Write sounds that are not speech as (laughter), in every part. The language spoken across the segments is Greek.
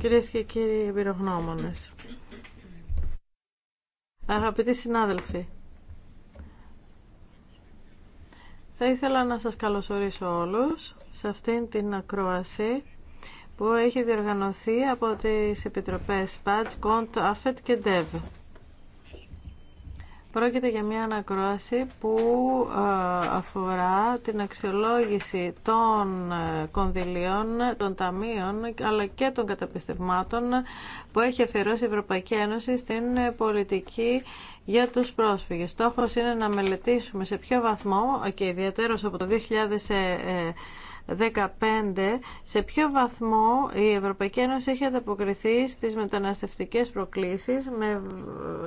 Κυρίε και κύριοι εμπειρογνώμονε, αγαπητοί συνάδελφοι, θα ήθελα να σας καλωσορίσω όλους σε αυτήν την ακρόαση που έχει διοργανωθεί από τις Επιτροπές ΠΑΤΣ, ΚΟΝΤ, ΑΦΕΤ και ΔΕΒ. Πρόκειται για μια ανακρόαση που ε, αφορά την αξιολόγηση των ε, κονδυλίων, των ταμείων αλλά και των καταπιστευμάτων που έχει αφιερώσει η Ευρωπαϊκή Ένωση στην ε, πολιτική για τους πρόσφυγες. Στόχος είναι να μελετήσουμε σε ποιο βαθμό και ιδιαίτερος από το 2000 15 σε ποιο βαθμό η Ευρωπαϊκή Ένωση έχει ανταποκριθεί στις μεταναστευτικές προκλήσεις με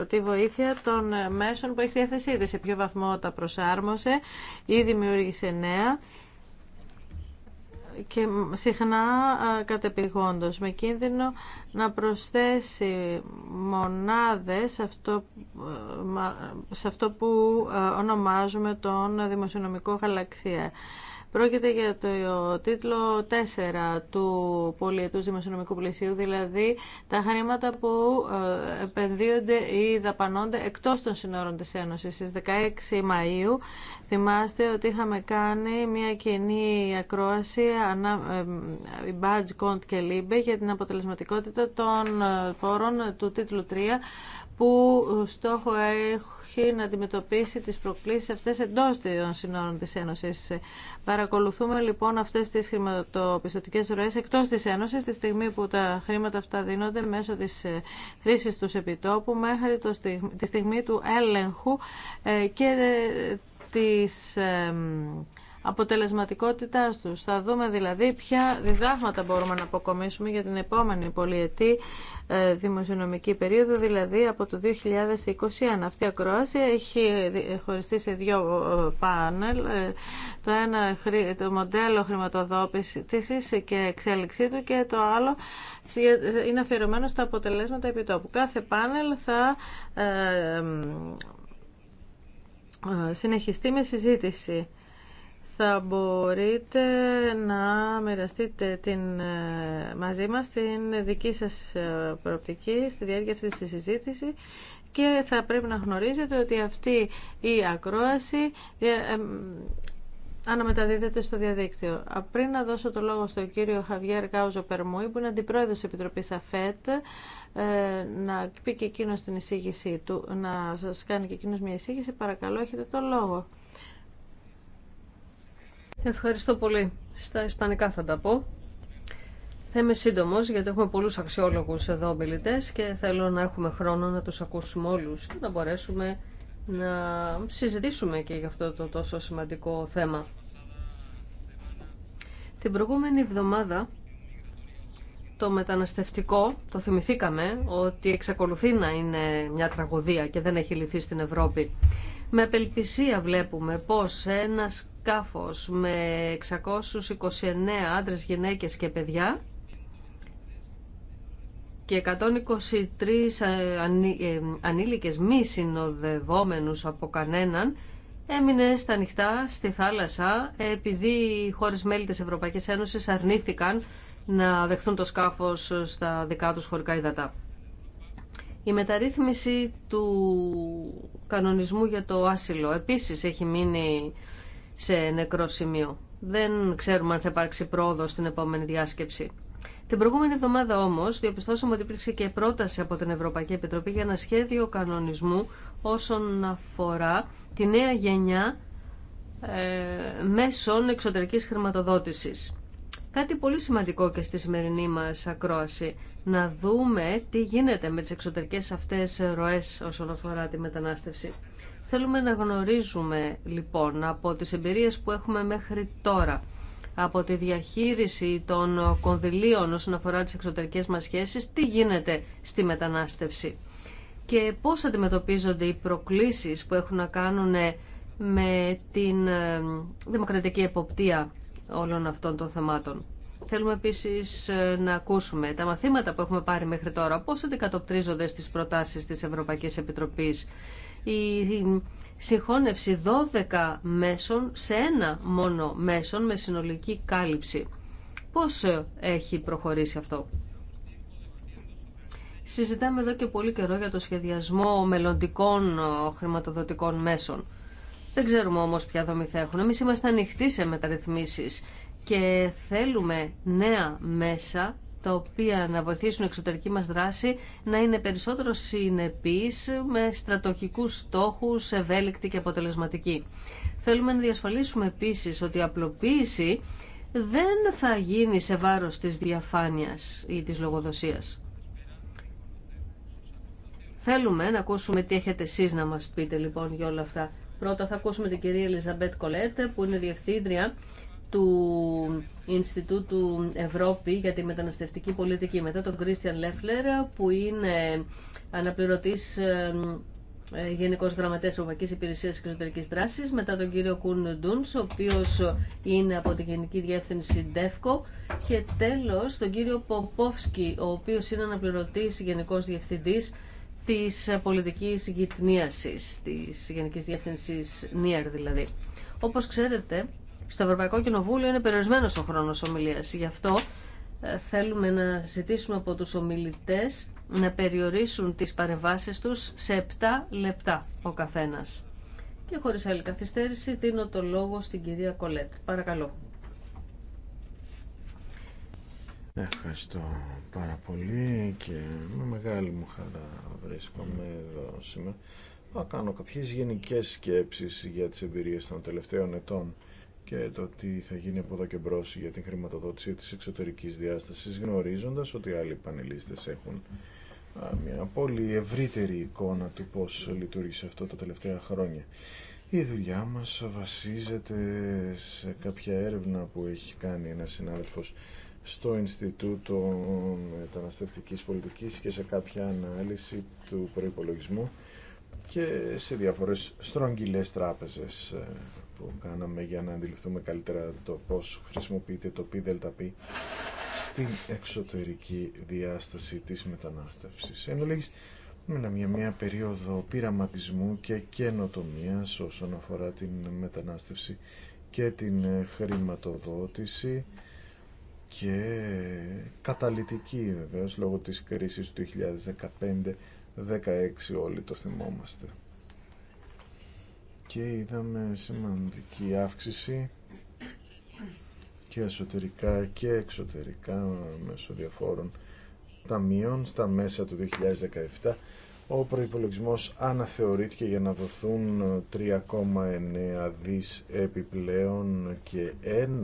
τη βοήθεια των μέσων που έχει διαθεσή της, σε ποιο βαθμό τα προσάρμοσε ή δημιούργησε νέα και συχνά κατεπηγόντως με κίνδυνο να προσθέσει μονάδες σε αυτό, σε αυτό που ονομάζουμε τον δημοσιονομικό γαλαξία. Πρόκειται για το τίτλο 4 του πολιετούς δημοσιονομικού πλαισίου, δηλαδή τα χρήματα που ε, επενδύονται ή δαπανώνται εκτός των συνόρων της Ένωσης. Στις 16 Μαΐου θυμάστε ότι είχαμε κάνει μια κοινή ακρόαση Badge, Cont ε, και λίμπε για την αποτελεσματικότητα των ε, πόρων του τίτλου 3 που στόχο έχει να αντιμετωπίσει τις προκλήσεις αυτές εντός των συνόρων της Ένωσης. Παρακολουθούμε λοιπόν αυτές τις χρηματοπιστωτικές ροές εκτός της Ένωσης τη στιγμή που τα χρήματα αυτά δίνονται μέσω της ε, χρήσης τους επιτόπου μέχρι το τη στιγμή του έλεγχου ε, και ε, της Αποτελεσματικότητά του. Θα δούμε δηλαδή ποια διδάγματα μπορούμε να αποκομίσουμε για την επόμενη πολυετή ε, δημοσιονομική περίοδο, δηλαδή από το 2021. Αυτή η ακρόαση έχει χωριστεί σε δύο ε, πάνελ. Ε, το ένα το μοντέλο χρηματοδότηση και εξέλιξή του και το άλλο είναι αφιερωμένο στα αποτελέσματα επιτόπου. Κάθε πάνελ θα συνεχιστεί με συζήτηση θα μπορείτε να μοιραστείτε την, ε, μαζί μας την δική σας ε, προοπτική στη διάρκεια αυτής της συζήτησης και θα πρέπει να γνωρίζετε ότι αυτή η ακρόαση ε, αναμεταδίδεται στο διαδίκτυο. Πριν να δώσω το λόγο στον κύριο Χαβιέρ Γκάουζο Περμούη, που είναι αντιπρόεδρος τη Επιτροπής ΑΦΕΤ, να πει και εκείνο την του, να σα κάνει και εκείνο μια εισήγηση, παρακαλώ, έχετε το λόγο. Ευχαριστώ πολύ. Στα ισπανικά θα τα πω. Θα είμαι σύντομο γιατί έχουμε πολλούς αξιόλογους εδώ ομιλητές και θέλω να έχουμε χρόνο να τους ακούσουμε όλου και να μπορέσουμε να συζητήσουμε και για αυτό το τόσο σημαντικό θέμα. Την προηγούμενη εβδομάδα το μεταναστευτικό, το θυμηθήκαμε, ότι εξακολουθεί να είναι μια τραγωδία και δεν έχει λυθεί στην Ευρώπη. Με απελπισία βλέπουμε πως ένας σκάφος με 629 άντρες, γυναίκες και παιδιά και 123 ε, ε, ανήλικες μη συνοδευόμενους από κανέναν έμεινε στα νυχτά στη θάλασσα επειδή οι χώρες μέλη της Ευρωπαϊκής Ένωσης αρνήθηκαν να δεχθούν το σκάφος στα δικά τους χωρικά υδατά. Η μεταρρύθμιση του κανονισμού για το άσυλο επίσης έχει μείνει σε νεκρό σημείο. Δεν ξέρουμε αν θα υπάρξει πρόοδο στην επόμενη διάσκεψη. Την προηγούμενη εβδομάδα όμω διαπιστώσαμε ότι υπήρξε και πρόταση από την Ευρωπαϊκή Επιτροπή για ένα σχέδιο κανονισμού όσον αφορά τη νέα γενιά ε, μέσων εξωτερική χρηματοδότηση. Κάτι πολύ σημαντικό και στη σημερινή μα ακρόαση, να δούμε τι γίνεται με τις εξωτερικές αυτές ροές όσον αφορά τη μετανάστευση. Θέλουμε να γνωρίζουμε λοιπόν από τις εμπειρίες που έχουμε μέχρι τώρα από τη διαχείριση των κονδυλίων όσον αφορά τις εξωτερικές μας σχέσεις, τι γίνεται στη μετανάστευση και πώς αντιμετωπίζονται οι προκλήσεις που έχουν να κάνουν με την ε, δημοκρατική εποπτεία όλων αυτών των θεμάτων. Θέλουμε επίσης ε, να ακούσουμε τα μαθήματα που έχουμε πάρει μέχρι τώρα, πώς αντικατοπτρίζονται στις προτάσεις της Ευρωπαϊκής Επιτροπής η συγχώνευση 12 μέσων σε ένα μόνο μέσον με συνολική κάλυψη. Πώς ε, έχει προχωρήσει αυτό. Συζητάμε εδώ και πολύ καιρό για το σχεδιασμό μελλοντικών ε, χρηματοδοτικών μέσων. Δεν ξέρουμε όμως ποια δομή θα έχουν. Εμείς είμαστε ανοιχτοί σε μεταρρυθμίσεις και θέλουμε νέα μέσα τα οποία να βοηθήσουν εξωτερική μας δράση να είναι περισσότερο συνεπής με στρατοχικούς στόχους, ευέλικτη και αποτελεσματική. Θέλουμε να διασφαλίσουμε επίσης ότι η απλοποίηση δεν θα γίνει σε βάρος της διαφάνειας ή της λογοδοσίας. Θέλουμε να ακούσουμε τι έχετε εσείς να μας πείτε λοιπόν για όλα αυτά. Πρώτα θα ακούσουμε την κυρία Ελιζαμπέτ Κολέτ που είναι διευθύντρια του Ινστιτούτου Ευρώπη για τη Μεταναστευτική Πολιτική μετά τον Κρίστιαν Λέφλερ που είναι αναπληρωτής ε, Γενικό Γραμματέα Ευρωπαϊκή Υπηρεσία Εξωτερική Δράση, μετά τον κύριο Κούν Ντούν, ο οποίο είναι από τη Γενική Διεύθυνση ΔΕΦΚΟ, και τέλο τον κύριο Ποπόφσκι, ο οποίο είναι αναπληρωτή Γενικό Διευθυντή τη Πολιτική Γυτνίαση, τη Γενική Διεύθυνση ΝΙΑΡ δηλαδή. Όπω ξέρετε, στο Ευρωπαϊκό Κοινοβούλιο είναι περιορισμένος ο χρόνος ομιλίας. Γι' αυτό ε, θέλουμε να ζητήσουμε από τους ομιλητές να περιορίσουν τις παρεμβάσει τους σε 7 λεπτά ο καθένας. Και χωρί άλλη καθυστέρηση δίνω το λόγο στην κυρία Κολέτ. Παρακαλώ. Ευχαριστώ πάρα πολύ και με μεγάλη μου χαρά βρίσκομαι εδώ σήμερα. Θα κάνω κάποιες γενικές σκέψεις για τις εμπειρίες των τελευταίων ετών και το τι θα γίνει από εδώ και μπρο για την χρηματοδότηση της εξωτερικής διάστασης γνωρίζοντας ότι άλλοι πανελίστες έχουν μια πολύ ευρύτερη εικόνα του πώς λειτουργήσε αυτό τα τελευταία χρόνια. Η δουλειά μας βασίζεται σε κάποια έρευνα που έχει κάνει ένας συνάδελφος στο Ινστιτούτο Μεταναστευτικής Πολιτικής και σε κάποια ανάλυση του προϋπολογισμού και σε διαφορές στρογγυλές τράπεζες ε, που κάναμε για να αντιληφθούμε καλύτερα το πώς χρησιμοποιείται το ΠΔΠ στην εξωτερική διάσταση της μετανάστευσης. Εν ολίγης, μια περίοδο πειραματισμού και καινοτομία όσον αφορά την μετανάστευση και την ε, χρηματοδότηση και καταλητική βεβαίως λόγω της κρίσης του 2015-16 όλοι το θυμόμαστε και είδαμε σημαντική αύξηση και εσωτερικά και εξωτερικά μέσω διαφόρων ταμείων στα μέσα του 2017 ο προϋπολογισμός αναθεωρήθηκε για να δοθούν 3,9 δις επιπλέον και 1,39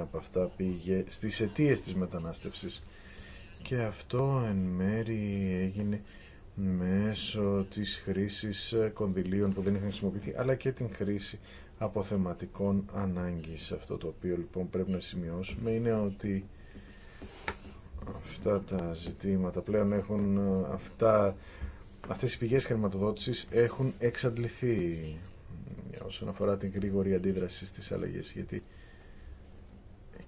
από αυτά πήγε στις αιτίες της μετανάστευσης και αυτό εν μέρη έγινε μέσω της χρήσης κονδυλίων που δεν είχαν χρησιμοποιηθεί αλλά και την χρήση αποθεματικών ανάγκης. Αυτό το οποίο λοιπόν πρέπει να σημειώσουμε είναι ότι αυτά τα ζητήματα πλέον έχουν αυτά, αυτές οι πηγές χρηματοδότησης έχουν εξαντληθεί όσον αφορά την γρήγορη αντίδραση στις αλλαγές γιατί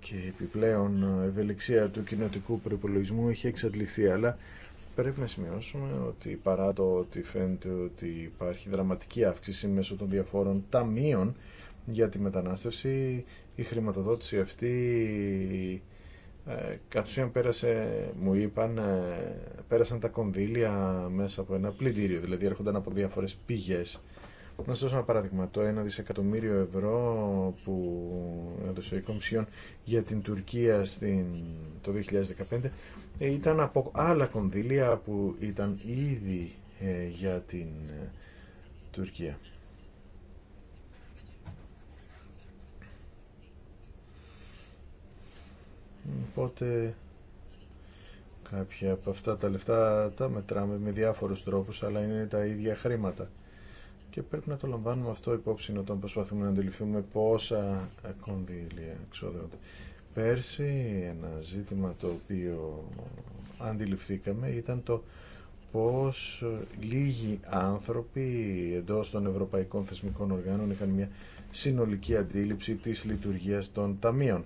και επιπλέον ε, ευελιξία του κοινοτικού προπολογισμού έχει εξαντληθεί αλλά Πρέπει να σημειώσουμε ότι παρά το ότι φαίνεται ότι υπάρχει δραματική αύξηση μέσω των διαφόρων ταμείων για τη μετανάστευση, η χρηματοδότηση αυτή ε, κατ' ουσίαν πέρασε, μου είπαν, ε, πέρασαν τα κονδύλια μέσα από ένα πλυντήριο, δηλαδή έρχονταν από διάφορες πηγές να σα δώσω ένα παράδειγμα. Το 1 δισεκατομμύριο ευρώ που έδωσε η Κομισιόν για την Τουρκία στην, το 2015 ε, ήταν από άλλα κονδύλια που ήταν ήδη ε, για την ε, Τουρκία. Οπότε κάποια από αυτά τα λεφτά τα μετράμε με διάφορους τρόπους αλλά είναι τα ίδια χρήματα και πρέπει να το λαμβάνουμε αυτό υπόψη όταν προσπαθούμε να αντιληφθούμε πόσα κονδύλια εξόδευονται. Πέρσι ένα ζήτημα το οποίο αντιληφθήκαμε ήταν το πως λίγοι άνθρωποι εντός των ευρωπαϊκών θεσμικών οργάνων είχαν μια συνολική αντίληψη της λειτουργίας των ταμείων.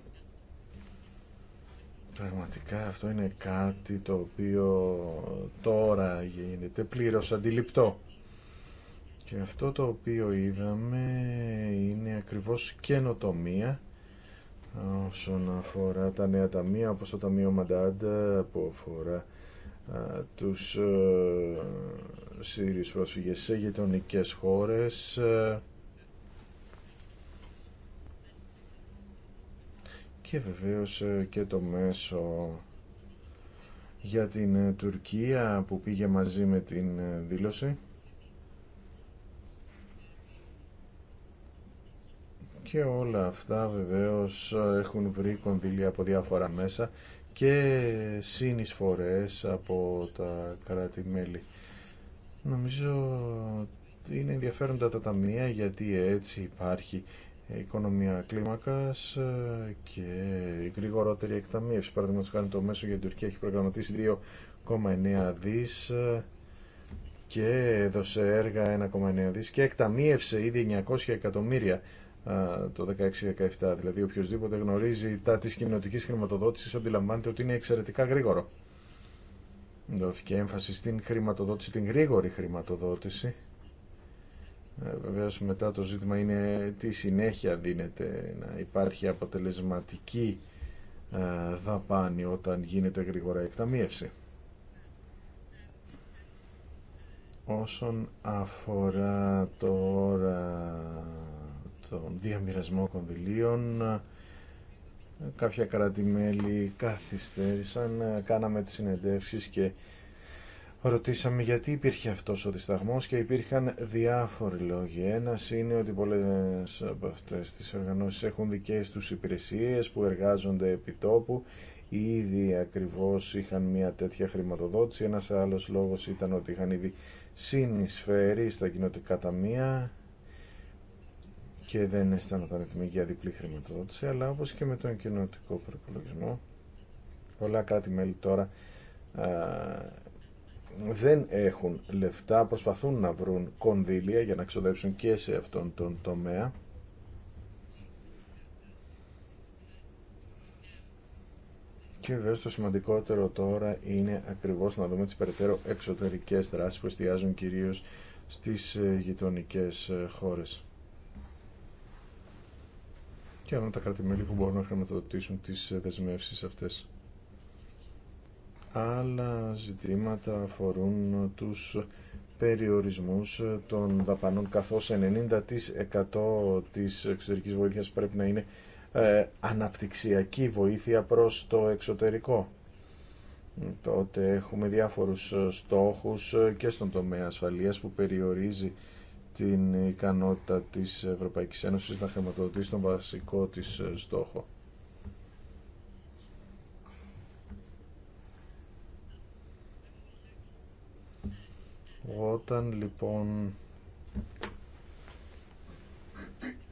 Πραγματικά αυτό είναι κάτι το οποίο τώρα γίνεται πλήρως αντιληπτό. Και αυτό το οποίο είδαμε είναι ακριβώς καινοτομία ε, όσον αφορά τα νέα ταμεία όπως το Ταμείο Μαντάντα που αφορά α, ε, τους α, ε, Σύριους πρόσφυγες σε γειτονικέ χώρες και βεβαίως και το μέσο για την Τουρκία που πήγε μαζί με την δήλωση Και όλα αυτά βεβαίως έχουν βρει κονδύλια από διάφορα μέσα και συνεισφορές από τα κράτη-μέλη. Νομίζω ότι είναι ενδιαφέροντα τα ταμεία γιατί έτσι υπάρχει οικονομία κλίμακας και γρηγορότερη εκταμείευση. Παραδείγματος κάνει το μέσο για την Τουρκία έχει προγραμματίσει 2,9 δις και έδωσε έργα 1,9 δις και εκταμείευσε ήδη 900 εκατομμύρια το 16-17. Δηλαδή οποιοδήποτε γνωρίζει τα της κοινοτική χρηματοδότησης αντιλαμβάνεται ότι είναι εξαιρετικά γρήγορο. Δόθηκε έμφαση στην χρηματοδότηση, την γρήγορη χρηματοδότηση. Ε, Βεβαίω μετά το ζήτημα είναι τι συνέχεια δίνεται να υπάρχει αποτελεσματική δαπάνη όταν γίνεται γρήγορα η εκταμίευση. Όσον αφορά τώρα στον διαμοιρασμό κονδυλίων. Κάποια κράτη-μέλη καθυστέρησαν, κάναμε τις συνεντεύξεις και Ρωτήσαμε γιατί υπήρχε αυτός ο δισταγμός και υπήρχαν διάφοροι λόγοι. Ένα είναι ότι πολλές από αυτές τις οργανώσεις έχουν δικές τους υπηρεσίες που εργάζονται επί τόπου. Ήδη ακριβώς είχαν μια τέτοια χρηματοδότηση. Ένας άλλος λόγος ήταν ότι είχαν ήδη συνεισφέρει στα κοινωτικά ταμεία και δεν στα για διπλή χρηματοδότηση, αλλά όπως και με τον κοινοτικό προπολογισμό, πολλά κράτη-μέλη τώρα δεν έχουν λεφτά, προσπαθούν να βρουν κονδύλια για να ξοδέψουν και σε αυτόν τον τομέα. Και βέβαια το σημαντικότερο τώρα είναι ακριβώς να δούμε τις περαιτέρω εξωτερικές δράσεις που εστιάζουν κυρίως στις ε, γειτονικές ε, χώρες και άλλα τα κρατημέλη που μπορούν να χρηματοδοτήσουν τις ε, δεσμεύσεις αυτές. Άλλα ζητήματα αφορούν ε, τους περιορισμούς ε, των δαπανών καθώς 90% της εξωτερικής βοήθειας πρέπει να είναι αναπτυξιακή βοήθεια προς το εξωτερικό. Τότε έχουμε διάφορους στόχους και στον τομέα ασφαλείας που περιορίζει την ικανότητα της Ευρωπαϊκής Ένωσης να χρηματοδοτήσει τον βασικό της στόχο. Όταν λοιπόν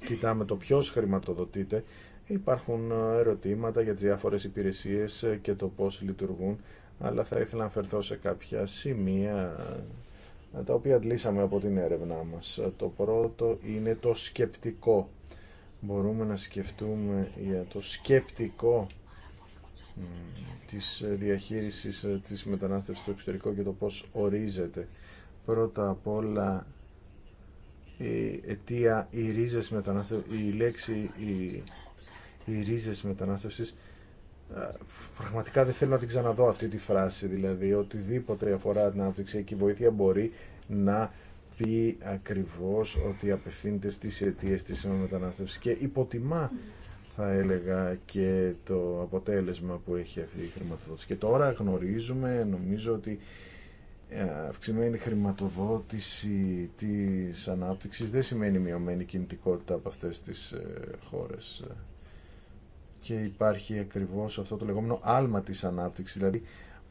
κοιτάμε το ποιος χρηματοδοτείται, υπάρχουν ερωτήματα για τις διάφορες υπηρεσίες και το πώς λειτουργούν, αλλά θα ήθελα να φερθώ σε κάποια σημεία ε, τα οποία αντλήσαμε από την έρευνά μας. Ε, το πρώτο είναι το σκεπτικό. Μπορούμε να σκεφτούμε για το σκεπτικό της ε, διαχείρισης της μετανάστευσης στο εξωτερικό και το πώς ορίζεται. Πρώτα απ' όλα η αιτία, οι ρίζες μετανάστευσης, η λέξη, οι, οι ρίζες μετανάστευσης πραγματικά δεν θέλω να την ξαναδώ αυτή τη φράση, δηλαδή οτιδήποτε αφορά την η βοήθεια μπορεί να πει ακριβώς ότι απευθύνεται στις αιτίες της μετανάστευσης και υποτιμά θα έλεγα και το αποτέλεσμα που έχει αυτή η χρηματοδότηση. Και τώρα γνωρίζουμε, νομίζω ότι ε, αυξημένη χρηματοδότηση της ανάπτυξης δεν σημαίνει μειωμένη κινητικότητα από αυτές τις ε, χώρες και υπάρχει ακριβώς αυτό το λεγόμενο άλμα της ανάπτυξης, δηλαδή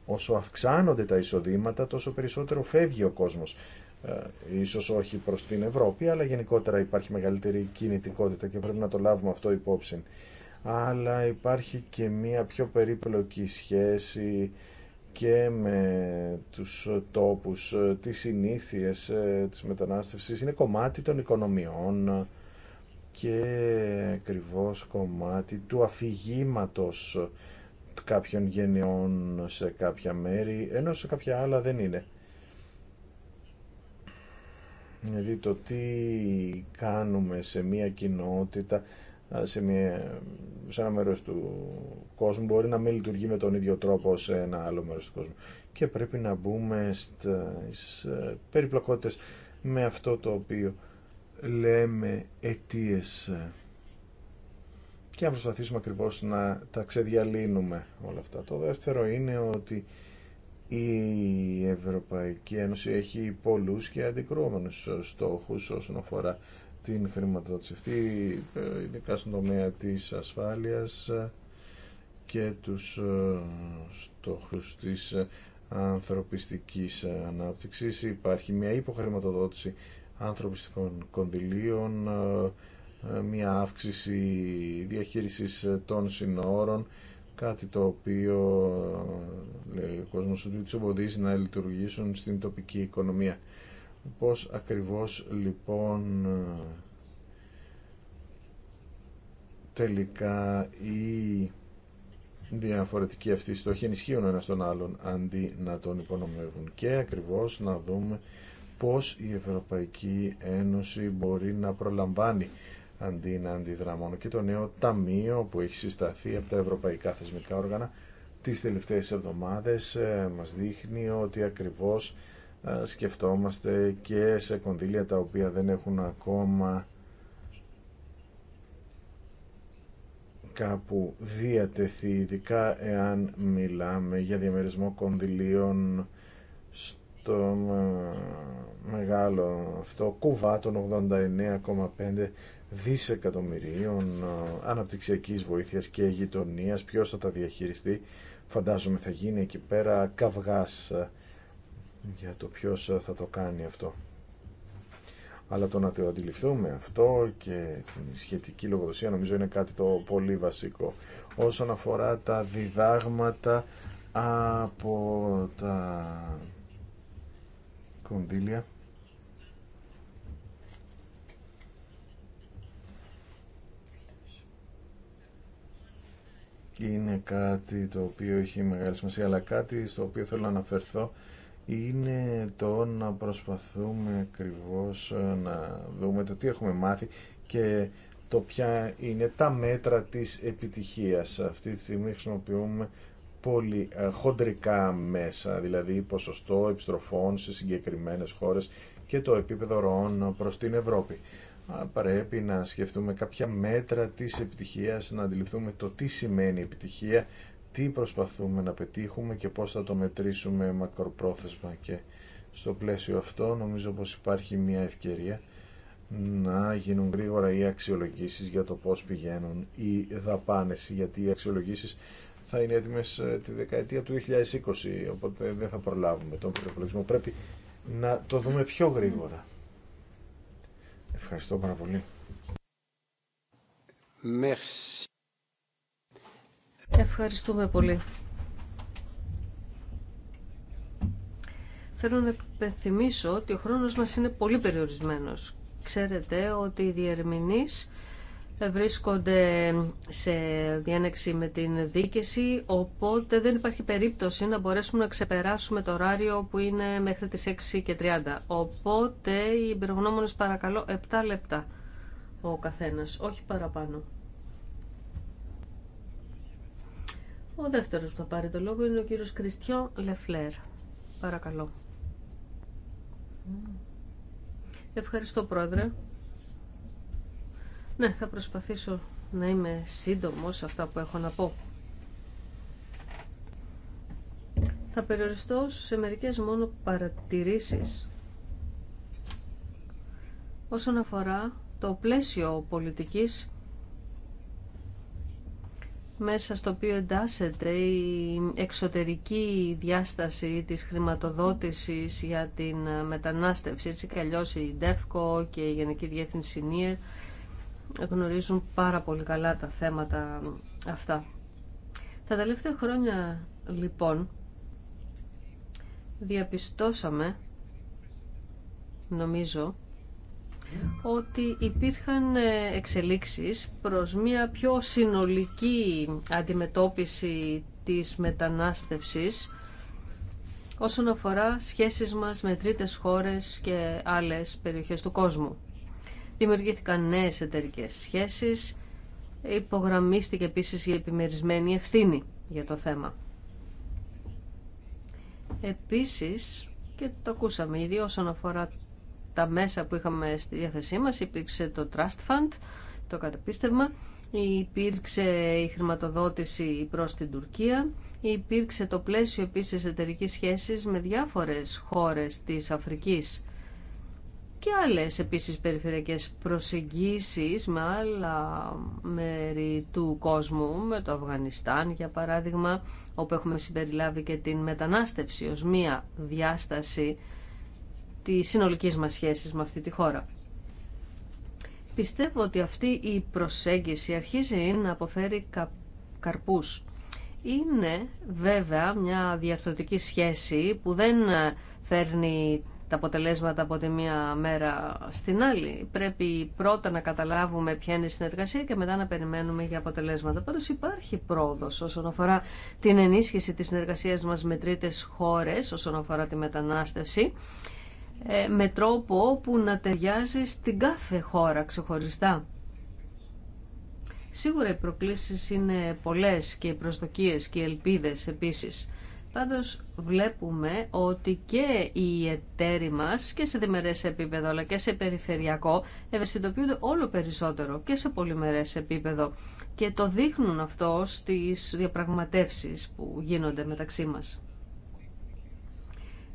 όσο αυξάνονται τα εισοδήματα τόσο περισσότερο φεύγει ο κόσμος. Ε, ίσως όχι προς την Ευρώπη, αλλά γενικότερα υπάρχει μεγαλύτερη κινητικότητα και πρέπει να το λάβουμε αυτό υπόψη. Αλλά υπάρχει και μία πιο περίπλοκη σχέση και με τους τόπους, ε, τις συνήθειες ε, της μετανάστευσης. Είναι κομμάτι των οικονομιών, και ακριβώ κομμάτι του αφηγήματο κάποιων γενεών σε κάποια μέρη, ενώ σε κάποια άλλα δεν είναι. Δηλαδή το τι κάνουμε σε μια κοινότητα, σε, μια, σε ένα μέρος του κόσμου μπορεί να μην λειτουργεί με τον ίδιο τρόπο σε ένα άλλο μέρος του κόσμου. Και πρέπει να μπούμε στις ε, περιπλοκότητες με αυτό το οποίο λέμε αιτίες και να προσπαθήσουμε ακριβώς να τα ξεδιαλύνουμε όλα αυτά. Το δεύτερο είναι ότι η Ευρωπαϊκή Ένωση έχει πολλούς και αντικρούμενους στόχους όσον αφορά την χρηματοδότηση αυτή, ε, ειδικά στον τομέα της ασφάλειας και τους ε, στόχους της ε, ανθρωπιστικής ανάπτυξης. Υπάρχει μια υποχρηματοδότηση ανθρωπιστικών κονδυλίων, ε, ε, μια αύξηση διαχείρισης ε, των συνόρων, κάτι το οποίο ο κόσμος του τους εμποδίζει να λειτουργήσουν στην τοπική οικονομία. Πώς ακριβώς λοιπόν τελικά η διαφορετική αυτή στόχη ενισχύουν ένα τον άλλον αντί να τον υπονομεύουν και ακριβώς να δούμε πώς η Ευρωπαϊκή Ένωση μπορεί να προλαμβάνει αντί να αντιδρά μόνο και το νέο ταμείο που έχει συσταθεί από τα ευρωπαϊκά θεσμικά όργανα τις τελευταίες εβδομάδες ε, μας δείχνει ότι ακριβώς ε, σκεφτόμαστε και σε κονδύλια τα οποία δεν έχουν ακόμα κάπου διατεθεί ειδικά εάν μιλάμε για διαμερισμό κονδυλίων το ε, μεγάλο αυτό κουβά των 89,5 δισεκατομμυρίων ε, αναπτυξιακής βοήθειας και γειτονία, ποιος θα τα διαχειριστεί φαντάζομαι θα γίνει εκεί πέρα καυγάς ε, για το ποιος θα το κάνει αυτό αλλά το να το αντιληφθούμε αυτό και την σχετική λογοδοσία νομίζω είναι κάτι το πολύ βασικό όσον αφορά τα διδάγματα από τα κονδύλια είναι κάτι το οποίο έχει μεγάλη σημασία αλλά κάτι στο οποίο θέλω να αναφερθώ είναι το να προσπαθούμε ακριβώ ε, να δούμε το τι έχουμε μάθει και το ποια είναι τα μέτρα της επιτυχίας. Αυτή τη στιγμή χρησιμοποιούμε πολύ ε, χοντρικά μέσα, δηλαδή ποσοστό επιστροφών σε συγκεκριμένες χώρες και το επίπεδο ροών προς την Ευρώπη. Πρέπει να σκεφτούμε κάποια μέτρα της επιτυχίας, να αντιληφθούμε το τι σημαίνει επιτυχία, τι προσπαθούμε να πετύχουμε και πώς θα το μετρήσουμε μακροπρόθεσμα και στο πλαίσιο αυτό νομίζω πως υπάρχει μια ευκαιρία να γίνουν γρήγορα οι αξιολογήσεις για το πώς πηγαίνουν οι δαπάνες γιατί οι αξιολογήσεις θα είναι έτοιμες ε, τη δεκαετία του 2020, οπότε δεν θα προλάβουμε τον προπολογισμό. Πρέπει να το δούμε πιο γρήγορα. Ευχαριστώ πάρα πολύ. Merci. Ευχαριστούμε πολύ. Θέλω να υπενθυμίσω ότι ο χρόνος μας είναι πολύ περιορισμένος. Ξέρετε ότι οι διερμηνείς βρίσκονται σε διένεξη με την δίκηση, οπότε δεν υπάρχει περίπτωση να μπορέσουμε να ξεπεράσουμε το ωράριο που είναι μέχρι τις 6 και 30. Οπότε οι εμπειρογνώμονες παρακαλώ 7 λεπτά ο καθένας, όχι παραπάνω. Ο δεύτερος που θα πάρει το λόγο είναι ο κύριος Κριστιό Λεφλέρ. Παρακαλώ. Mm. Ευχαριστώ πρόεδρε. Ναι, θα προσπαθήσω να είμαι σύντομο σε αυτά που έχω να πω. Θα περιοριστώ σε μερικές μόνο παρατηρήσεις όσον αφορά το πλαίσιο πολιτικής μέσα στο οποίο εντάσσεται η εξωτερική διάσταση της χρηματοδότησης για την μετανάστευση. Έτσι κι η ΔΕΦΚΟ και η Γενική Διεύθυνση ΝΙΕΡ γνωρίζουν πάρα πολύ καλά τα θέματα αυτά. Τα τελευταία χρόνια λοιπόν διαπιστώσαμε νομίζω ότι υπήρχαν ε, εξελίξεις προς μια πιο συνολική αντιμετώπιση της μετανάστευσης όσον αφορά σχέσεις μας με τρίτες χώρες και άλλες περιοχές του κόσμου. Δημιουργήθηκαν νέες εταιρικέ σχέσεις, υπογραμμίστηκε επίσης η επιμερισμένη ευθύνη για το θέμα. Επίσης, και το ακούσαμε ήδη όσον αφορά τα μέσα που είχαμε στη διάθεσή μας, υπήρξε το Trust Fund, το καταπίστευμα, υπήρξε η χρηματοδότηση προς την Τουρκία, υπήρξε το πλαίσιο επίσης εταιρική σχέσης με διάφορες χώρες της Αφρικής και άλλες επίσης περιφερειακές προσεγγίσεις με άλλα μέρη του κόσμου, με το Αφγανιστάν για παράδειγμα, όπου έχουμε συμπεριλάβει και την μετανάστευση ως μία διάσταση της συνολικής μας σχέσης με αυτή τη χώρα. Πιστεύω ότι αυτή η προσέγγιση αρχίζει να αποφέρει κα... καρπούς. Είναι βέβαια μια διαρθρωτική σχέση που δεν φέρνει τα αποτελέσματα από τη μία μέρα στην άλλη. Πρέπει πρώτα να καταλάβουμε ποια είναι η συνεργασία και μετά να περιμένουμε για αποτελέσματα. Πάντως υπάρχει πρόοδος όσον αφορά την ενίσχυση της συνεργασίας μας με τρίτες χώρες, όσον αφορά τη μετανάστευση, ε, με τρόπο που να ταιριάζει στην κάθε χώρα ξεχωριστά. Σίγουρα οι προκλήσεις είναι πολλές και οι προσδοκίες και οι ελπίδες επίσης. Πάντως βλέπουμε ότι και οι εταίροι μας και σε διμερές επίπεδο αλλά και σε περιφερειακό ευαισθητοποιούνται όλο περισσότερο και σε πολυμερές επίπεδο και το δείχνουν αυτό στις διαπραγματεύσεις που γίνονται μεταξύ μας.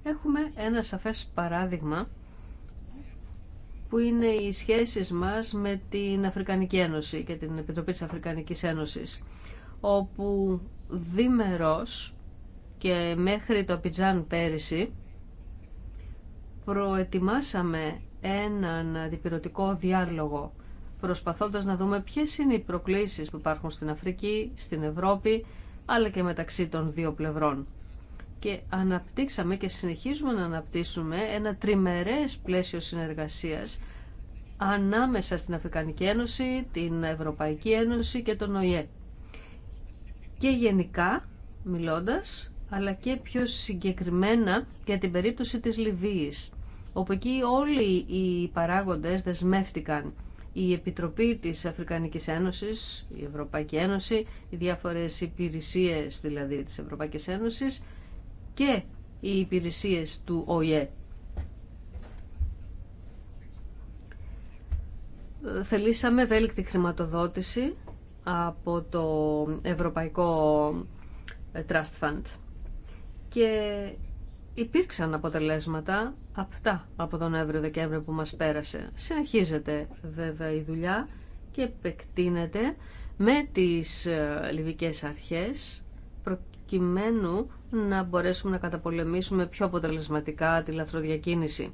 Έχουμε ένα σαφές παράδειγμα που είναι οι σχέσεις μας με την Αφρικανική Ένωση και την Επιτροπή της Αφρικανικής Ένωσης όπου διμερός και μέχρι το Πιτζάν πέρυσι προετοιμάσαμε έναν αντιπυρωτικό διάλογο προσπαθώντας να δούμε ποιες είναι οι προκλήσεις που υπάρχουν στην Αφρική, στην Ευρώπη αλλά και μεταξύ των δύο πλευρών. Και αναπτύξαμε και συνεχίζουμε να αναπτύσσουμε ένα τριμερές πλαίσιο συνεργασίας ανάμεσα στην Αφρικανική Ένωση, την Ευρωπαϊκή Ένωση και τον ΟΗΕ. Και γενικά, μιλώντας, αλλά και πιο συγκεκριμένα για την περίπτωση της Λιβύης, όπου εκεί όλοι οι παράγοντες δεσμεύτηκαν. Η Επιτροπή της Αφρικανικής Ένωσης, η Ευρωπαϊκή Ένωση, οι διάφορες υπηρεσίες δηλαδή της Ευρωπαϊκής Ένωσης και οι υπηρεσίες του ΟΗΕ. Θελήσαμε ευέλικτη χρηματοδότηση από το Ευρωπαϊκό Trust Fund και υπήρξαν αποτελέσματα αυτά από τον Εύριο-Δεκέμβριο που μας πέρασε. Συνεχίζεται βέβαια η δουλειά και επεκτείνεται με τις ε, λιβικές αρχές προκειμένου να μπορέσουμε να καταπολεμήσουμε πιο αποτελεσματικά τη λαθροδιακίνηση.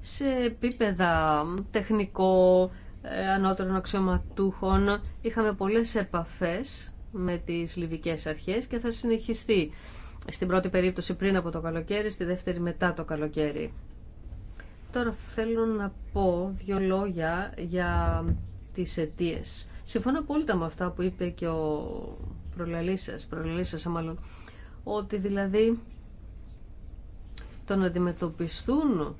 Σε επίπεδα τεχνικό, ε, ανώτερων αξιωματούχων. Είχαμε πολλές επαφές με τις λιβικές αρχές και θα συνεχιστεί στην πρώτη περίπτωση πριν από το καλοκαίρι, στη δεύτερη μετά το καλοκαίρι. Τώρα θέλω να πω δύο λόγια για τις αιτίε. Συμφωνώ απόλυτα με αυτά που είπε και ο Προλαλήσας, προλαλήσας μάλλον, ότι δηλαδή το να αντιμετωπιστούν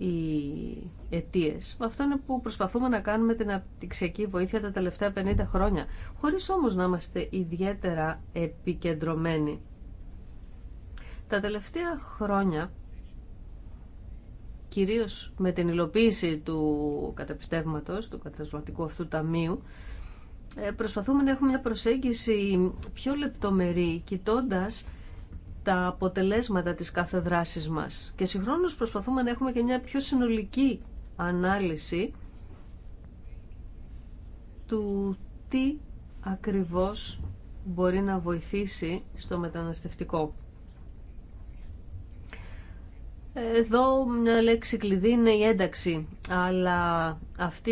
οι αιτίε. Αυτό είναι που προσπαθούμε να κάνουμε την απτυξιακή βοήθεια τα τελευταία 50 χρόνια, χωρίς όμως να είμαστε ιδιαίτερα επικεντρωμένοι. Τα τελευταία χρόνια, κυρίως με την υλοποίηση του καταπιστεύματος, του κατασματικού αυτού ταμείου, ε, προσπαθούμε να έχουμε μια προσέγγιση πιο λεπτομερή, κοιτώντας τα αποτελέσματα της κάθε δράσης μας. Και συγχρόνως προσπαθούμε να έχουμε και μια πιο συνολική ανάλυση του τι ακριβώς μπορεί να βοηθήσει στο μεταναστευτικό. Εδώ μια λέξη κλειδί είναι η ένταξη, αλλά αυτή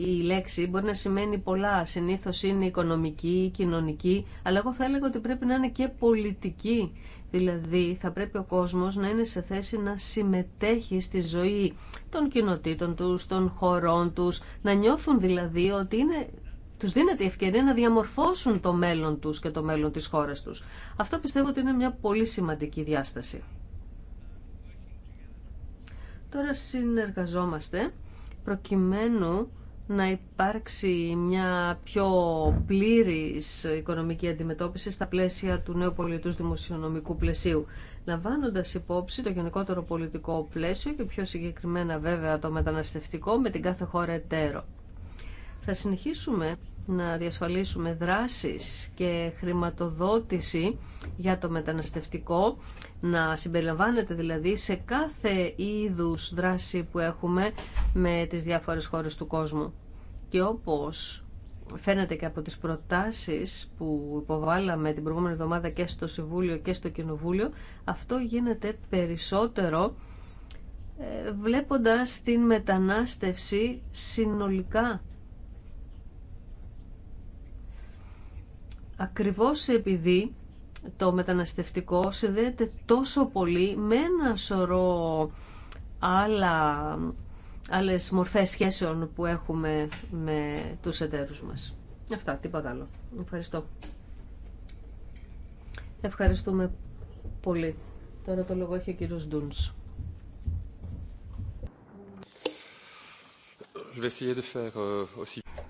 η λέξη μπορεί να σημαίνει πολλά. Συνήθως είναι οικονομική, κοινωνική, αλλά εγώ θα έλεγα ότι πρέπει να είναι και πολιτική. Δηλαδή θα πρέπει ο κόσμος να είναι σε θέση να συμμετέχει στη ζωή των κοινοτήτων τους, των χωρών τους, να νιώθουν δηλαδή ότι είναι τους δίνεται η ευκαιρία να διαμορφώσουν το μέλλον τους και το μέλλον της χώρας τους. Αυτό πιστεύω ότι είναι μια πολύ σημαντική διάσταση. Τώρα συνεργαζόμαστε προκειμένου να υπάρξει μια πιο πλήρης οικονομική αντιμετώπιση στα πλαίσια του νέου πολιτούς δημοσιονομικού πλαισίου, λαμβάνοντας υπόψη το γενικότερο πολιτικό πλαίσιο και πιο συγκεκριμένα βέβαια το μεταναστευτικό με την κάθε χώρα εταίρο. Θα συνεχίσουμε να διασφαλίσουμε δράσεις και χρηματοδότηση για το μεταναστευτικό, να συμπεριλαμβάνεται δηλαδή σε κάθε είδους δράση που έχουμε με τις διάφορες χώρες του κόσμου. Και όπως φαίνεται και από τις προτάσεις που υποβάλαμε την προηγούμενη εβδομάδα και στο Συμβούλιο και στο Κοινοβούλιο, αυτό γίνεται περισσότερο ε, βλέποντας την μετανάστευση συνολικά Ακριβώς επειδή το μεταναστευτικό συνδέεται τόσο πολύ με ένα σωρό άλλα, άλλες μορφές σχέσεων που έχουμε με τους εταίρους μας. Αυτά, τίποτα άλλο. Ευχαριστώ. Ευχαριστούμε πολύ. Τώρα το λόγο έχει ο κύριος Ντούνς. Euh,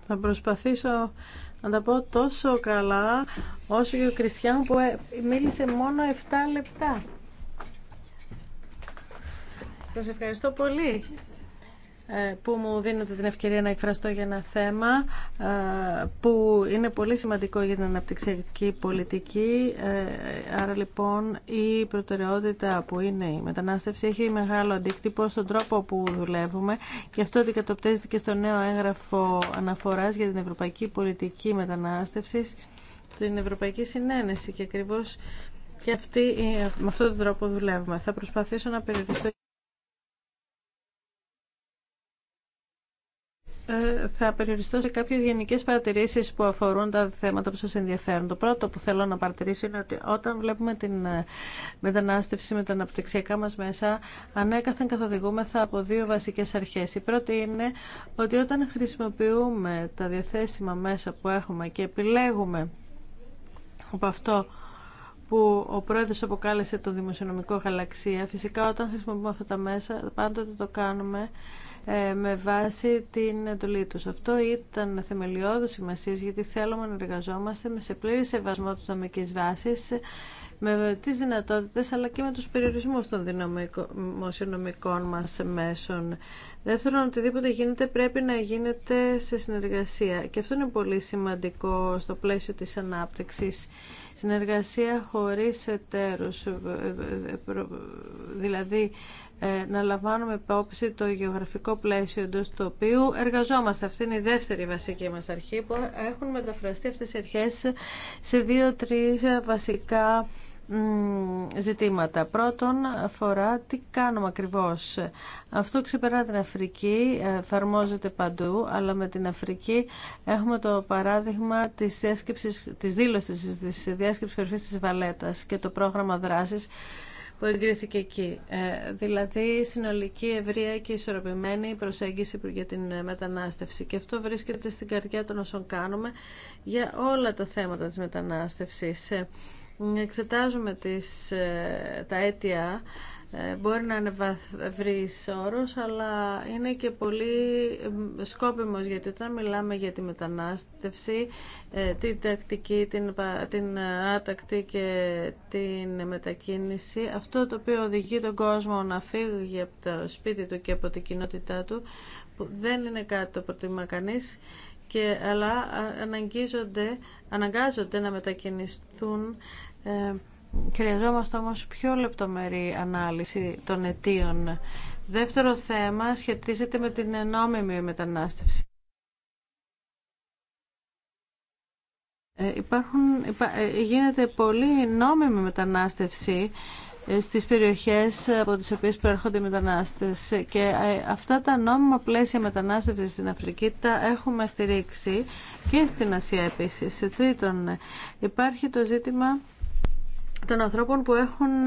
Θα προσπαθήσω να τα πω τόσο καλά όσο και ο Κριστιαν που ε, μίλησε μόνο 7 λεπτά. Σας ευχαριστώ πολύ. Ε, που μου δίνετε την ευκαιρία να εκφραστώ για ένα θέμα ε, που είναι πολύ σημαντικό για την αναπτυξιακή πολιτική. Ε, άρα λοιπόν η προτεραιότητα που είναι η μετανάστευση έχει μεγάλο αντίκτυπο στον τρόπο που δουλεύουμε και αυτό αντικατοπτρίζεται και στο νέο έγγραφο αναφοράς για την ευρωπαϊκή πολιτική μετανάστευσης την Ευρωπαϊκή Συνένεση και ακριβώς και με αυτόν τον τρόπο δουλεύουμε. Θα προσπαθήσω να περιοριστώ Ε, θα περιοριστώ σε κάποιε γενικέ παρατηρήσει που αφορούν τα θέματα που σα ενδιαφέρουν. Το πρώτο που θέλω να παρατηρήσω είναι ότι όταν βλέπουμε την ε, μετανάστευση με τα αναπτυξιακά μα μέσα, ανέκαθεν καθοδηγούμεθα από δύο βασικέ αρχέ. Η πρώτη είναι ότι όταν χρησιμοποιούμε τα διαθέσιμα μέσα που έχουμε και επιλέγουμε από αυτό που ο πρόεδρος αποκάλεσε το δημοσιονομικό γαλαξία, φυσικά όταν χρησιμοποιούμε αυτά τα μέσα πάντοτε το κάνουμε ε, με βάση την εντολή τους. Αυτό ήταν θεμελιώδου σημασία γιατί θέλουμε να εργαζόμαστε με σε πλήρη σεβασμό της νομικής βάσης με τις δυνατότητες αλλά και με τους περιορισμούς των δημοσιονομικών μας μέσων. Δεύτερον, οτιδήποτε γίνεται πρέπει να γίνεται σε συνεργασία και αυτό είναι πολύ σημαντικό στο πλαίσιο της ανάπτυξης. Συνεργασία χωρίς εταίρους, ε, ε, δηλαδή ε, να λαμβάνουμε υπόψη το γεωγραφικό πλαίσιο εντό του οποίου εργαζόμαστε. Αυτή είναι η δεύτερη βασική μας αρχή που έχουν μεταφραστεί αυτές οι αρχές σε δυο τρει βασικά ζητήματα. Πρώτον, αφορά τι κάνουμε ακριβώς. Αυτό ξεπερά την Αφρική, εφαρμόζεται παντού, αλλά με την Αφρική έχουμε το παράδειγμα της, της δήλωσης της διάσκεψης κορυφής της Βαλέτας και το πρόγραμμα δράσης που εγκρίθηκε εκεί. Ε, δηλαδή συνολική, ευρεία και ισορροπημένη προσέγγιση για την ε, μετανάστευση. Και αυτό βρίσκεται στην καρδιά των όσων κάνουμε για όλα τα θέματα της μετανάστευσης. Ε, εξετάζουμε τις, τα αίτια ε, μπορεί να είναι βαθύς όρος, αλλά είναι και πολύ σκόπιμος, γιατί όταν μιλάμε για τη μετανάστευση, ε, την τακτική, την, άτακτη και την μετακίνηση, αυτό το οποίο οδηγεί τον κόσμο να φύγει από το σπίτι του και από την κοινότητά του, που δεν είναι κάτι το προτιμά κανείς, και, αλλά αναγκάζονται να μετακινηθούν ε, Χρειαζόμαστε όμως πιο λεπτομερή ανάλυση των αιτίων. Δεύτερο θέμα σχετίζεται με την νόμιμη μετανάστευση. Ε, υπάρχουν, ε, γίνεται πολύ νόμιμη μετανάστευση ε, στις περιοχές από τις οποίες προέρχονται οι μετανάστες και αυτά τα νόμιμα πλαίσια μετανάστευσης στην Αφρική τα έχουμε στηρίξει και στην Ασία επίσης. Σε τρίτον, υπάρχει το ζήτημα των ανθρώπων που έχουν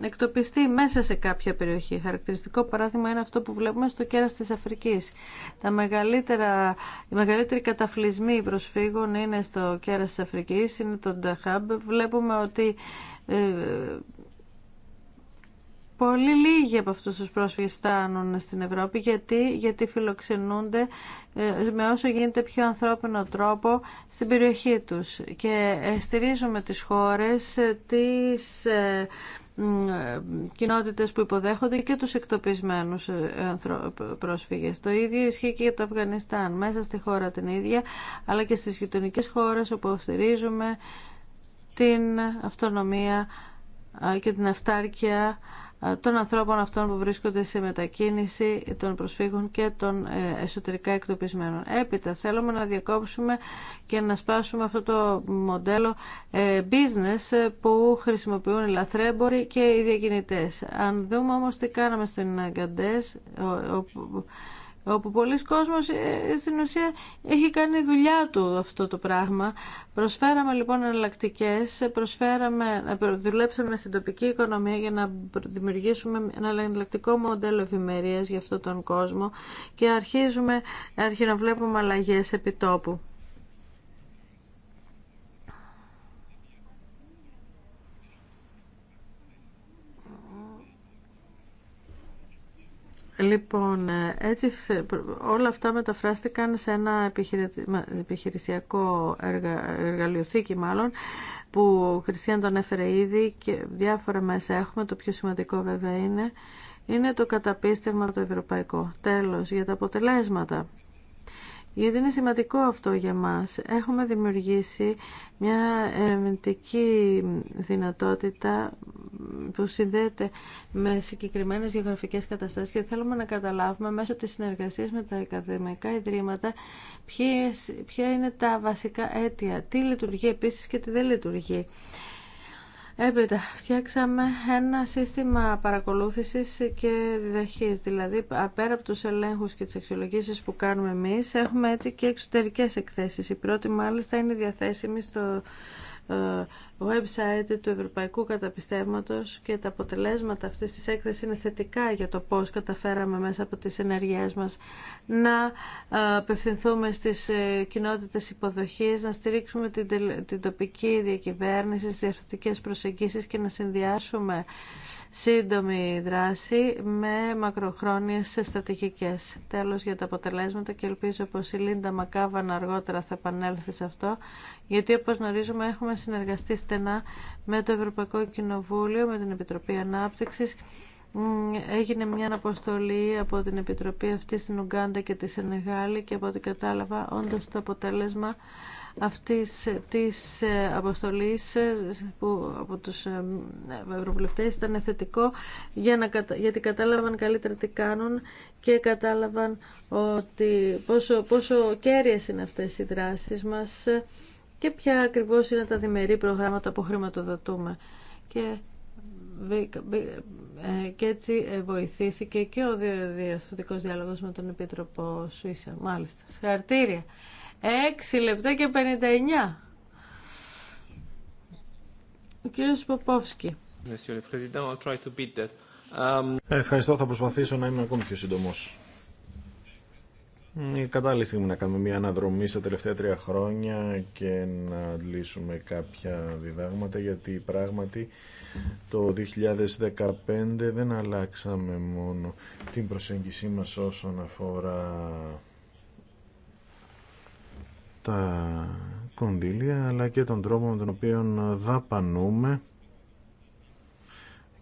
εκτοπιστεί μέσα σε κάποια περιοχή. Χαρακτηριστικό παράδειγμα είναι αυτό που βλέπουμε στο κέρας της Αφρικής. Τα μεγαλύτερα, οι μεγαλύτεροι καταφλισμοί προσφύγων είναι στο κέρας της Αφρικής, είναι το Νταχάμπ. Βλέπουμε ότι ε, Πολύ λίγοι από αυτούς τους πρόσφυγες φτάνουν στην Ευρώπη γιατί, γιατί φιλοξενούνται ε, με όσο γίνεται πιο ανθρώπινο τρόπο στην περιοχή τους και ε, στηρίζουμε τις χώρες, ε, τις κοινότητες που υποδέχονται και τους εκτοπισμένους πρόσφυγες. Το ίδιο ισχύει και για το Αφγανιστάν, μέσα στη χώρα την ίδια, αλλά και στις γειτονικέ χώρες όπου στηρίζουμε την αυτονομία και την αυτάρκεια ε, των ανθρώπων αυτών που βρίσκονται σε μετακίνηση των προσφύγων και των ε, εσωτερικά εκτοπισμένων. Έπειτα θέλουμε να διακόψουμε και να σπάσουμε αυτό το μοντέλο ε, business που χρησιμοποιούν οι λαθρέμποροι και οι διακινητές. Αν δούμε όμως τι κάναμε στην Αγκαντές, όπου πολλοί κόσμος ε, στην ουσία έχει κάνει δουλειά του αυτό το πράγμα. Προσφέραμε λοιπόν εναλλακτικέ, προσφέραμε, ε, δουλέψαμε στην τοπική οικονομία για να δημιουργήσουμε ένα εναλλακτικό μοντέλο ευημερία για αυτόν τον κόσμο και αρχίζουμε να βλέπουμε αλλαγέ επιτόπου. Λοιπόν, ε, έτσι ε, όλα αυτά μεταφράστηκαν σε ένα επιχειρησιακό εργαλειοθήκη μάλλον που ο Χριστιαν τον έφερε ήδη και διάφορα μέσα έχουμε, το πιο σημαντικό βέβαια είναι είναι το καταπίστευμα το ευρωπαϊκό. Τέλος, για τα αποτελέσματα γιατί είναι σημαντικό αυτό για μας. Έχουμε δημιουργήσει μια ερευνητική δυνατότητα που συνδέεται με συγκεκριμένες γεωγραφικές καταστάσεις και θέλουμε να καταλάβουμε μέσω της συνεργασίας με τα ακαδημαϊκά ιδρύματα ποια είναι τα βασικά αίτια, τι λειτουργεί επίσης και τι δεν λειτουργεί. Έπειτα, φτιάξαμε ένα σύστημα παρακολούθησης και διδαχής, δηλαδή πέρα από τους ελέγχους και τις αξιολογήσεις που κάνουμε εμείς, έχουμε έτσι και εξωτερικές εκθέσεις. Η πρώτη μάλιστα είναι διαθέσιμη στο ε, website του Ευρωπαϊκού Καταπιστεύματος και τα αποτελέσματα αυτής της έκθεσης είναι θετικά για το πώς καταφέραμε μέσα από τις ενεργειές μας να ε, απευθυνθούμε στις ε, κοινότητες υποδοχής, να στηρίξουμε την τοπική διακυβέρνηση, στις διευθυντικές προσεγγίσεις και να συνδυάσουμε σύντομη δράση με μακροχρόνιες στρατηγικές. Τέλος για τα αποτελέσματα και ελπίζω πως η Λίντα Μακάβανα αργότερα θα επανέλθει σε αυτό, γιατί όπως γνωρίζουμε έχουμε συνεργαστεί στενά με το Ευρωπαϊκό Κοινοβούλιο, με την Επιτροπή Ανάπτυξης, Έγινε μια αναποστολή από την Επιτροπή αυτή στην Ουγγάντα και τη Σενεγάλη και από ό,τι κατάλαβα όντως το αποτέλεσμα αυτής της ε, αποστολής ε, που από τους ε, ευρωβουλευτές ήταν θετικό για να, γιατί κατάλαβαν καλύτερα τι κάνουν και κατάλαβαν ότι πόσο, πόσο κέρυες είναι αυτές οι δράσεις μας και ποια ακριβώς είναι τα διμερεί προγράμματα που χρηματοδοτούμε. Και και έτσι βοηθήθηκε και ο διαστατικός διάλογος με τον Επίτροπο Σουίσα. Μάλιστα. σχαρτήρια Έξι λεπτά και 59. Ο κύριος Ποπόφσκι. Ε, ευχαριστώ, θα προσπαθήσω να είμαι ακόμη πιο σύντομος. Η κατάλληλη στιγμή να κάνουμε μια αναδρομή στα τελευταία τρία χρόνια και να λύσουμε κάποια διδάγματα γιατί πράγματι το 2015 δεν αλλάξαμε μόνο την προσέγγιση μας όσον αφορά τα κονδύλια αλλά και τον τρόπο με τον οποίο δαπανούμε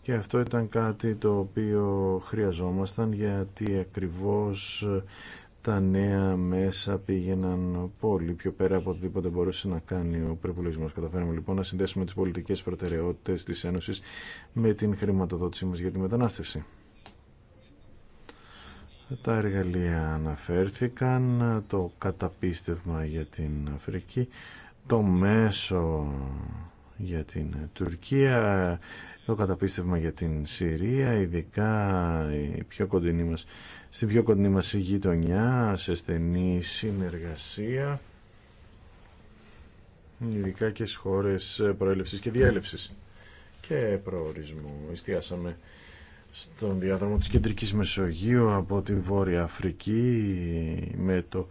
και αυτό ήταν κάτι το οποίο χρειαζόμασταν γιατί ακριβώς τα νέα μέσα πήγαιναν πολύ πιο πέρα από οτιδήποτε μπορούσε να κάνει ο προπολογισμό. Καταφέραμε λοιπόν να συνδέσουμε τις πολιτικές προτεραιότητες της Ένωσης με την χρηματοδότησή μας για τη μετανάστευση. Τα εργαλεία αναφέρθηκαν, το καταπίστευμα για την Αφρική, το μέσο για την Τουρκία, το καταπίστευμα για την Συρία, ειδικά η πιο κοντινή μας, στην πιο κοντινή μας γειτονιά, σε στενή συνεργασία, ειδικά και στις χώρες προέλευσης και διέλευσης και προορισμού. Εστιάσαμε στον διάδρομο της Κεντρικής Μεσογείου από την Βόρεια Αφρική με το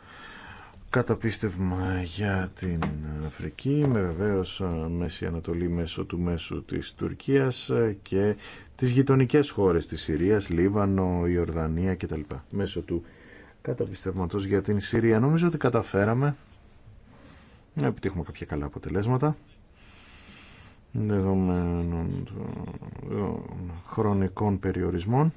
καταπίστευμα για την Αφρική με βεβαίως Μέση Ανατολή μέσω του μέσου της Τουρκίας και τις γειτονικές χώρες της Συρίας, Λίβανο, Ιορδανία κτλ. Μέσω του καταπιστευματός για την Συρία. Νομίζω ότι καταφέραμε να επιτύχουμε κάποια καλά αποτελέσματα δεδομένων χρονικών περιορισμών.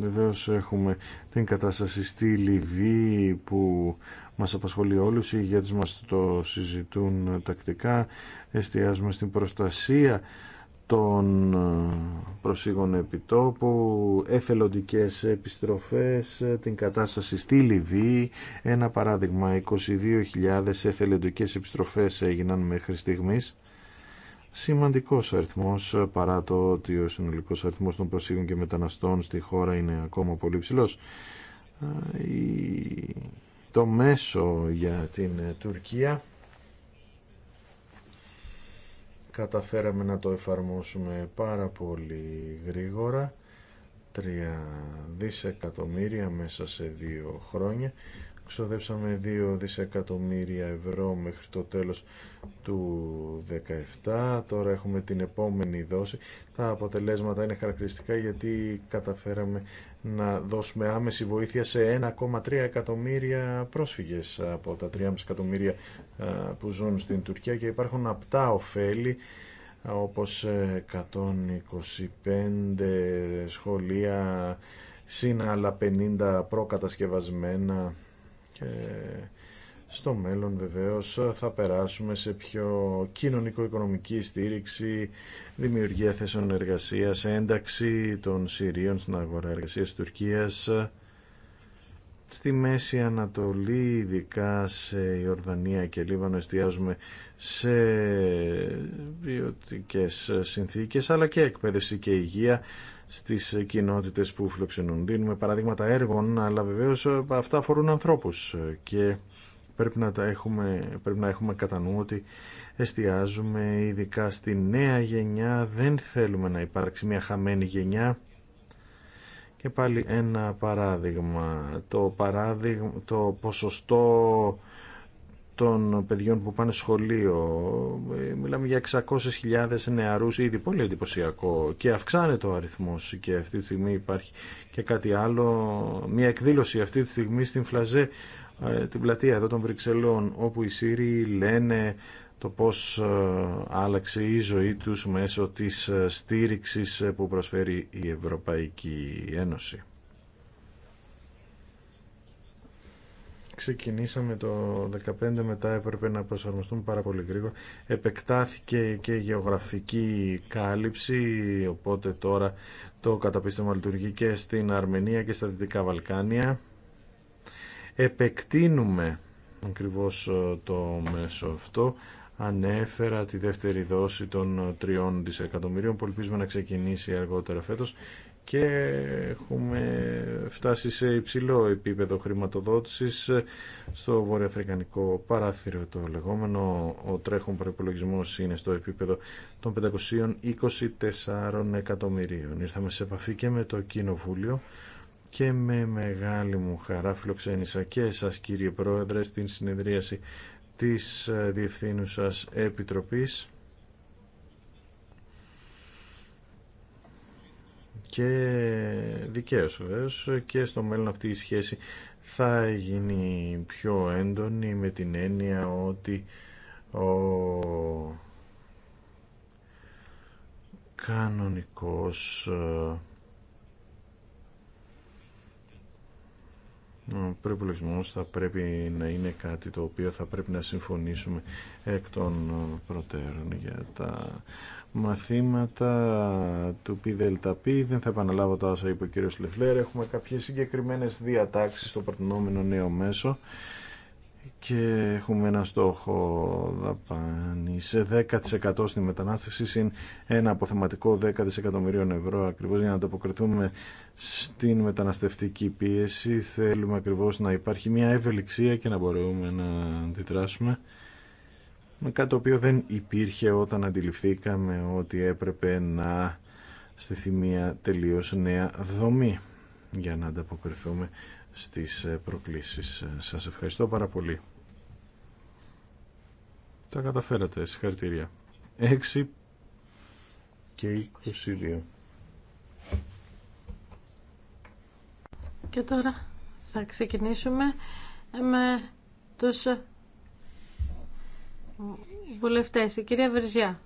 Βεβαίω έχουμε την κατάσταση στη Λιβύη που μας απασχολεί όλους, οι ηγέτες μας το συζητούν τακτικά, εστιάζουμε στην προστασία των ε, προσήγων επιτόπου, εθελοντικές επιστροφές, ε, την κατάσταση στη Λιβύη. Ένα παράδειγμα, 22.000 εθελοντικές επιστροφές έγιναν μέχρι στιγμής. Σημαντικός αριθμός, ε, παρά το ότι ο συνολικός αριθμός των προσήγων και μεταναστών στη χώρα είναι ακόμα πολύ ψηλός. Το μέσο για την Τουρκία καταφέραμε να το εφαρμόσουμε πάρα πολύ γρήγορα 3 δισεκατομμύρια μέσα σε δύο χρόνια ξοδέψαμε 2 δισεκατομμύρια ευρώ μέχρι το τέλος του 17 τώρα έχουμε την επόμενη δόση τα αποτελέσματα είναι χαρακτηριστικά γιατί καταφέραμε να δώσουμε άμεση βοήθεια σε 1,3 εκατομμύρια πρόσφυγες από τα 3,5 εκατομμύρια που ζουν στην Τουρκία και υπάρχουν απτά ωφέλη όπως 125 ε, σχολεία, σύν άλλα 50 προκατασκευασμένα και στο μέλλον βεβαίως θα περάσουμε σε πιο κοινωνικο-οικονομική στήριξη, δημιουργία θέσεων εργασίας, ένταξη των Συρίων στην αγορά εργασίας Τουρκίας, στη Μέση Ανατολή, ειδικά σε Ιορδανία και Λίβανο, εστιάζουμε σε βιωτικέ συνθήκες, αλλά και εκπαίδευση και υγεία στις κοινότητες που φιλοξενούν. Δίνουμε παραδείγματα έργων, αλλά βεβαίως αυτά αφορούν ανθρώπους και πρέπει να, τα έχουμε, πρέπει να έχουμε κατά νου ότι εστιάζουμε ειδικά στη νέα γενιά, δεν θέλουμε να υπάρξει μια χαμένη γενιά. Και πάλι ένα παράδειγμα, το, παράδειγμα, το ποσοστό των παιδιών που πάνε σχολείο. Μιλάμε για 600.000 νεαρούς, ήδη πολύ εντυπωσιακό και αυξάνεται ο αριθμός και αυτή τη στιγμή υπάρχει και κάτι άλλο. Μια εκδήλωση αυτή τη στιγμή στην Φλαζέ ε, την πλατεία εδώ των Βρυξελών όπου οι Σύριοι λένε το πώς ε, άλλαξε η ζωή τους μέσω της ε, στήριξης που προσφέρει η Ευρωπαϊκή Ένωση. ξεκινήσαμε το 2015 μετά έπρεπε να προσαρμοστούμε πάρα πολύ γρήγορα. Επεκτάθηκε και η γεωγραφική κάλυψη, οπότε τώρα το καταπίστευμα λειτουργεί και στην Αρμενία και στα Δυτικά Βαλκάνια επεκτείνουμε ακριβώς ε, το μέσο αυτό ανέφερα τη δεύτερη δόση των 3 δισεκατομμυρίων που ελπίζουμε να ξεκινήσει αργότερα φέτος και έχουμε φτάσει σε υψηλό επίπεδο χρηματοδότησης στο βορειοαφρικανικό παράθυρο το λεγόμενο ο τρέχον προπολογισμό είναι στο επίπεδο των 524 εκατομμυρίων ήρθαμε σε επαφή και με το Κοινοβούλιο και με μεγάλη μου χαρά φιλοξένησα και εσάς κύριε Πρόεδρε στην συνεδρίαση της ε, Διευθύνουσας Επιτροπής και δικαίως βεβαίως και στο μέλλον αυτή η σχέση θα γίνει πιο έντονη με την έννοια ότι ο κανονικός ε, Ο προπολογισμό θα πρέπει να είναι κάτι το οποίο θα πρέπει να συμφωνήσουμε εκ των προτέρων για τα μαθήματα του ΠΔΠ. Δεν θα επαναλάβω τα όσα είπε ο κ. Λεφλέρ. Έχουμε κάποιες συγκεκριμένες διατάξεις στο προτινόμενο νέο μέσο και έχουμε ένα στόχο δαπάνη σε 10% στη μετανάστευση συν ένα αποθεματικό 10 δισεκατομμυρίων ευρώ ακριβώς για να ανταποκριθούμε στην μεταναστευτική πίεση θέλουμε ακριβώς να υπάρχει μια ευελιξία και να μπορούμε να αντιδράσουμε με κάτι το οποίο δεν υπήρχε όταν αντιληφθήκαμε ότι έπρεπε να στηθεί μια τελείως νέα δομή για να ανταποκριθούμε στις ε, προκλήσεις. Ε, σας ευχαριστώ πάρα πολύ. Τα καταφέρατε, συγχαρητήρια. 6 και 22. Και τώρα θα ξεκινήσουμε με τους βουλευτές. Η κυρία Βερζιά.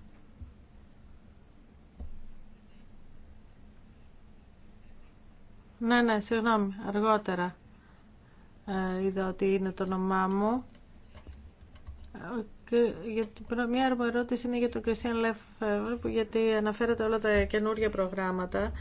Ναι, ναι, συγγνώμη, αργότερα. Ε, είδα ότι είναι το όνομά μου. Μια ε, ερώτηση είναι για τον Κριστιαν Λεφ, γιατί αναφέρατε όλα τα καινούργια προγράμματα.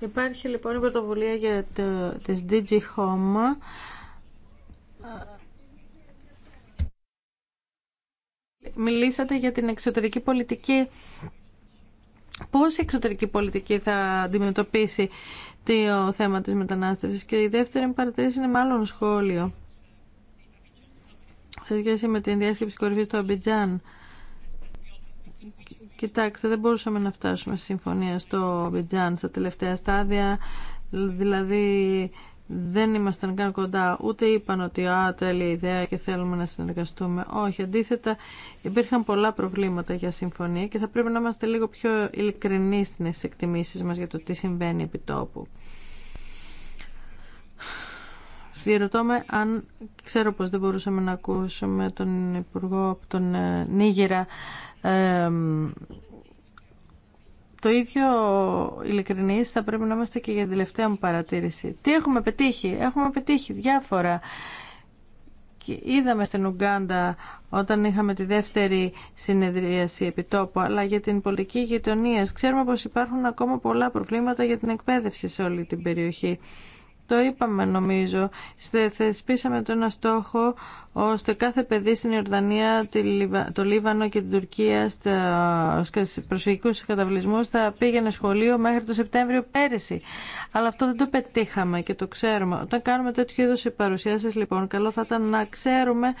Υπάρχει λοιπόν η πρωτοβουλία για το, της DG Home μιλήσατε για την εξωτερική πολιτική. Πώς η εξωτερική πολιτική θα αντιμετωπίσει το θέμα της μετανάστευσης. Και η δεύτερη παρατήρηση είναι μάλλον σχόλιο. Σε σχέση με την διάσκεψη κορυφής του Αμπιτζάν. Κοιτάξτε, δεν μπορούσαμε να φτάσουμε στη συμφωνία στο Μπιτζάν στα τελευταία στάδια. Δηλαδή, δεν ήμασταν καν κοντά, ούτε είπαν ότι «Α, τέλεια ιδέα και θέλουμε να συνεργαστούμε». Όχι, αντίθετα υπήρχαν πολλά προβλήματα για συμφωνία και θα πρέπει να είμαστε λίγο πιο ειλικρινείς στι εκτιμήσεις μας για το τι συμβαίνει επί τόπου. Διερωτώ με αν ξέρω πως δεν μπορούσαμε να ακούσουμε τον Υπουργό από τον ε, Νίγηρα το ίδιο ειλικρινής θα πρέπει να είμαστε και για την τελευταία μου παρατήρηση. Τι έχουμε πετύχει. Έχουμε πετύχει διάφορα. Και είδαμε στην Ουγκάντα όταν είχαμε τη δεύτερη συνεδρίαση επιτόπου, αλλά για την πολιτική γειτονία. Ξέρουμε πως υπάρχουν ακόμα πολλά προβλήματα για την εκπαίδευση σε όλη την περιοχή. Το είπαμε νομίζω. Θεσπίσαμε το ένα στόχο ώστε κάθε παιδί στην Ιορδανία, το Λίβανο και την Τουρκία στους προσφυγικούς καταβλισμούς θα πήγαινε σχολείο μέχρι το Σεπτέμβριο πέρυσι. Αλλά αυτό δεν το πετύχαμε και το ξέρουμε. Όταν κάνουμε τέτοιου είδους παρουσιάσεις λοιπόν, καλό θα ήταν να ξέρουμε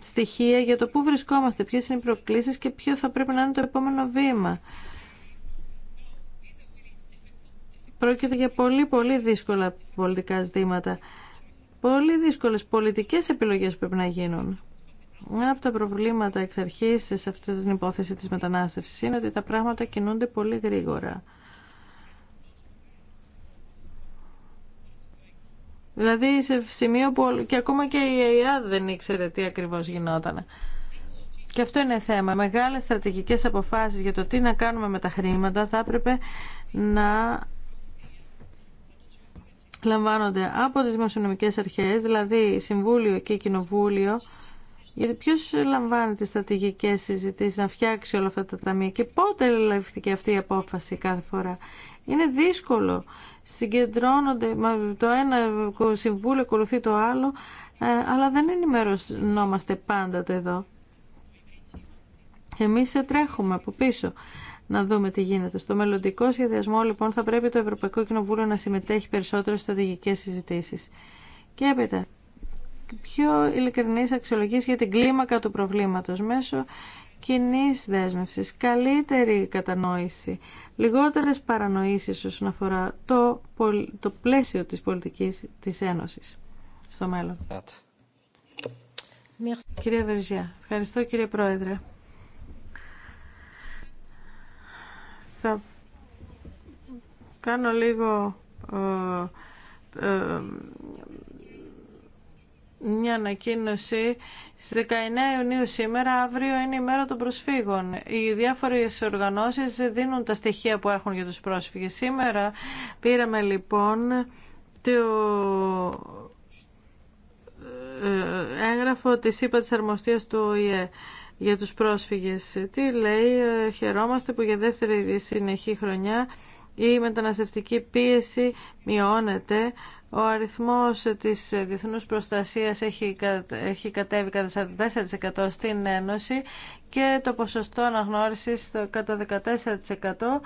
στοιχεία για το πού βρισκόμαστε, ποιες είναι οι προκλήσεις και ποιο θα πρέπει να είναι το επόμενο βήμα. Πρόκειται για πολύ πολύ δύσκολα πολιτικά ζητήματα. Πολύ δύσκολες πολιτικές επιλογές πρέπει να γίνουν. Ένα από τα προβλήματα εξ αρχή σε αυτή την υπόθεση της μετανάστευσης είναι ότι τα πράγματα κινούνται πολύ γρήγορα. Δηλαδή σε σημείο που και ακόμα και η ΑΕΑ δεν ήξερε τι ακριβώς γινόταν. Και αυτό είναι θέμα. Μεγάλες στρατηγικές αποφάσεις για το τι να κάνουμε με τα χρήματα θα έπρεπε να λαμβάνονται από τις δημοσιονομικές αρχές, δηλαδή Συμβούλιο και Κοινοβούλιο, γιατί ποιο λαμβάνει τι στρατηγικέ συζητήσει να φτιάξει όλα αυτά τα ταμεία και πότε λαμβάνει αυτή η απόφαση κάθε φορά. Είναι δύσκολο. Συγκεντρώνονται, το ένα συμβούλιο ακολουθεί το άλλο, ε, αλλά δεν ενημερωνόμαστε πάντα το εδώ. Εμείς τρέχουμε από πίσω να δούμε τι γίνεται. Στο μελλοντικό σχεδιασμό λοιπόν θα πρέπει το Ευρωπαϊκό Κοινοβούλιο να συμμετέχει περισσότερο στις στρατηγικές συζητήσεις. Και έπειτα, πιο ειλικρινή αξιολογή για την κλίμακα του προβλήματος μέσω κοινή δέσμευση, καλύτερη κατανόηση, λιγότερες παρανοήσεις όσον αφορά το, το πλαίσιο τη πολιτική τη Ένωση στο μέλλον. Κυρία Βερυζιά, ευχαριστώ κύριε Πρόεδρε. Θα κάνω λίγο ε, ε, μια ανακοίνωση. Στις 19 Ιουνίου σήμερα, αύριο είναι η μέρα των προσφύγων. Οι διάφορες οργανώσεις δίνουν τα στοιχεία που έχουν για τους πρόσφυγες. Σήμερα πήραμε λοιπόν το ε, έγγραφο της ΥΠΑ της του ΟΗΕ για τους πρόσφυγες. Τι λέει, ε, χαιρόμαστε που για δεύτερη συνεχή χρονιά η μεταναστευτική πίεση μειώνεται. Ο αριθμός της διεθνούς προστασίας έχει, έχει κατέβει κατά 44% στην Ένωση και το ποσοστό αναγνώρισης κατά 14%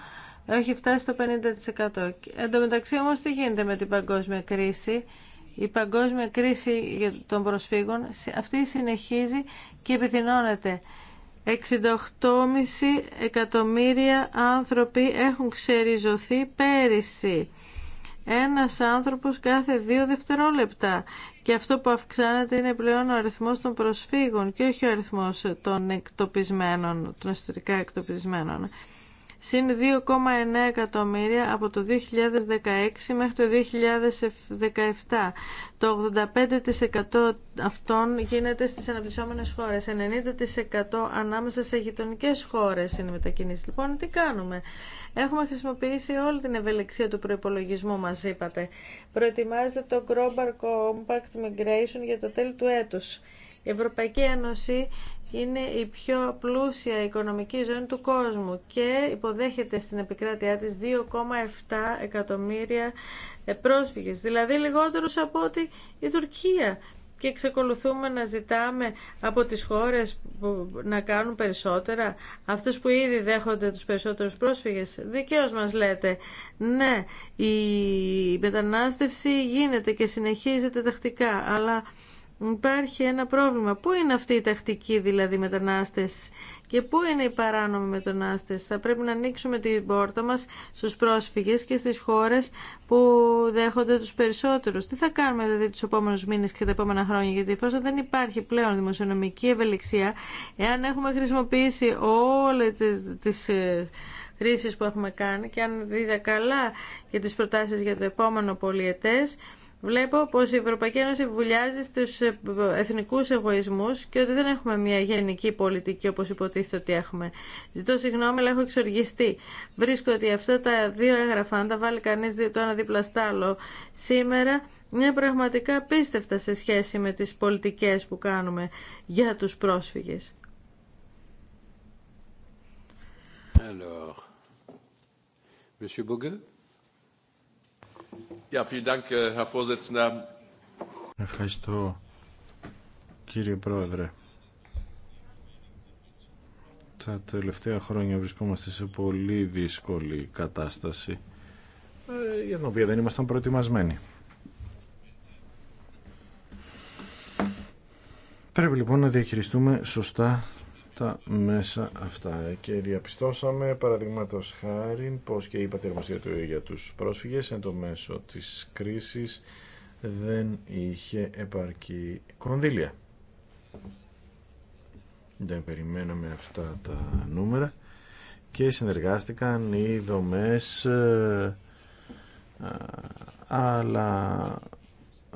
έχει φτάσει στο 50%. Εν τω μεταξύ όμως τι γίνεται με την παγκόσμια κρίση η παγκόσμια κρίση των προσφύγων αυτή συνεχίζει και επιθυνώνεται. 68,5 εκατομμύρια άνθρωποι έχουν ξεριζωθεί πέρυσι. Ένας άνθρωπος κάθε δύο δευτερόλεπτα. Και αυτό που αυξάνεται είναι πλέον ο αριθμός των προσφύγων και όχι ο αριθμός των εκτοπισμένων, των εσωτερικά εκτοπισμένων συν 2,9 εκατομμύρια από το 2016 μέχρι το 2017. Το 85% αυτών γίνεται στις αναπτυσσόμενες χώρες, 90% ανάμεσα σε γειτονικέ χώρες είναι μετακινήσεις. Λοιπόν, τι κάνουμε. Έχουμε χρησιμοποιήσει όλη την ευελιξία του προϋπολογισμού μας, είπατε. Προετοιμάζεται το Global Compact Migration για το τέλος του έτους. Η Ευρωπαϊκή Ένωση είναι η πιο πλούσια οικονομική ζώνη του κόσμου και υποδέχεται στην επικράτειά της 2,7 εκατομμύρια ε, πρόσφυγες, δηλαδή λιγότερους από ότι η Τουρκία. Και εξακολουθούμε να ζητάμε από τις χώρες να κάνουν περισσότερα, αυτές που ήδη δέχονται τους περισσότερους πρόσφυγες. Δικαίως μας λέτε, ναι, η μετανάστευση γίνεται και συνεχίζεται τακτικά, αλλά... Υπάρχει ένα πρόβλημα. Πού είναι αυτή η τακτική δηλαδή μετανάστες και πού είναι οι παράνομη μετανάστες. Θα πρέπει να ανοίξουμε την πόρτα μας στους πρόσφυγες και στις χώρες που δέχονται τους περισσότερους. Τι θα κάνουμε δηλαδή τους επόμενους μήνες και τα επόμενα χρόνια γιατί εφόσον δεν υπάρχει πλέον δημοσιονομική ευελιξία εάν έχουμε χρησιμοποιήσει όλες τις, τις ε, που έχουμε κάνει και αν δείτε καλά για τις προτάσεις για το επόμενο πολιετές Βλέπω πως η Ευρωπαϊκή Ένωση βουλιάζει στους ε, εθνικούς εγωισμούς και ότι δεν έχουμε μια γενική πολιτική όπως υποτίθεται ότι έχουμε. Ζητώ συγγνώμη, αλλά έχω εξοργιστεί. Βρίσκω ότι αυτά τα δύο έγγραφα, αν τα βάλει κανείς το ένα δίπλα άλλο, σήμερα είναι πραγματικά απίστευτα σε σχέση με τις πολιτικές που κάνουμε για τους πρόσφυγες. Alors, Monsieur Äh, Ευχαριστώ κύριε Πρόεδρε. Τα τελευταία χρόνια βρισκόμαστε σε πολύ δύσκολη κατάσταση ε, για την οποία δεν ήμασταν προετοιμασμένοι. Πρέπει λοιπόν να διαχειριστούμε σωστά τα μέσα αυτά και διαπιστώσαμε παραδείγματο χάρη πως και η πατερμοστία του για τους πρόσφυγες εν το μέσο της κρίσης δεν είχε επαρκή κονδύλια. Δεν περιμέναμε αυτά τα νούμερα και συνεργάστηκαν οι δομές ε, αλλά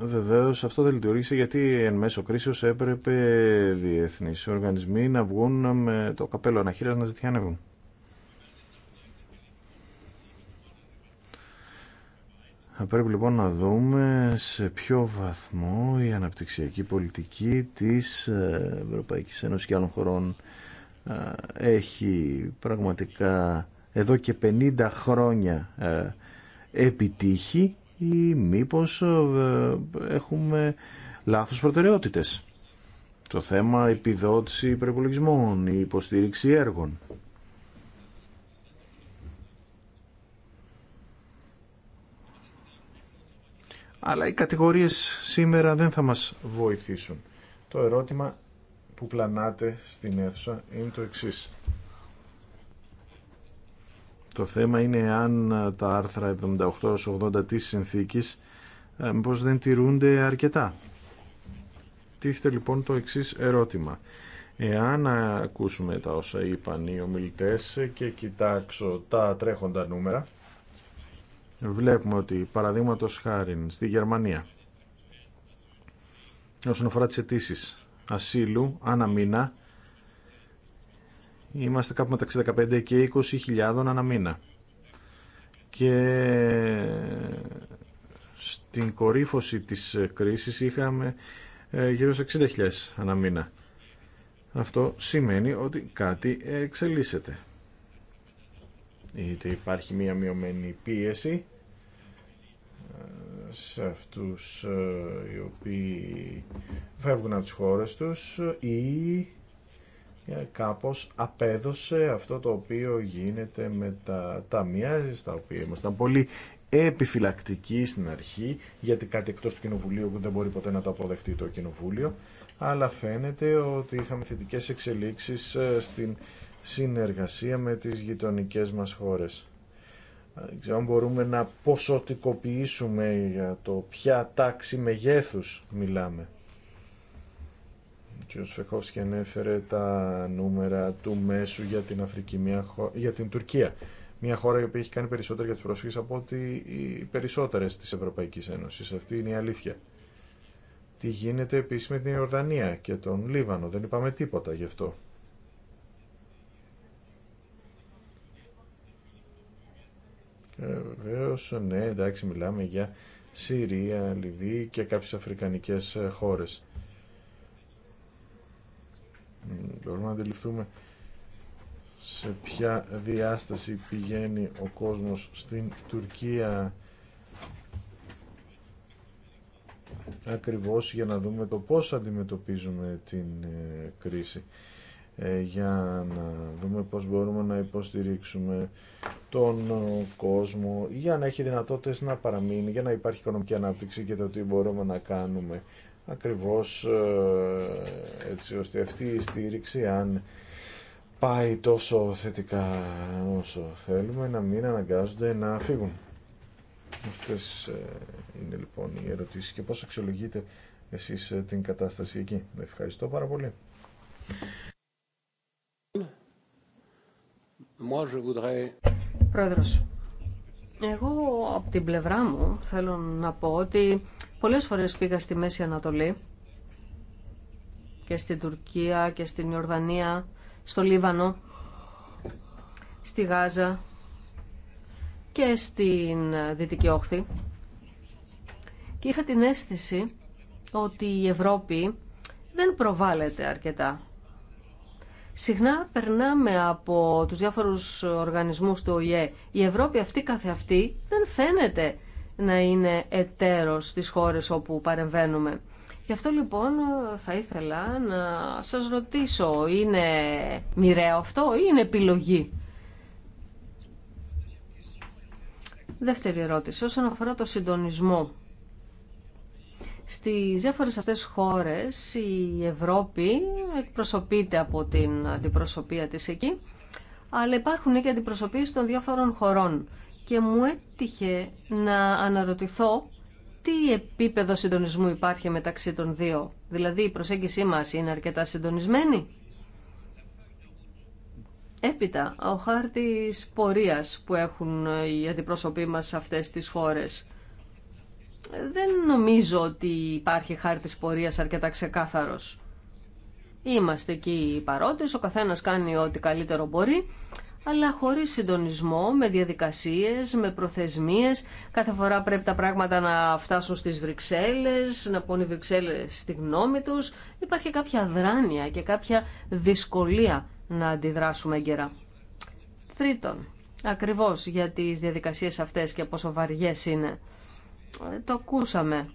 Βεβαίω, αυτό δεν λειτουργήσε γιατί εν μέσω κρίσεως έπρεπε διεθνείς οργανισμοί να βγουν με το καπέλο αναχείρα να ζητιανεύουν. Θα πρέπει λοιπόν να δούμε σε ποιο βαθμό η αναπτυξιακή πολιτική της ε, Ευρωπαϊκής Ένωσης και άλλων χωρών ε, έχει πραγματικά εδώ και 50 χρόνια ε, επιτύχει ή μήπως ε, έχουμε λάθος προτεραιότητες. Το θέμα επιδότηση υπερπολογισμών ή υποστήριξη έργων. Αλλά οι κατηγορίες σήμερα δεν θα μας βοηθήσουν. Το ερώτημα που πλανάτε στην αίθουσα είναι το εξής. Το θέμα είναι αν ε, τα άρθρα 78-80 της συνθήκης ε, πως δεν τηρούνται αρκετά. Τίθεται λοιπόν το εξής ερώτημα. Εάν ακούσουμε τα όσα είπαν οι ομιλητές και κοιτάξω τα τρέχοντα νούμερα, βλέπουμε ότι παραδείγματο χάρη στη Γερμανία, όσον αφορά τις αιτήσει ασύλου, ανά μήνα, Είμαστε κάπου μεταξύ 15 και 20.000 ανά μήνα. Και στην κορύφωση της κρίσης είχαμε ε, γύρω σε 60.000 ανά μήνα. Αυτό σημαίνει ότι κάτι εξελίσσεται. Είτε υπάρχει μία μειωμένη πίεση ε, σε αυτούς ε, οι οποίοι φεύγουν από τις χώρες τους ή ε, κάπως απέδωσε αυτό το οποίο γίνεται με τα ταμεία στα οποία ήμασταν πολύ επιφυλακτικοί στην αρχή γιατί κάτι εκτός του Κοινοβουλίου που δεν μπορεί ποτέ να το αποδεχτεί το Κοινοβούλιο αλλά φαίνεται ότι είχαμε θετικές εξελίξεις ε, στην συνεργασία με τις γειτονικές μας χώρες. Ε, δεν ξέρω αν μπορούμε να ποσοτικοποιήσουμε για το ποια τάξη μεγέθους μιλάμε. Ο Σφεχόφσκι ανέφερε τα νούμερα του μέσου για την, Αφρική, μια για την Τουρκία. Μια χώρα η οποία έχει κάνει περισσότερα για τους πρόσφυγες από ότι οι περισσότερες τη Ευρωπαϊκή Ένωση. Αυτή είναι η αλήθεια. Τι γίνεται επίσης με την Ιορδανία και τον Λίβανο. Δεν είπαμε τίποτα γι' αυτό. Ε, Βεβαίω, ναι, εντάξει, μιλάμε για Συρία, Λιβύη και κάποιες αφρικανικές ε, χώρες. Μπορούμε να αντιληφθούμε σε ποια διάσταση πηγαίνει ο κόσμος στην Τουρκία ακριβώς για να δούμε το πώς αντιμετωπίζουμε την ε, κρίση ε, για να δούμε πώς μπορούμε να υποστηρίξουμε τον ε, κόσμο για να έχει δυνατότητες να παραμείνει, για να υπάρχει οικονομική ανάπτυξη και το τι μπορούμε να κάνουμε ακριβώς ε, έτσι ώστε αυτή η στήριξη αν πάει τόσο θετικά όσο θέλουμε να μην αναγκάζονται να φύγουν. Αυτές ε, είναι λοιπόν οι ερωτήσεις και πώς αξιολογείτε εσείς ε, την κατάσταση εκεί. Ευχαριστώ πάρα πολύ. Πρόεδρος, εγώ από την πλευρά μου θέλω να πω ότι Πολλές φορές πήγα στη Μέση Ανατολή και στην Τουρκία και στην Ιορδανία, στο Λίβανο, στη Γάζα και στην Δυτική Όχθη και είχα την αίσθηση ότι η Ευρώπη δεν προβάλλεται αρκετά. Συχνά περνάμε από τους διάφορους οργανισμούς του ΟΗΕ. Η Ευρώπη αυτή καθεαυτή δεν φαίνεται να είναι εταίρος στις χώρες όπου παρεμβαίνουμε. Γι' αυτό λοιπόν θα ήθελα να σας ρωτήσω, είναι μοιραίο αυτό ή είναι επιλογή. Δεύτερη ερώτηση, όσον αφορά το συντονισμό. Στις διάφορες αυτές χώρες η Ευρώπη εκπροσωπείται από την αντιπροσωπεία της εκεί, αλλά υπάρχουν και αντιπροσωπείες των διάφορων χωρών και μου έτυχε να αναρωτηθώ τι επίπεδο συντονισμού υπάρχει μεταξύ των δύο. Δηλαδή η προσέγγιση μας είναι αρκετά συντονισμένη. Έπειτα, ο χάρτης πορείας που έχουν οι αντιπρόσωποι μας σε αυτές τις χώρες. Δεν νομίζω ότι υπάρχει χάρτης πορείας αρκετά ξεκάθαρος. Είμαστε εκεί οι παρόντες, ο καθένας κάνει ό,τι καλύτερο μπορεί αλλά χωρίς συντονισμό, με διαδικασίες, με προθεσμίες. Κάθε φορά πρέπει τα πράγματα να φτάσουν στις Βρυξέλλες, να πούν οι Βρυξέλλες στη γνώμη τους. Υπάρχει κάποια δράνεια και κάποια δυσκολία να αντιδράσουμε έγκαιρα. Τρίτον, ακριβώς για τις διαδικασίες αυτές και πόσο βαριές είναι. Ε, το ακούσαμε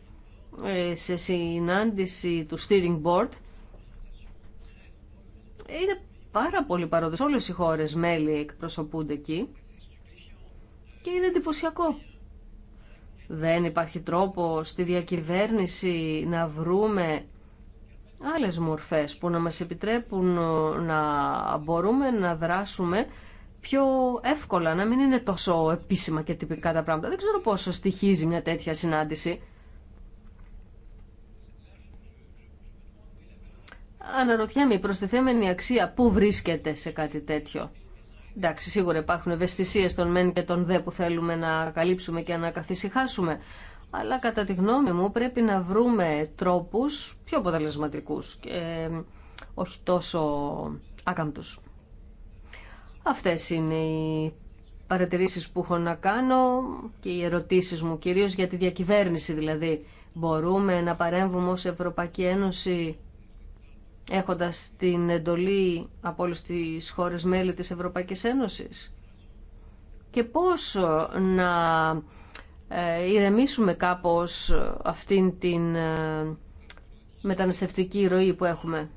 ε, σε συνάντηση του Steering Board. Είναι πάρα πολλοί παρόντες, όλες οι χώρες μέλη εκπροσωπούνται εκεί και είναι εντυπωσιακό. Δεν υπάρχει τρόπο στη διακυβέρνηση να βρούμε άλλες μορφές που να μας επιτρέπουν ε, να μπορούμε να δράσουμε πιο εύκολα, να μην είναι τόσο επίσημα και τυπικά τα πράγματα. Δεν ξέρω πόσο στοιχίζει μια τέτοια συνάντηση. αναρωτιέμαι η προστιθέμενη αξία που βρίσκεται σε κάτι τέτοιο. Εντάξει, σίγουρα υπάρχουν ευαισθησίε των μεν και των δε που θέλουμε να καλύψουμε και να καθησυχάσουμε. Αλλά κατά τη γνώμη μου πρέπει να βρούμε τρόπους πιο αποτελεσματικούς και όχι τόσο άκαμπτους. Αυτές είναι οι παρατηρήσεις που έχω να κάνω και οι ερωτήσεις μου κυρίως για τη διακυβέρνηση δηλαδή. Μπορούμε να παρέμβουμε ως Ευρωπαϊκή Ένωση έχοντας την εντολή από όλες τις χώρες μέλη της Ευρωπαϊκής Ένωσης. Και πώς να ε, ηρεμήσουμε κάπως αυτήν την ε, μεταναστευτική ροή που έχουμε.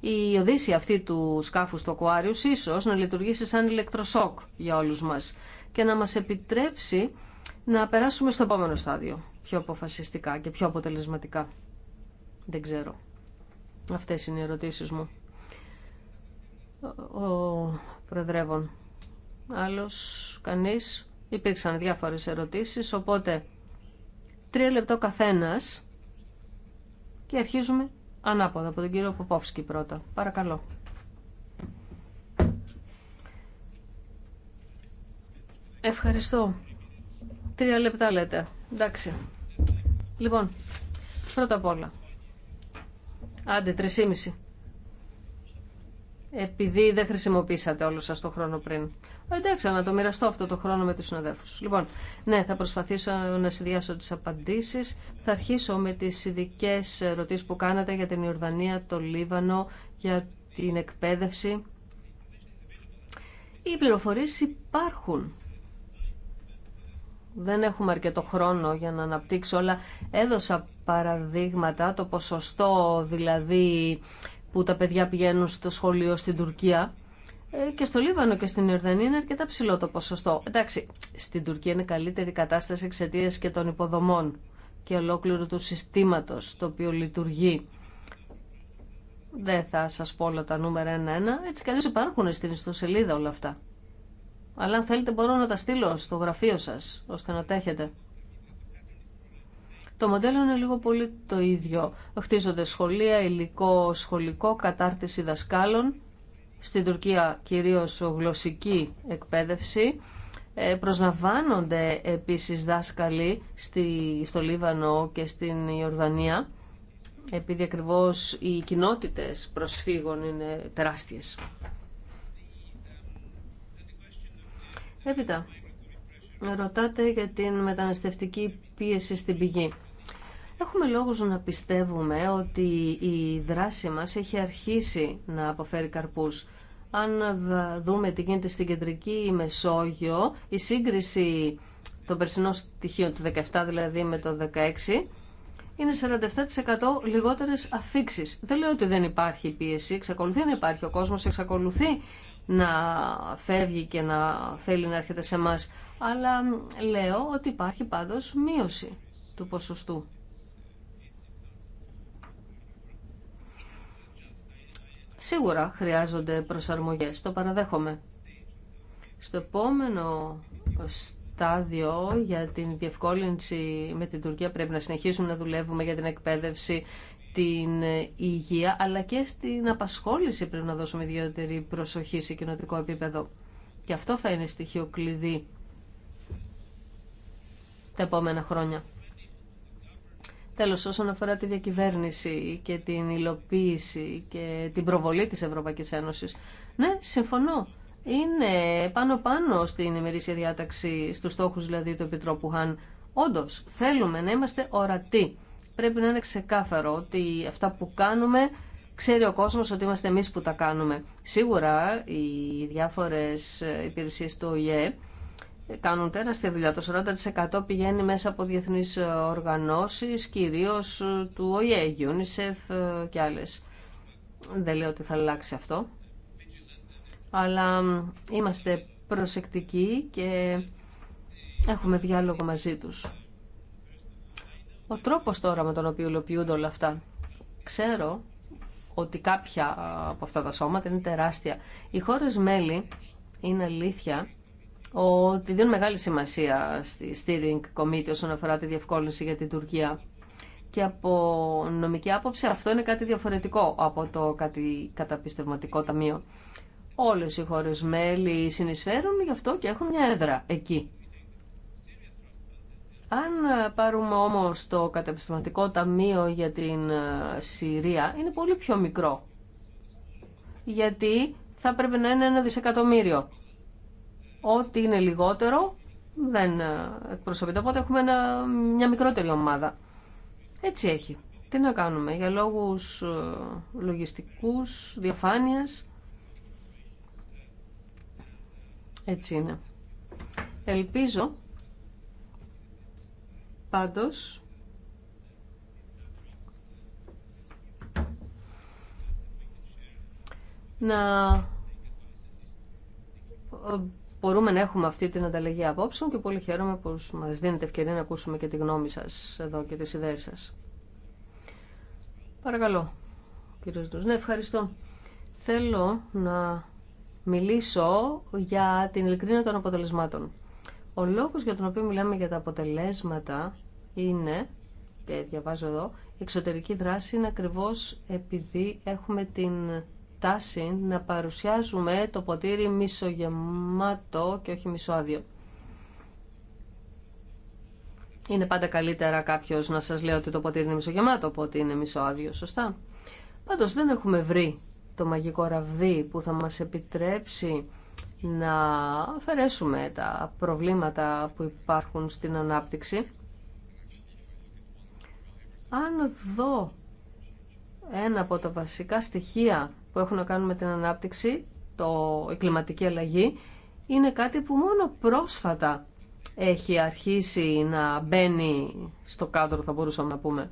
Η οδύση αυτή του σκάφου του Aquarius ίσως να λειτουργήσει σαν ηλεκτροσόκ για όλους μας και να μας επιτρέψει να περάσουμε στο επόμενο στάδιο πιο αποφασιστικά και πιο αποτελεσματικά. Δεν ξέρω. Αυτές είναι οι ερωτήσεις μου. Ο Προεδρεύων. Άλλος κανείς. Υπήρξαν διάφορες ερωτήσεις, οπότε τρία λεπτό καθένας και αρχίζουμε ανάποδα από τον κύριο Ποπόφσκι πρώτα. Παρακαλώ. Ευχαριστώ. Τρία λεπτά λέτε. Εντάξει. Λοιπόν, πρώτα απ' όλα, Άντε, 3,5. Επειδή δεν χρησιμοποίησατε όλο σας το χρόνο πριν. Εντάξει, να το μοιραστώ αυτό το χρόνο με τους συναδέλφους. Λοιπόν, ναι, θα προσπαθήσω να συνδυάσω τις απαντήσεις. Θα αρχίσω με τις ειδικέ ερωτήσεις που κάνατε για την Ιορδανία, το Λίβανο, για την εκπαίδευση. Οι πληροφορίες υπάρχουν. Δεν έχουμε αρκετό χρόνο για να αναπτύξω, όλα. έδωσα παραδείγματα, το ποσοστό δηλαδή που τα παιδιά πηγαίνουν στο σχολείο στην Τουρκία, ε, και στο Λίβανο και στην Ιορδανία είναι αρκετά ψηλό το ποσοστό. Εντάξει, στην Τουρκία είναι καλύτερη κατάσταση εξαιτία και των υποδομών και ολόκληρου του συστήματος το οποίο λειτουργεί. Δεν θα σας πω όλα τα νούμερα ένα-ένα, έτσι κι υπάρχουν στην ιστοσελίδα όλα αυτά. Αλλά αν θέλετε μπορώ να τα στείλω στο γραφείο σας, ώστε να τα έχετε. Το μοντέλο είναι λίγο πολύ το ίδιο. Χτίζονται σχολεία, υλικό σχολικό, κατάρτιση δασκάλων, στην Τουρκία κυρίως γλωσσική εκπαίδευση. Ε, προσλαμβάνονται επίσης δάσκαλοι στη, στο Λίβανο και στην Ιορδανία επειδή ακριβώς οι κοινότητες προσφύγων είναι τεράστιες. Έπειτα, ρωτάτε για την μεταναστευτική πίεση στην πηγή. Έχουμε λόγους να πιστεύουμε ότι η δράση μας έχει αρχίσει να αποφέρει καρπούς. Αν δούμε τι γίνεται στην κεντρική Μεσόγειο, η σύγκριση των περσινών στοιχείων του 17 δηλαδή με το 16 είναι 47% λιγότερες αφήξεις. Δεν λέω ότι δεν υπάρχει πίεση, εξακολουθεί να υπάρχει ο κόσμος, εξακολουθεί να φεύγει και να θέλει να έρχεται σε μας αλλά λέω ότι υπάρχει πάντως μείωση του ποσοστού. Σίγουρα χρειάζονται προσαρμογές, το παραδέχομαι. Στο επόμενο στάδιο για την διευκόλυνση με την Τουρκία πρέπει να συνεχίσουμε να δουλεύουμε για την εκπαίδευση, την υγεία, αλλά και στην απασχόληση πρέπει να δώσουμε ιδιαίτερη προσοχή σε κοινοτικό επίπεδο. Και αυτό θα είναι στοιχείο κλειδί τα επόμενα χρόνια. Τέλος, όσον αφορά τη διακυβέρνηση και την υλοποίηση και την προβολή της Ευρωπαϊκής Ένωσης, ναι, συμφωνώ. Είναι πάνω-πάνω στην ημερήσια διάταξη, στους στόχους δηλαδή του Επιτρόπου Χαν. Όντως, θέλουμε να είμαστε ορατοί. Πρέπει να είναι ξεκάθαρο ότι αυτά που κάνουμε ξέρει ο κόσμος ότι είμαστε εμείς που τα κάνουμε. Σίγουρα οι διάφορες υπηρεσίες του ΟΗΕ κάνουν τεράστια δουλειά. Το 40% πηγαίνει μέσα από διεθνείς ε, οργανώσεις, κυρίως ε, του ΟΗΕ, UNICEF ε, και άλλες. Δεν λέω ότι θα αλλάξει αυτό. Αλλά είμαστε προσεκτικοί και έχουμε διάλογο μαζί τους. Ο τρόπος τώρα με τον οποίο υλοποιούνται όλα αυτά. Ξέρω ότι κάποια από αυτά τα σώματα είναι τεράστια. Οι χώρες μέλη, είναι αλήθεια, ότι δίνουν μεγάλη σημασία στη Steering Committee όσον αφορά τη διευκόλυνση για την Τουρκία. Και από νομική άποψη αυτό είναι κάτι διαφορετικό από το κάτι καταπιστευματικό ταμείο. Όλες οι χώρες μέλη συνεισφέρουν γι' αυτό και έχουν μια έδρα εκεί. Αν πάρουμε όμως το καταπιστευματικό ταμείο για την ε, Συρία, είναι πολύ πιο μικρό. Γιατί θα πρέπει να είναι ένα δισεκατομμύριο Ό,τι είναι λιγότερο δεν ε, εκπροσωπείται. Οπότε έχουμε ένα, μια μικρότερη ομάδα. Έτσι έχει. Τι να κάνουμε για λόγους ε, λογιστικούς, διαφάνειας. Έτσι είναι. Ελπίζω πάντως να ε, μπορούμε να έχουμε αυτή την ανταλλαγή απόψεων και πολύ χαίρομαι που μας δίνετε ευκαιρία να ακούσουμε και τη γνώμη σας εδώ και τις ιδέες σας. Παρακαλώ, Κύριο Ντούς. Ναι, ευχαριστώ. Θέλω να μιλήσω για την ειλικρίνεια των αποτελεσμάτων. Ο λόγος για τον οποίο μιλάμε για τα αποτελέσματα είναι, και διαβάζω εδώ, εξωτερική δράση είναι ακριβώς επειδή έχουμε την τάση να παρουσιάζουμε το ποτήρι μισογεμάτο και όχι μισοάδιο. Είναι πάντα καλύτερα κάποιος να σας λέει ότι το ποτήρι είναι μισογεμάτο από ότι είναι μισοάδιο, σωστά. Πάντως δεν έχουμε βρει το μαγικό ραβδί που θα μας επιτρέψει να αφαιρέσουμε τα προβλήματα που υπάρχουν στην ανάπτυξη. Αν δω ένα από τα βασικά στοιχεία που έχουν να κάνουν με την ανάπτυξη, το, η κλιματική αλλαγή, είναι κάτι που μόνο πρόσφατα έχει αρχίσει να μπαίνει στο κάδρο, θα μπορούσαμε να πούμε.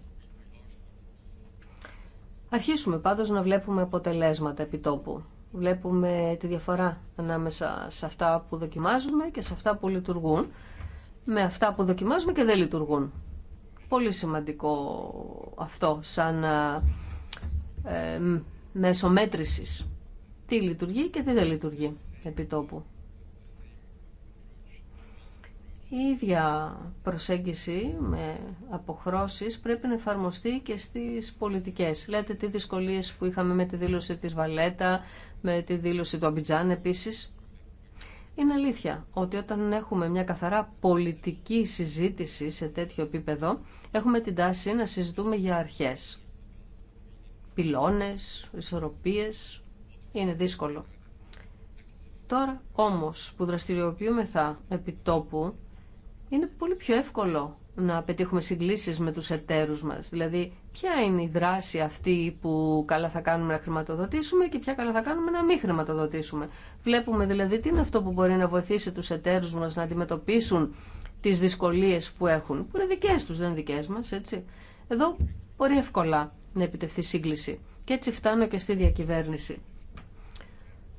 Αρχίσουμε πάντως να βλέπουμε αποτελέσματα επιτόπου. Βλέπουμε τη διαφορά ανάμεσα σε αυτά που δοκιμάζουμε και σε αυτά που λειτουργούν, με αυτά που δοκιμάζουμε και δεν λειτουργούν. Πολύ σημαντικό αυτό σαν ε, μέσω Τι λειτουργεί και τι δεν λειτουργεί επί τόπου. Η ίδια προσέγγιση με αποχρώσεις πρέπει να εφαρμοστεί και στις πολιτικές. Λέτε τι δυσκολίες που είχαμε με τη δήλωση της Βαλέτα, με τη δήλωση του Αμπιτζάν επίσης. Είναι αλήθεια ότι όταν έχουμε μια καθαρά πολιτική συζήτηση σε τέτοιο επίπεδο, έχουμε την τάση να συζητούμε για αρχές πυλώνες, ισορροπίες. Είναι δύσκολο. Τώρα όμως που δραστηριοποιούμεθα επί τόπου, είναι πολύ πιο εύκολο να πετύχουμε συγκλήσεις με τους εταίρους μας. Δηλαδή, ποια είναι η δράση αυτή που καλά θα κάνουμε να χρηματοδοτήσουμε και ποια καλά θα κάνουμε να μην χρηματοδοτήσουμε. Βλέπουμε δηλαδή τι είναι αυτό που μπορεί να βοηθήσει τους εταίρους μας να αντιμετωπίσουν τις δυσκολίες που έχουν, που είναι δικές τους, δεν δικές μας, έτσι. Εδώ μπορεί εύκολα να επιτευχθεί σύγκληση. Και έτσι φτάνω και στη διακυβέρνηση,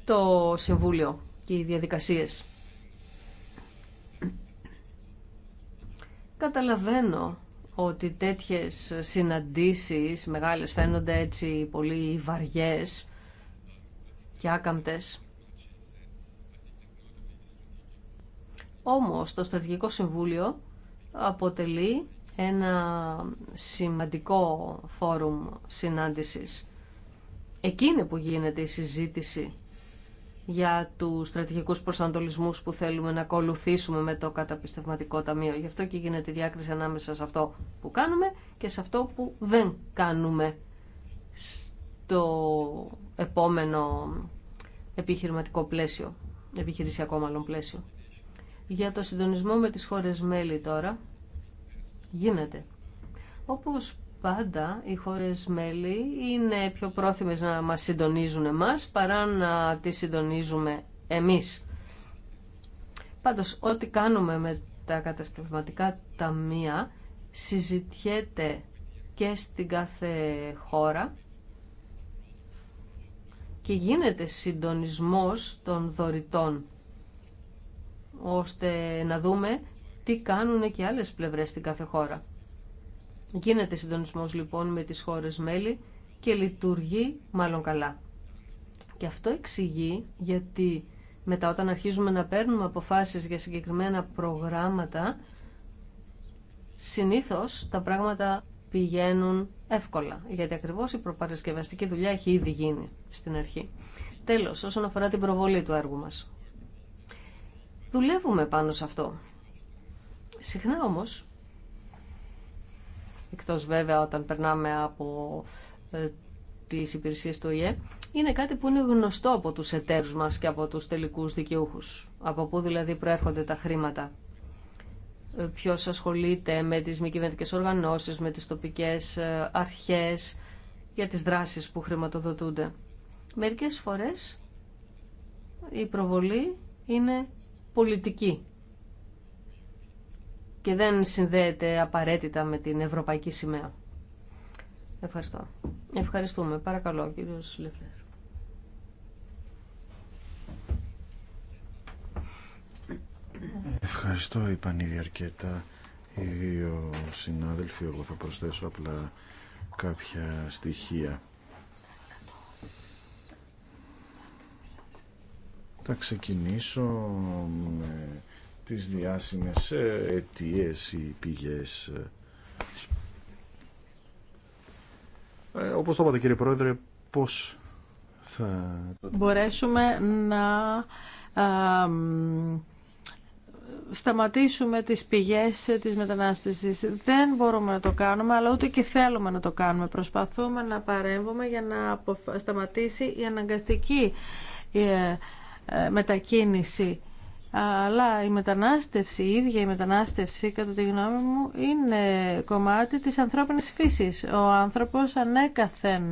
το Συμβούλιο και οι διαδικασίες. Καταλαβαίνω ότι τέτοιες συναντήσεις μεγάλες φαίνονται έτσι πολύ βαριές και άκαμπτες. Όμως το Στρατηγικό Συμβούλιο αποτελεί ένα σημαντικό φόρουμ συνάντησης. Εκείνη που γίνεται η συζήτηση για τους στρατηγικούς προσανατολισμούς που θέλουμε να ακολουθήσουμε με το καταπιστευματικό ταμείο. Γι' αυτό και γίνεται η διάκριση ανάμεσα σε αυτό που κάνουμε και σε αυτό που δεν κάνουμε στο επόμενο επιχειρηματικό πλαίσιο, επιχειρησιακό μάλλον πλαίσιο. Για το συντονισμό με τις χώρες μέλη τώρα, γίνεται. Όπως πάντα οι χώρες μέλη είναι πιο πρόθυμες να μας συντονίζουν εμάς παρά να τις συντονίζουμε εμείς. Πάντως, ό,τι κάνουμε με τα καταστηματικά ταμεία συζητιέται και στην κάθε χώρα και γίνεται συντονισμός των δωρητών ώστε να δούμε τι κάνουν και άλλες πλευρές στην κάθε χώρα. Γίνεται συντονισμός λοιπόν με τις χώρες μέλη και λειτουργεί μάλλον καλά. Και αυτό εξηγεί γιατί μετά όταν αρχίζουμε να παίρνουμε αποφάσεις για συγκεκριμένα προγράμματα, συνήθως τα πράγματα πηγαίνουν εύκολα, γιατί ακριβώς η προπαρασκευαστική δουλειά έχει ήδη γίνει στην αρχή. Τέλος, όσον αφορά την προβολή του έργου μας. Δουλεύουμε πάνω σε αυτό. Συχνά όμως, εκτός βέβαια όταν περνάμε από ε, τις υπηρεσίες του ΙΕ, είναι κάτι που είναι γνωστό από τους εταίρους μας και από τους τελικούς δικαιούχους. Από πού δηλαδή προέρχονται τα χρήματα. Ε, ποιος ασχολείται με τις μη κυβερνητικές οργανώσεις, με τις τοπικές ε, αρχές, για τις δράσεις που χρηματοδοτούνται. Μερικές φορές η προβολή είναι πολιτική και δεν συνδέεται απαραίτητα με την ευρωπαϊκή σημαία. Ευχαριστώ. Ευχαριστούμε. Παρακαλώ, κύριο. Λεφλέρ. Ευχαριστώ, είπαν ήδη αρκετά οι δύο συνάδελφοι. Εγώ θα προσθέσω απλά κάποια στοιχεία. Θα ξεκινήσω με τις διάσημες ε, αιτίες ή πηγές. Ε. ε, όπως το είπατε κύριε Πρόεδρε, πώς θα... Μπορέσουμε να σταματήσουμε τις πηγές της μετανάστευσης. Δεν μπορούμε να το κάνουμε, αλλά ούτε και θέλουμε να το κάνουμε. Προσπαθούμε να παρέμβουμε για να σταματήσει η αναγκαστική ε, μετακίνηση αλλά η μετανάστευση, η ίδια η μετανάστευση, κατά τη γνώμη μου, είναι κομμάτι της ανθρώπινης φύσης. Ο άνθρωπος ανέκαθεν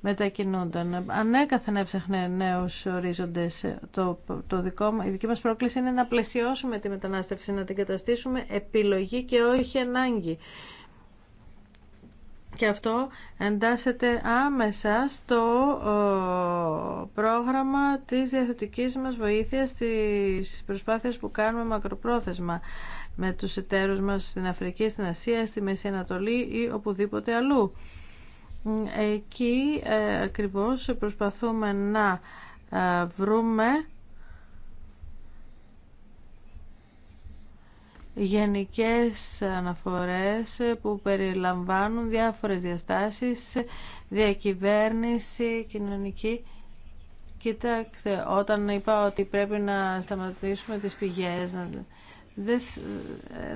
μετακινούνταν, ανέκαθεν έψαχνε νέους ορίζοντες. Το, το δικό, η δική μας πρόκληση είναι να πλαισιώσουμε τη μετανάστευση, να την καταστήσουμε επιλογή και όχι ανάγκη και αυτό εντάσσεται άμεσα στο πρόγραμμα της διαθετικής μας βοήθειας στις προσπάθειες που κάνουμε μακροπρόθεσμα με τους εταίρους μας στην Αφρική, στην Ασία, στη Μέση Ανατολή ή οπουδήποτε αλλού. Εκεί ε, ακριβώς προσπαθούμε να ε, βρούμε γενικές αναφορές που περιλαμβάνουν διάφορες διαστάσεις, διακυβέρνηση, κοινωνική. Κοιτάξτε, όταν είπα ότι πρέπει να σταματήσουμε τις πηγές,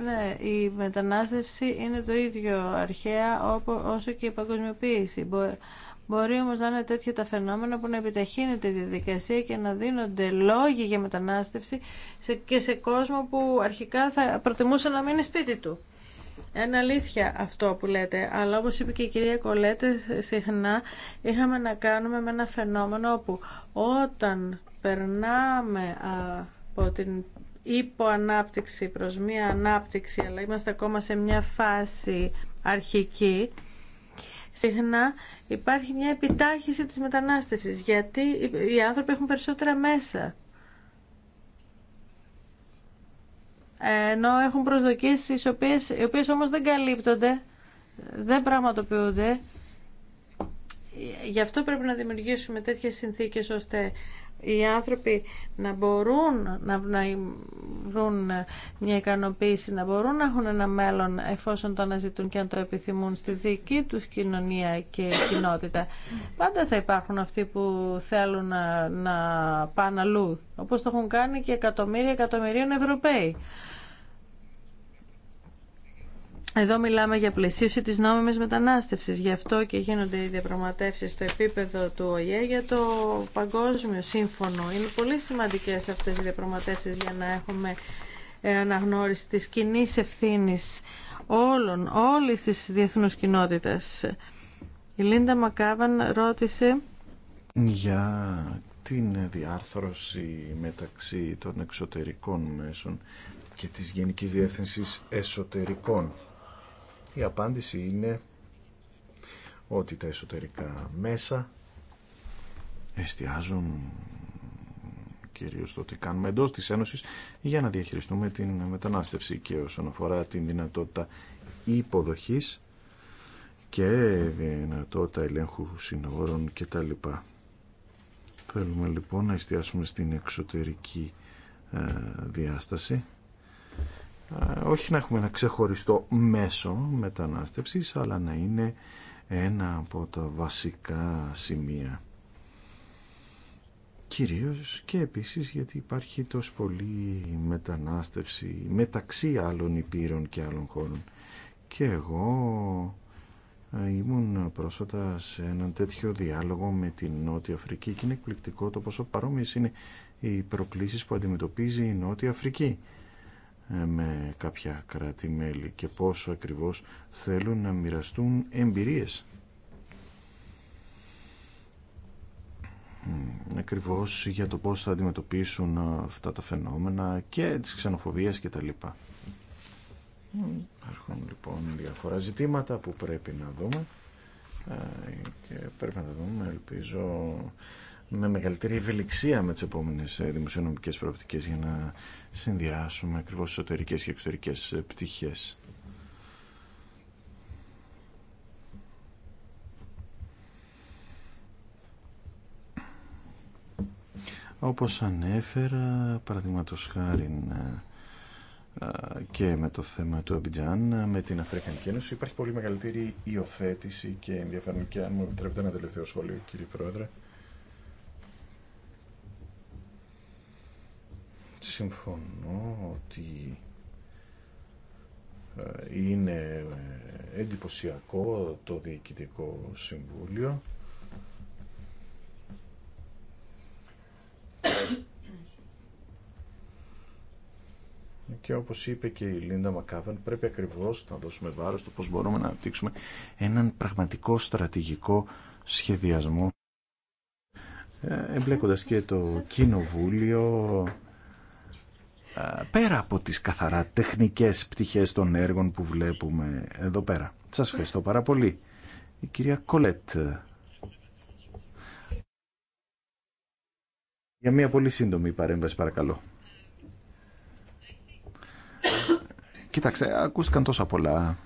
ναι, η μετανάστευση είναι το ίδιο αρχαία όσο και η παγκοσμιοποίηση. Μπορεί όμω να είναι τέτοια τα φαινόμενα που να επιταχύνεται η διαδικασία και να δίνονται λόγοι για μετανάστευση και σε κόσμο που αρχικά θα προτιμούσε να μείνει σπίτι του. Είναι αλήθεια αυτό που λέτε, αλλά όπως είπε και η κυρία Κολέτε, συχνά είχαμε να κάνουμε με ένα φαινόμενο όπου όταν περνάμε από την υποανάπτυξη προς μία ανάπτυξη, αλλά είμαστε ακόμα σε μια φάση αρχική, συχνά υπάρχει μια επιτάχυση της μετανάστευσης γιατί οι άνθρωποι έχουν περισσότερα μέσα ενώ έχουν προσδοκίες οι οποίες, οι οποίες όμως δεν καλύπτονται δεν πραγματοποιούνται γι' αυτό πρέπει να δημιουργήσουμε τέτοιες συνθήκες ώστε οι άνθρωποι να μπορούν να, βρουν μια ικανοποίηση, να μπορούν να έχουν ένα μέλλον εφόσον το αναζητούν και αν το επιθυμούν στη δική τους κοινωνία και κοινότητα. Πάντα θα υπάρχουν αυτοί που θέλουν να, να πάνε αλλού, όπως το έχουν κάνει και εκατομμύρια εκατομμυρίων Ευρωπαίοι. Εδώ μιλάμε για πλαισίωση της νόμιμης μετανάστευσης. Γι' αυτό και γίνονται οι διαπραγματεύσεις στο επίπεδο του ΟΗΕ για το παγκόσμιο σύμφωνο. Είναι πολύ σημαντικές αυτές οι διαπραγματεύσεις για να έχουμε ε, αναγνώριση της κοινή ευθύνη όλων, όλης της διεθνούς κοινότητας. Η Λίντα Μακάβαν ρώτησε για την διάρθρωση μεταξύ των εξωτερικών μέσων και της Γενικής Διεύθυνσης Εσωτερικών η απάντηση είναι ότι τα εσωτερικά μέσα εστιάζουν κυρίως το τι κάνουμε εντός της Ένωσης για να διαχειριστούμε την μετανάστευση και όσον αφορά την δυνατότητα υποδοχής και δυνατότητα ελέγχου συνόρων κτλ. Θέλουμε λοιπόν να εστιάσουμε στην εξωτερική ε, διάσταση ε, όχι να έχουμε ένα ξεχωριστό μέσο μετανάστευσης, αλλά να είναι ένα από τα βασικά σημεία. Κυρίως και επίσης γιατί υπάρχει τόσο πολύ μετανάστευση μεταξύ άλλων υπήρων και άλλων χώρων. Και εγώ ε, ήμουν πρόσφατα σε έναν τέτοιο διάλογο με την Νότια Αφρική και είναι εκπληκτικό το πόσο παρόμοιες είναι οι προκλήσεις που αντιμετωπίζει η Νότια Αφρική. Ε, με κάποια κράτη-μέλη και πόσο ακριβώς θέλουν να μοιραστούν εμπειρίες. Ακριβώς για το πώς θα αντιμετωπίσουν αυτά τα φαινόμενα και τις ξενοφοβίες και τα λοιπά. Υπάρχουν λοιπόν διάφορα ζητήματα που πρέπει να δούμε ε, και πρέπει να τα δούμε ελπίζω με μεγαλύτερη ευελιξία με τις επόμενες ε, δημοσιονομικές προοπτικές για να συνδυάσουμε ακριβώς εσωτερικές και εξωτερικές ε, πτυχές. Όπως ανέφερα, παραδείγματος χάρη ε, και με το θέμα του Αμπιτζάν, με την Αφρικανική Ένωση, υπάρχει πολύ μεγαλύτερη υιοθέτηση και ενδιαφέρον. Και αν μου επιτρέπετε ένα τελευταίο σχόλιο, κύριε Πρόεδρε. συμφωνώ ότι ε, είναι ε, εντυπωσιακό το Διοικητικό Συμβούλιο και όπως είπε και η Λίντα Μακάβεν πρέπει ακριβώς να δώσουμε βάρος στο πώς μπορούμε να αναπτύξουμε έναν πραγματικό στρατηγικό σχεδιασμό ε, εμπλέκοντας και το Κοινοβούλιο ε, πέρα από τις καθαρά τεχνικές πτυχές των έργων που βλέπουμε εδώ πέρα. Σας ευχαριστώ πάρα πολύ. Η κυρία Κολέτ. Για μια πολύ σύντομη παρέμβαση παρακαλώ. Κοιτάξτε, ακούστηκαν τόσα πολλά.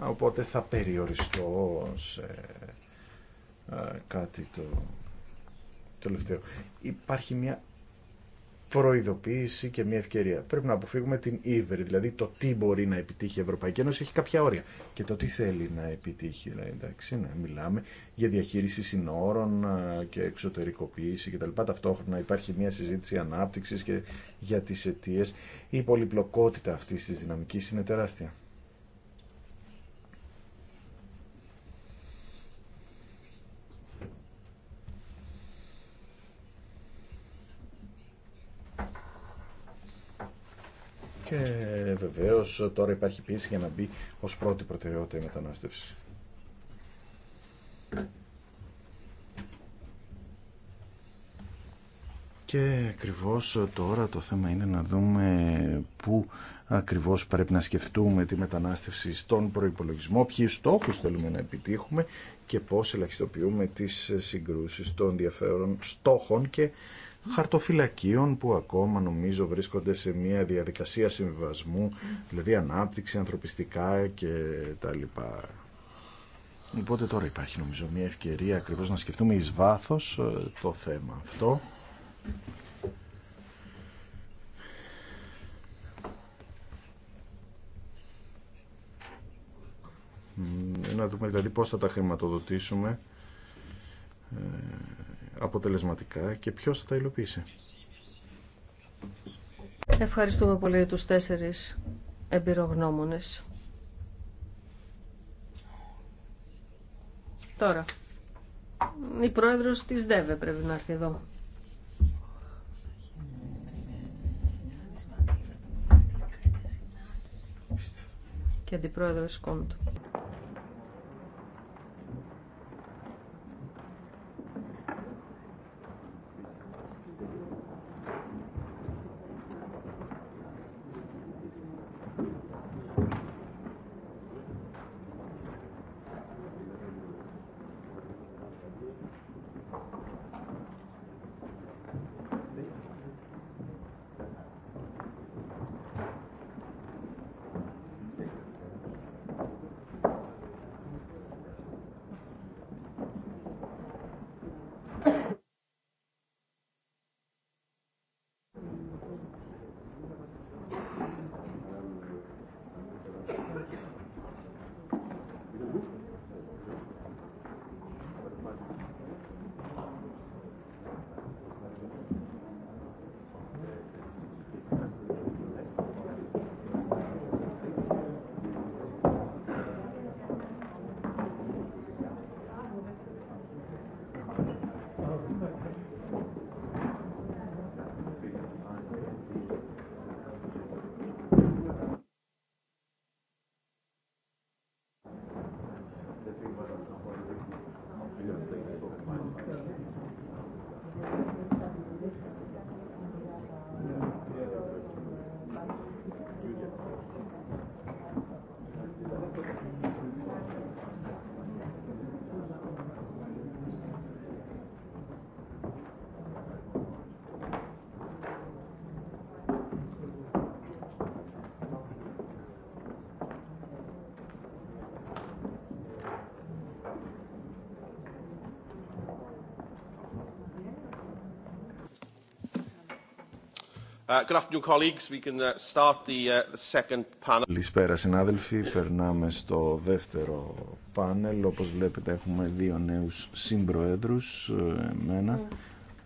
Οπότε θα περιοριστώ σε ε, κάτι το τελευταίο. Υπάρχει μια προειδοποίηση και μια ευκαιρία. Πρέπει να αποφύγουμε την ύβερη, δηλαδή το τι μπορεί να επιτύχει η Ευρωπαϊκή Ένωση έχει κάποια όρια. Και το τι θέλει να επιτύχει, εντάξει, να μιλάμε για διαχείριση συνόρων και εξωτερικοποίηση κτλ. Ταυτόχρονα υπάρχει μια συζήτηση ανάπτυξη και για τι αιτίε. Η πολυπλοκότητα αυτή τη δυναμική είναι τεράστια. Και βεβαίω τώρα υπάρχει πίεση για να μπει ως πρώτη προτεραιότητα η μετανάστευση. Και ακριβώς τώρα το θέμα είναι να δούμε πού ακριβώς πρέπει να σκεφτούμε τη μετανάστευση στον προϋπολογισμό, ποιοι στόχους θέλουμε να επιτύχουμε και πώς ελαχιστοποιούμε τις συγκρούσεις των ενδιαφέρων στόχων και χαρτοφυλακίων που ακόμα νομίζω βρίσκονται σε μια διαδικασία συμβιβασμού, δηλαδή ανάπτυξη, ανθρωπιστικά και τα λοιπά. Οπότε τώρα υπάρχει νομίζω μια ευκαιρία ακριβώς να σκεφτούμε εις ε, το θέμα αυτό. Να δούμε δηλαδή πώς θα τα χρηματοδοτήσουμε ε, αποτελεσματικά και ποιος θα τα υλοποιήσει. Ευχαριστούμε πολύ τους τέσσερις εμπειρογνώμονες. Τώρα, η πρόεδρος της ΔΕΒΕ πρέπει να έρθει εδώ. Και αντιπρόεδρος Κόντου. Καλησπέρα συνάδελφοι, περνάμε στο δεύτερο πάνελ. Όπως βλέπετε έχουμε δύο νέους συμπροέδρους, ε, εμένα,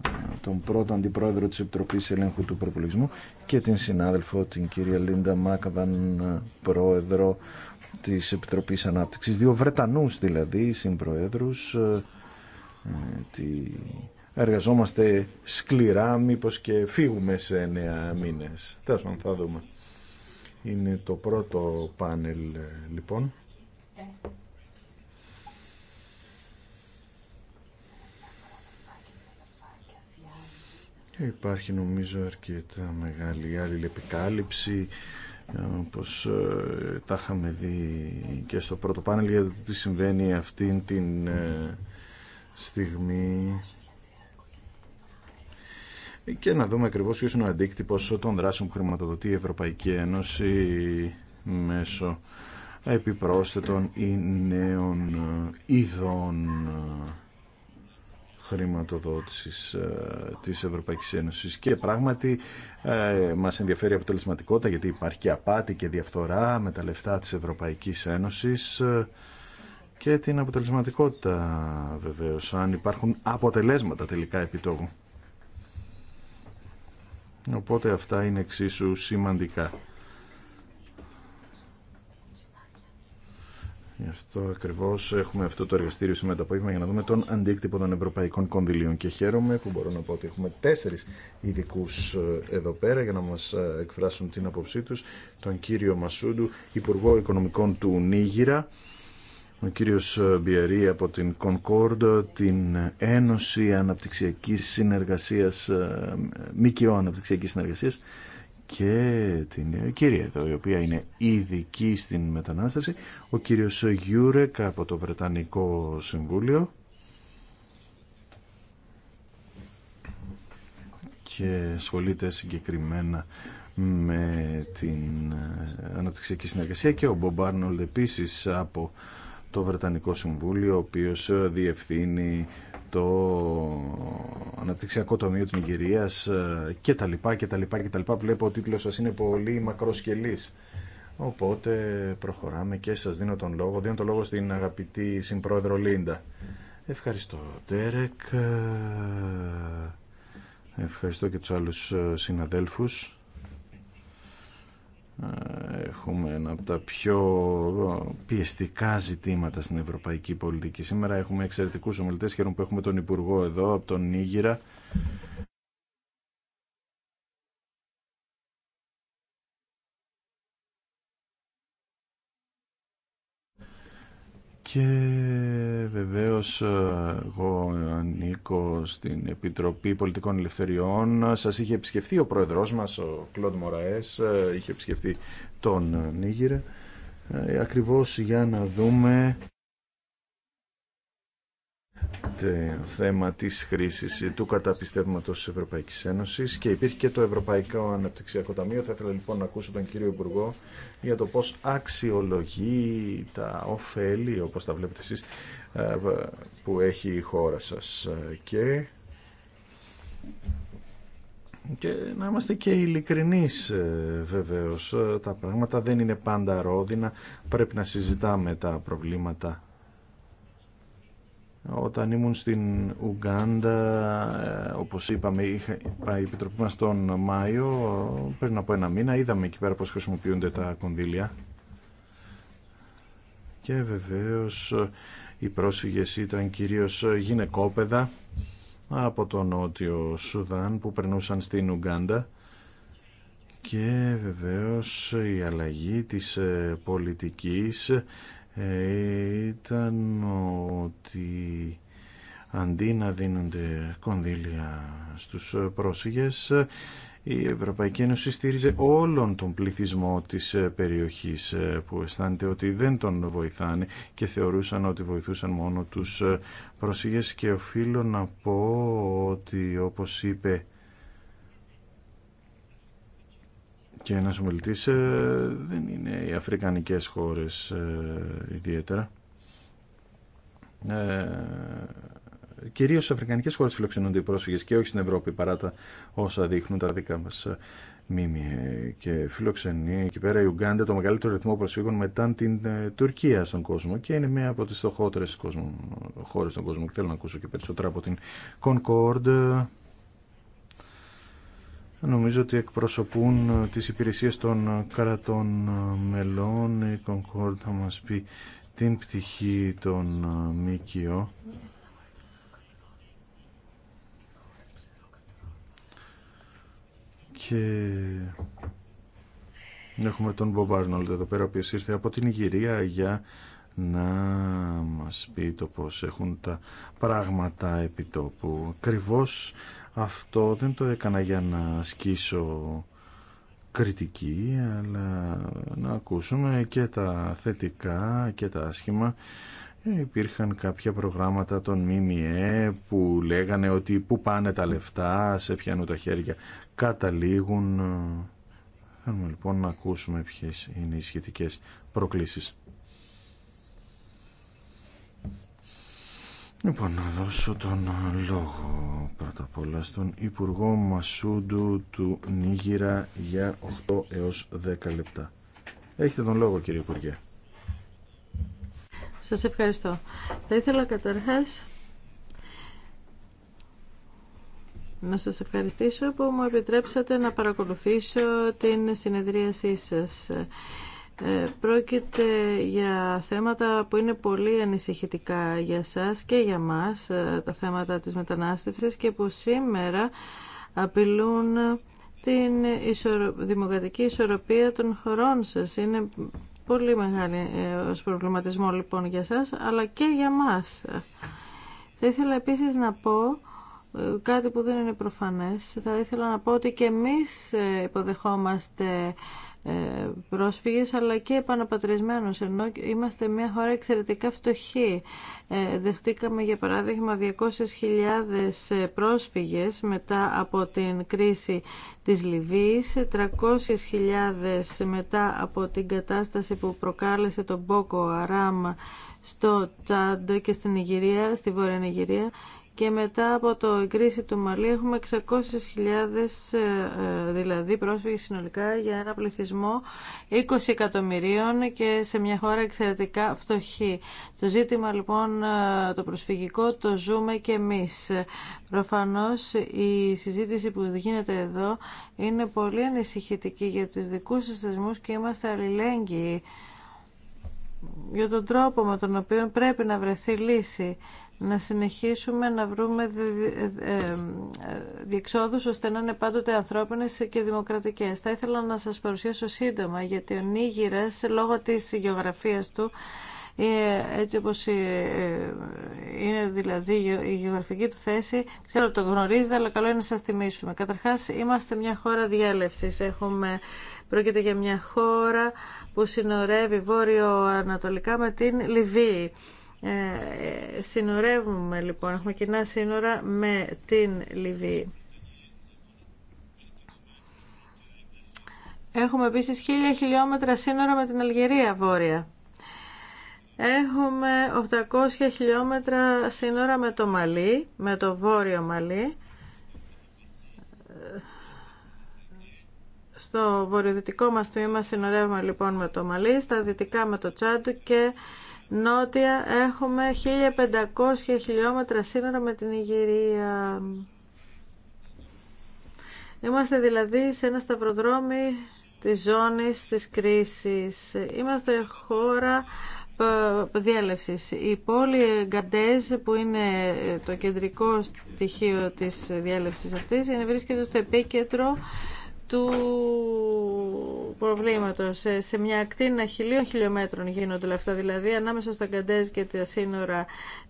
ε, τον πρώτο αντιπρόεδρο της Επιτροπής Ελέγχου του Προπολογισμού και την συνάδελφο, την κυρία Λίντα Μάκαβαν, ε, πρόεδρο της Επιτροπής Ανάπτυξης. Δύο Βρετανούς δηλαδή, συμπροέδρους, τη εργαζόμαστε σκληρά, μήπως και φύγουμε σε νέα μήνες. Τέλος θα δούμε. Είναι το πρώτο πάνελ, ε, λοιπόν. Υπάρχει νομίζω αρκετά μεγάλη άλλη επικάλυψη ε, όπως ε, τα είχαμε δει και στο πρώτο πάνελ για το τι συμβαίνει αυτήν την στιγμή και να δούμε ακριβώς ποιος είναι ο αντίκτυπος των δράσεων που χρηματοδοτεί η Ευρωπαϊκή Ένωση μέσω επιπρόσθετων ή νέων ειδών χρηματοδότησης ε, της Ευρωπαϊκής Ένωσης και πράγματι ε, μας ενδιαφέρει η αποτελεσματικότητα γιατί υπάρχει και απάτη και διαφθορά με τα λεφτά της Ευρωπαϊκής Ένωσης ε, και την αποτελεσματικότητα βεβαίως αν υπάρχουν αποτελέσματα τελικά επιτόπου. Οπότε αυτά είναι εξίσου σημαντικά. Γι' αυτό ακριβώ έχουμε αυτό το εργαστήριο σήμερα το απόγευμα για να δούμε τον αντίκτυπο των ευρωπαϊκών κονδυλίων. Και χαίρομαι που μπορώ να πω ότι έχουμε τέσσερι ειδικού ε, εδώ πέρα για να μα ε, εκφράσουν την άποψή του. Τον κύριο Μασούντου, Υπουργό Οικονομικών του Νίγηρα, ο κύριος ε, Μπιερή από την Κονκόρντο, την Ένωση Αναπτυξιακής Συνεργασίας, ε, ΜΚΟ Αναπτυξιακής Συνεργασίας και την ε, κυρία εδώ, η οποία είναι ειδική στην μετανάστευση, ο κύριος Γιούρεκ από το Βρετανικό Συμβούλιο και ασχολείται συγκεκριμένα με την αναπτυξιακή συνεργασία και ο Μπομπάρνολ επίσης από το Βρετανικό Συμβούλιο, ο οποίος ε, διευθύνει το Αναπτυξιακό Τομείο της Νιγηρίας ε, και τα λοιπά και τα λοιπά και τα λοιπά. Βλέπω ο τίτλος σας είναι πολύ μακροσκελής. Οπότε προχωράμε και σας δίνω τον λόγο. Δίνω τον λόγο στην αγαπητή συμπρόεδρο Λίντα. Ευχαριστώ Τέρεκ. Ε, ευχαριστώ και τους άλλους συναδέλφους. Ε, έχουμε ένα από τα πιο ε, πιεστικά ζητήματα στην ευρωπαϊκή πολιτική. Σήμερα έχουμε εξαιρετικούς ομιλητές, χαίρομαι που έχουμε τον Υπουργό εδώ από τον Νίγηρα Και βεβαίως ε, εγώ ανήκω στην Επιτροπή Πολιτικών Ελευθεριών. Σας είχε επισκεφθεί ο πρόεδρός μας, ο Κλοντ Μωραές, ε, είχε επισκεφθεί τον Νίγηρε. Ε, ακριβώς για να δούμε το θέμα της χρήσης του καταπιστεύματος της Ευρωπαϊκής Ένωσης και υπήρχε και το Ευρωπαϊκό Αναπτυξιακό Ταμείο. Θα ήθελα λοιπόν να ακούσω τον κύριο Υπουργό για το πώς αξιολογεί τα ωφέλη, όπως τα βλέπετε εσείς, ε, που έχει η χώρα σας. Και, και να είμαστε και ειλικρινείς ε, βεβαίως. Ε, τα πράγματα δεν είναι πάντα ρόδινα. Πρέπει να συζητάμε τα προβλήματα όταν ήμουν στην Ουγκάντα, ε, όπως είπαμε, είχα, η Επιτροπή μας τον Μάιο, πριν από ένα μήνα, είδαμε εκεί πέρα πώς χρησιμοποιούνται τα κονδύλια. Και βεβαίως οι πρόσφυγες ήταν κυρίως γυναικόπαιδα από τον Νότιο Σουδάν που περνούσαν στην Ουγκάντα και βεβαίως η αλλαγή της ε, πολιτικής ε, ήταν ότι αντί να δίνονται κονδύλια στους πρόσφυγες η Ευρωπαϊκή Ένωση στήριζε όλον τον πληθυσμό της περιοχής ε, που αισθάνεται ότι δεν τον βοηθάνε και θεωρούσαν ότι βοηθούσαν μόνο τους ε, πρόσφυγες και οφείλω να πω ότι όπως είπε και ένας ομιλητής ε, δεν είναι οι αφρικανικές χώρες ε, ιδιαίτερα. Ε, κυρίως οι αφρικανικές χώρες φιλοξενούνται οι πρόσφυγες και όχι στην Ευρώπη παρά τα όσα δείχνουν τα δικά μας μήμη και φιλοξενεί εκεί πέρα η Ουγγάντα το μεγαλύτερο ρυθμό προσφύγων μετά την ε, Τουρκία στον κόσμο και είναι μία από τις στοχότερες χώρες στον κόσμο και θέλω να ακούσω και περισσότερα από την Concord Νομίζω ότι εκπροσωπούν ε, τις υπηρεσίες των ε, κρατών ε, μελών. Η Concord θα μας πει την πτυχή των ΜΚΟ. Και έχουμε τον Μπομπάρνολτ εδώ πέρα, ο οποίος ήρθε από την Ιγυρία για να μας πει το πώς έχουν τα πράγματα επί τόπου. Ακριβώς αυτό δεν το έκανα για να ασκήσω κριτική, αλλά να ακούσουμε και τα θετικά και τα άσχημα. Ε, υπήρχαν κάποια προγράμματα των ΜΜΕ που λέγανε ότι πού πάνε τα λεφτά, σε πιάνουν τα χέρια καταλήγουν. Ε, θέλουμε λοιπόν να ακούσουμε ποιες είναι οι σχετικές προκλήσεις. Λοιπόν, να δώσω τον λόγο πρώτα απ' όλα στον Υπουργό Μασούντου του Νίγηρα για 8 έως 10 λεπτά. Έχετε τον λόγο κύριε Υπουργέ. Σας ευχαριστώ. Θα ήθελα καταρχάς να σας ευχαριστήσω που μου επιτρέψατε να παρακολουθήσω την συνεδρίασή σας. Ε, πρόκειται για θέματα που είναι πολύ ανησυχητικά για σας και για μας, ε, τα θέματα της μετανάστευσης και που σήμερα απειλούν την δημοκρατική ισορροπία των χωρών σας. Είναι πολύ μεγάλη ε, ως προβληματισμό λοιπόν για σας, αλλά και για μας. Θα ήθελα επίσης να πω κάτι που δεν είναι προφανές. Θα ήθελα να πω ότι και εμείς υποδεχόμαστε ε, πρόσφυγες αλλά και επαναπατρισμένους ενώ είμαστε μια χώρα εξαιρετικά φτωχή ε, δεχτήκαμε για παράδειγμα 200.000 ε, πρόσφυγες μετά από την κρίση της Λιβύης 300.000 μετά από την κατάσταση που προκάλεσε τον Μπόκο Αράμα στο Τσάντ και στην Ιγυρία, στη Βόρεια Νιγηρία και μετά από το κρίση του Μαλή έχουμε 600.000 ε, ε, δηλαδή πρόσφυγες συνολικά για ένα πληθυσμό 20 εκατομμυρίων και σε μια χώρα εξαιρετικά φτωχή. Το ζήτημα λοιπόν ε, το προσφυγικό το ζούμε και εμείς. Προφανώς η συζήτηση που γίνεται εδώ είναι πολύ ανησυχητική για τους δικούς σας και είμαστε αλληλέγγυοι για τον τρόπο με τον οποίο πρέπει να βρεθεί λύση να συνεχίσουμε να βρούμε ε, ε, διεξόδους ώστε να είναι πάντοτε ανθρώπινες και δημοκρατικές. Θα ήθελα να σας παρουσιάσω σύντομα γιατί ο Νίγηρας λόγω της γεωγραφίας του ε, έτσι όπως είναι δηλαδή η γεωγραφική του θέση ξέρω το γνωρίζετε αλλά καλό είναι να σας θυμίσουμε καταρχάς είμαστε μια χώρα διέλευσης έχουμε Πρόκειται για μια χώρα που συνορεύει βόρειο-ανατολικά με την Λιβύη. Ε, συνορεύουμε λοιπόν, έχουμε κοινά σύνορα με την Λιβύη. Έχουμε επίσης χίλια χιλιόμετρα σύνορα με την Αλγερία βόρεια. Έχουμε 800 χιλιόμετρα σύνορα με το Μαλί, με το βόρειο Μαλί. Στο βορειοδυτικό μας τμήμα συνορεύουμε λοιπόν με το Μαλί, στα δυτικά με το Τσάντ και Νότια έχουμε 1500 χιλιόμετρα σύνορα με την Ιγυρία. Είμαστε δηλαδή σε ένα σταυροδρόμι της ζώνης της κρίσης. Είμαστε χώρα ε, διέλευση. Η πόλη Γκαντέζ που είναι το κεντρικό στοιχείο της διέλευσης αυτής είναι βρίσκεται στο επίκεντρο του προβλήματος. Σε σε μια ακτίνα χιλίων χιλιόμετρων γίνονται όλα αυτά, δηλαδή ανάμεσα στα Καντέζ και τα σύνορα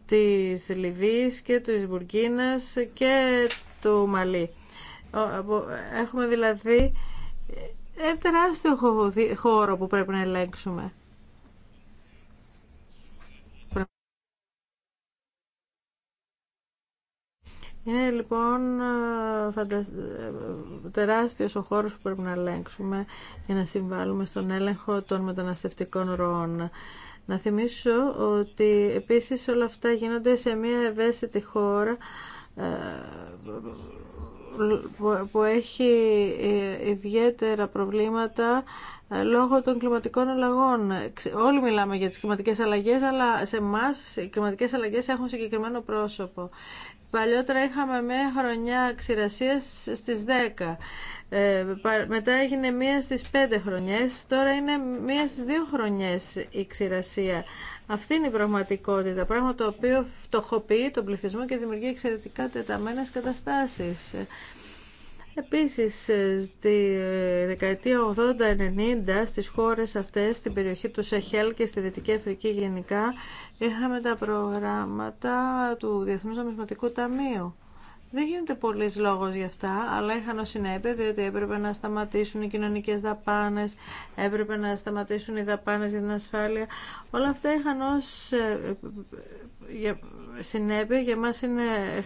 της Λιβύης και της Μπουρκίνας και του Μαλή. Έχουμε δηλαδή ένα ε, τεράστιο χώρο που πρέπει να ελέγξουμε. Είναι λοιπόν ε, φαντασ... Ε, τεράστιος ο χώρος που πρέπει να ελέγξουμε για να συμβάλλουμε στον έλεγχο των μεταναστευτικών ροών. Να θυμίσω ότι επίσης όλα αυτά γίνονται σε μια ευαίσθητη χώρα ε, που έχει ιδιαίτερα προβλήματα λόγω των κλιματικών αλλαγών. Όλοι μιλάμε για τις κλιματικές αλλαγές, αλλά σε εμά οι κλιματικές αλλαγές έχουν συγκεκριμένο πρόσωπο. Παλιότερα είχαμε μια χρονιά ξηρασίας στις 10. Ε, μετά έγινε μία στις 5 χρονιές, τώρα είναι μία στις 2 χρονιές η ξηρασία. Αυτή είναι η πραγματικότητα, πράγμα το οποίο φτωχοποιεί τον πληθυσμό και δημιουργεί εξαιρετικά τεταμένες καταστάσεις. Επίσης, ε, στη δεκαετία 80-90 στις χώρες αυτές, στην περιοχή του Σεχέλ και στη Δυτική Αφρική γενικά, είχαμε τα προγράμματα του Διεθνούς Νομισματικού Ταμείου. Δεν γίνεται πολλή λόγο για αυτά, αλλά είχαν ω συνέπεια διότι έπρεπε να σταματήσουν οι κοινωνικέ δαπάνε, έπρεπε να σταματήσουν οι δαπάνε για την ασφάλεια. Όλα αυτά είχαν ω ε, ε, συνέπεια, για εμά είναι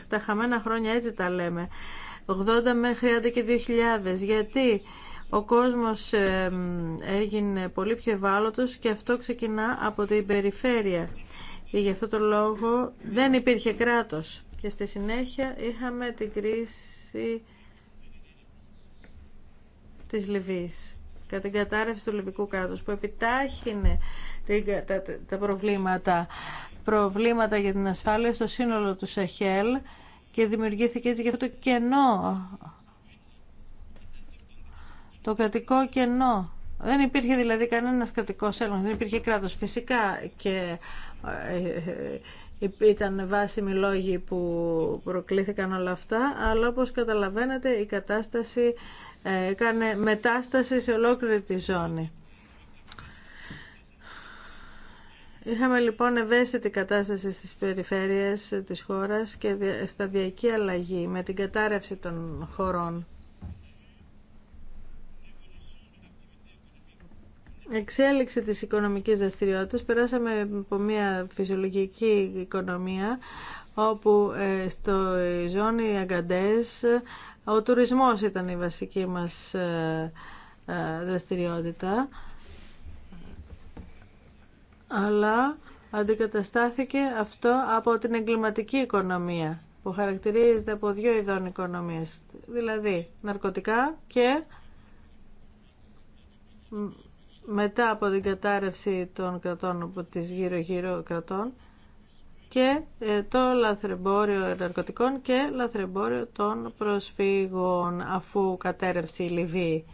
τα χαμένα χρόνια, έτσι τα λέμε. 80 μέχρι άντε και 2.000. Γιατί ο κόσμος έγινε πολύ πιο ευάλωτος και αυτό ξεκινά από την περιφέρεια. Και γι' αυτό το λόγο δεν υπήρχε κράτος. Και στη συνέχεια είχαμε την κρίση της Λιβύης κατά την κατάρρευση του Λιβικού κράτους που επιτάχυνε τα προβλήματα προβλήματα για την ασφάλεια στο σύνολο του Σαχέλ και δημιουργήθηκε έτσι και αυτό κενό. Το κρατικό κενό. Δεν υπήρχε δηλαδή κανένας κρατικός έλεγχος, δεν υπήρχε κράτος. Φυσικά και ε, ε, ε, ήταν βάσιμοι λόγοι που προκλήθηκαν όλα αυτά, αλλά όπως καταλαβαίνετε η κατάσταση έκανε μετάσταση σε ολόκληρη τη ζώνη. Είχαμε λοιπόν ευαίσθητη κατάσταση στις περιφέρειες της χώρας και σταδιακή αλλαγή με την κατάρρευση των χωρών. Εξέλιξη της οικονομικής δραστηριότητας. Περάσαμε από μια φυσιολογική οικονομία όπου ε, στο ζώνη Αγκαντές ο τουρισμός ήταν η βασική μας ε, ε, δραστηριότητα αλλά αντικαταστάθηκε αυτό από την εγκληματική οικονομία που χαρακτηρίζεται από δύο ειδών οικονομίες, δηλαδή ναρκωτικά και μετά από την κατάρρευση των κρατών, από τις γύρω-γύρω κρατών και ε, το λαθρεμπόριο ναρκωτικών και λαθρεμπόριο των προσφύγων αφού κατέρευσε η Λιβύη.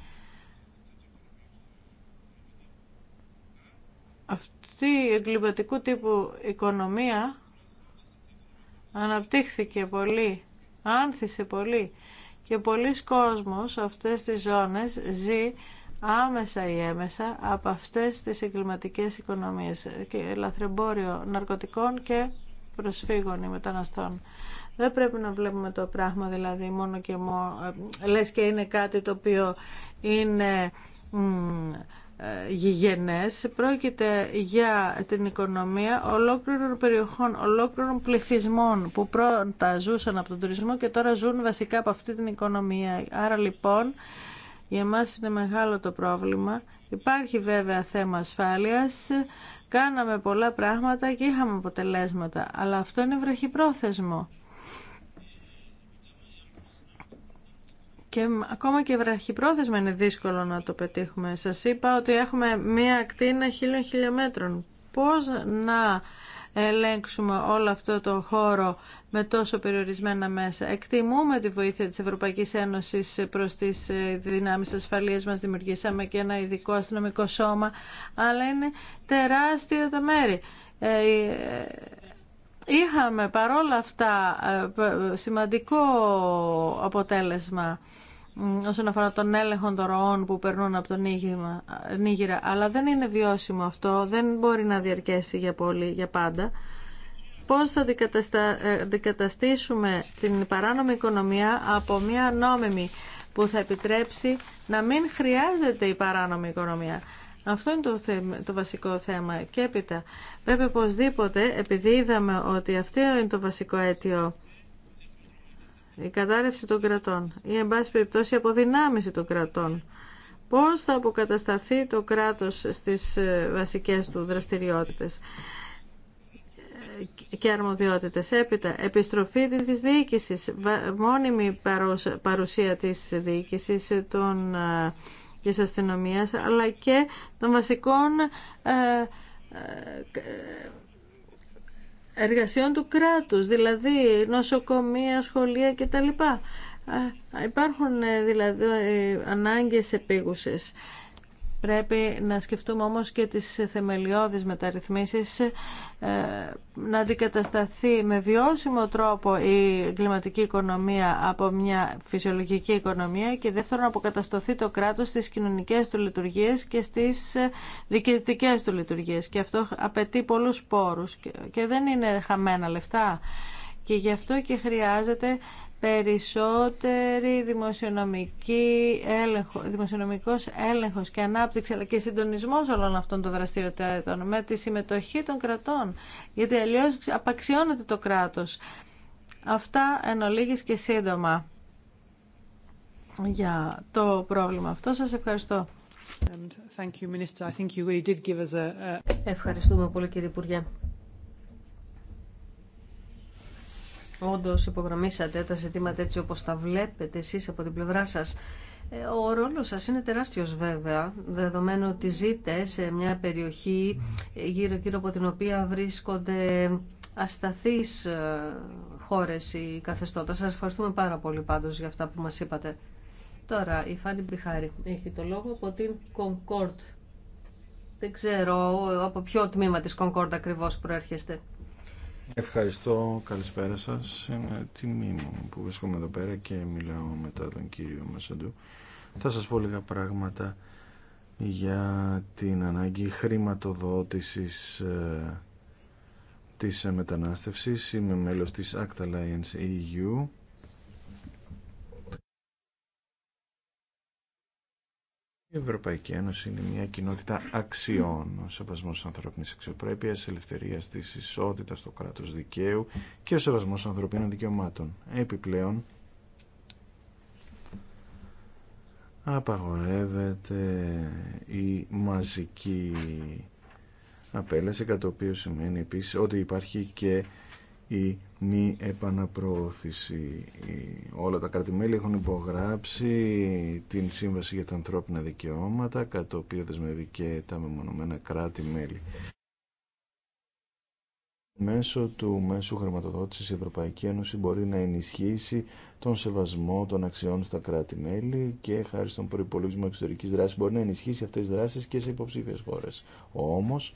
Αυτό αυτή η εγκληματικού τύπου οικονομία αναπτύχθηκε πολύ, άνθησε πολύ και πολλοί κόσμος αυτές τις ζώνες ζει άμεσα ή έμεσα από αυτές τις εγκληματικές οικονομίες και λαθρεμπόριο ναρκωτικών και προσφύγων ή μεταναστών. Δεν πρέπει να βλέπουμε το πράγμα δηλαδή μόνο και μόνο ε, λες και είναι κάτι το οποίο είναι ε, γηγενές πρόκειται για την οικονομία ολόκληρων περιοχών, ολόκληρων πληθυσμών που πρώτα ζούσαν από τον τουρισμό και τώρα ζουν βασικά από αυτή την οικονομία. Άρα λοιπόν για μας είναι μεγάλο το πρόβλημα. Υπάρχει βέβαια θέμα ασφάλειας, κάναμε πολλά πράγματα και είχαμε αποτελέσματα, αλλά αυτό είναι βραχυπρόθεσμο. Και ακόμα και βραχυπρόθεσμα είναι δύσκολο να το πετύχουμε. Σας είπα ότι έχουμε μία ακτίνα χίλιων χιλιόμετρων. Πώς να ελέγξουμε όλο αυτό το χώρο με τόσο περιορισμένα μέσα. Εκτιμούμε τη βοήθεια της Ευρωπαϊκής Ένωσης προς τις ε, δυνάμεις ασφαλείας μας. Δημιουργήσαμε και ένα ειδικό αστυνομικό σώμα, αλλά είναι τεράστια τα μέρη. Ε, ε, είχαμε παρόλα αυτά ε, σημαντικό αποτέλεσμα όσον αφορά τον έλεγχο των ροών που περνούν από τον ε, Νίγηρα. Αλλά δεν είναι βιώσιμο αυτό, δεν μπορεί να διαρκέσει για πολύ, για πάντα. Πώς θα ε, αντικαταστήσουμε την παράνομη οικονομία από μια νόμιμη που θα επιτρέψει να μην χρειάζεται η παράνομη οικονομία. Αυτό είναι το, βασικό θέμα. Και έπειτα πρέπει οπωσδήποτε, επειδή είδαμε ότι αυτό είναι το βασικό αίτιο, η κατάρρευση των κρατών ή εν πάση περιπτώσει η αποδυνάμιση των κρατών, πώς θα αποκατασταθεί το κράτος στις ε, βασικές του δραστηριότητες και αρμοδιότητες. Έπειτα, επιστροφή της διοίκησης, μόνιμη παρουσία της διοίκησης ε, των ε, της αστυνομίας αλλά και των βασικών ε, ε, εργασιών του κράτους, δηλαδή νοσοκομεία, σχολεία κτλ. Ε, υπάρχουν δηλαδή ανάγκες επίγουσες. Πρέπει να σκεφτούμε όμως και τις θεμελιώδεις μεταρρυθμίσεις, ε, να αντικατασταθεί με βιώσιμο τρόπο η εγκληματική οικονομία από μια φυσιολογική οικονομία και δεύτερον να αποκατασταθεί το κράτος στις κοινωνικές του λειτουργίες και στις ε, δικαιωτικές του λειτουργίες. Και αυτό απαιτεί πολλούς πόρους και δεν είναι χαμένα λεφτά. Και γι' αυτό και χρειάζεται περισσότερη δημοσιονομική έλεγχο, δημοσιονομικός έλεγχος και ανάπτυξη αλλά και συντονισμός όλων αυτών των δραστηριοτήτων με τη συμμετοχή των κρατών γιατί αλλιώς απαξιώνεται το κράτος. Αυτά εν ολίγης και σύντομα για το πρόβλημα αυτό. Σας ευχαριστώ. Ευχαριστούμε πολύ κύριε Υπουργέ. Όντω υπογραμμίσατε τα ζητήματα έτσι όπως τα βλέπετε εσείς από την πλευρά σας. Ε, ο ρόλος σας είναι τεράστιος βέβαια, δεδομένου ότι ζείτε σε μια περιοχή γύρω-γύρω από την οποία βρίσκονται ασταθείς ε, χώρες ή καθεστώτα. Σας ευχαριστούμε πάρα πολύ πάντως για αυτά που μας είπατε. Τώρα η Φάνη Μπιχάρη έχει το λόγο από την Concord. Δεν ξέρω από ποιο τμήμα της Κονκόρτ ακριβώς προέρχεστε. Ευχαριστώ, καλησπέρα σας. Είναι τιμή μου που βρίσκομαι εδώ πέρα και μιλάω μετά τον κύριο Μασαντού. Θα σας πω λίγα πράγματα για την ανάγκη χρηματοδότησης ε, της μετανάστευσης. Είμαι μέλος της Act Alliance EU Η Ευρωπαϊκή Ένωση είναι μια κοινότητα αξιών. Ο σεβασμό ανθρώπινη αξιοπρέπεια, ελευθερία τη ισότητα, του κράτου δικαίου και ο σεβασμό ανθρωπίνων δικαιωμάτων. Επιπλέον, απαγορεύεται η μαζική απέλαση, κατά το οποίο σημαίνει επίση ότι υπάρχει και η μη επαναπροώθηση. Όλα τα κρατημέλη έχουν υπογράψει την Σύμβαση για τα Ανθρώπινα Δικαιώματα, κατά το οποίο δεσμεύει και τα μεμονωμένα κράτη-μέλη. Μέσω του μέσου χρηματοδότησης η Ευρωπαϊκή Ένωση μπορεί να ενισχύσει τον σεβασμό των αξιών στα κράτη-μέλη και χάρη στον προϋπολογισμό εξωτερικής δράσης μπορεί να ενισχύσει αυτές τις δράσεις και σε υποψήφιες χώρες. Όμως,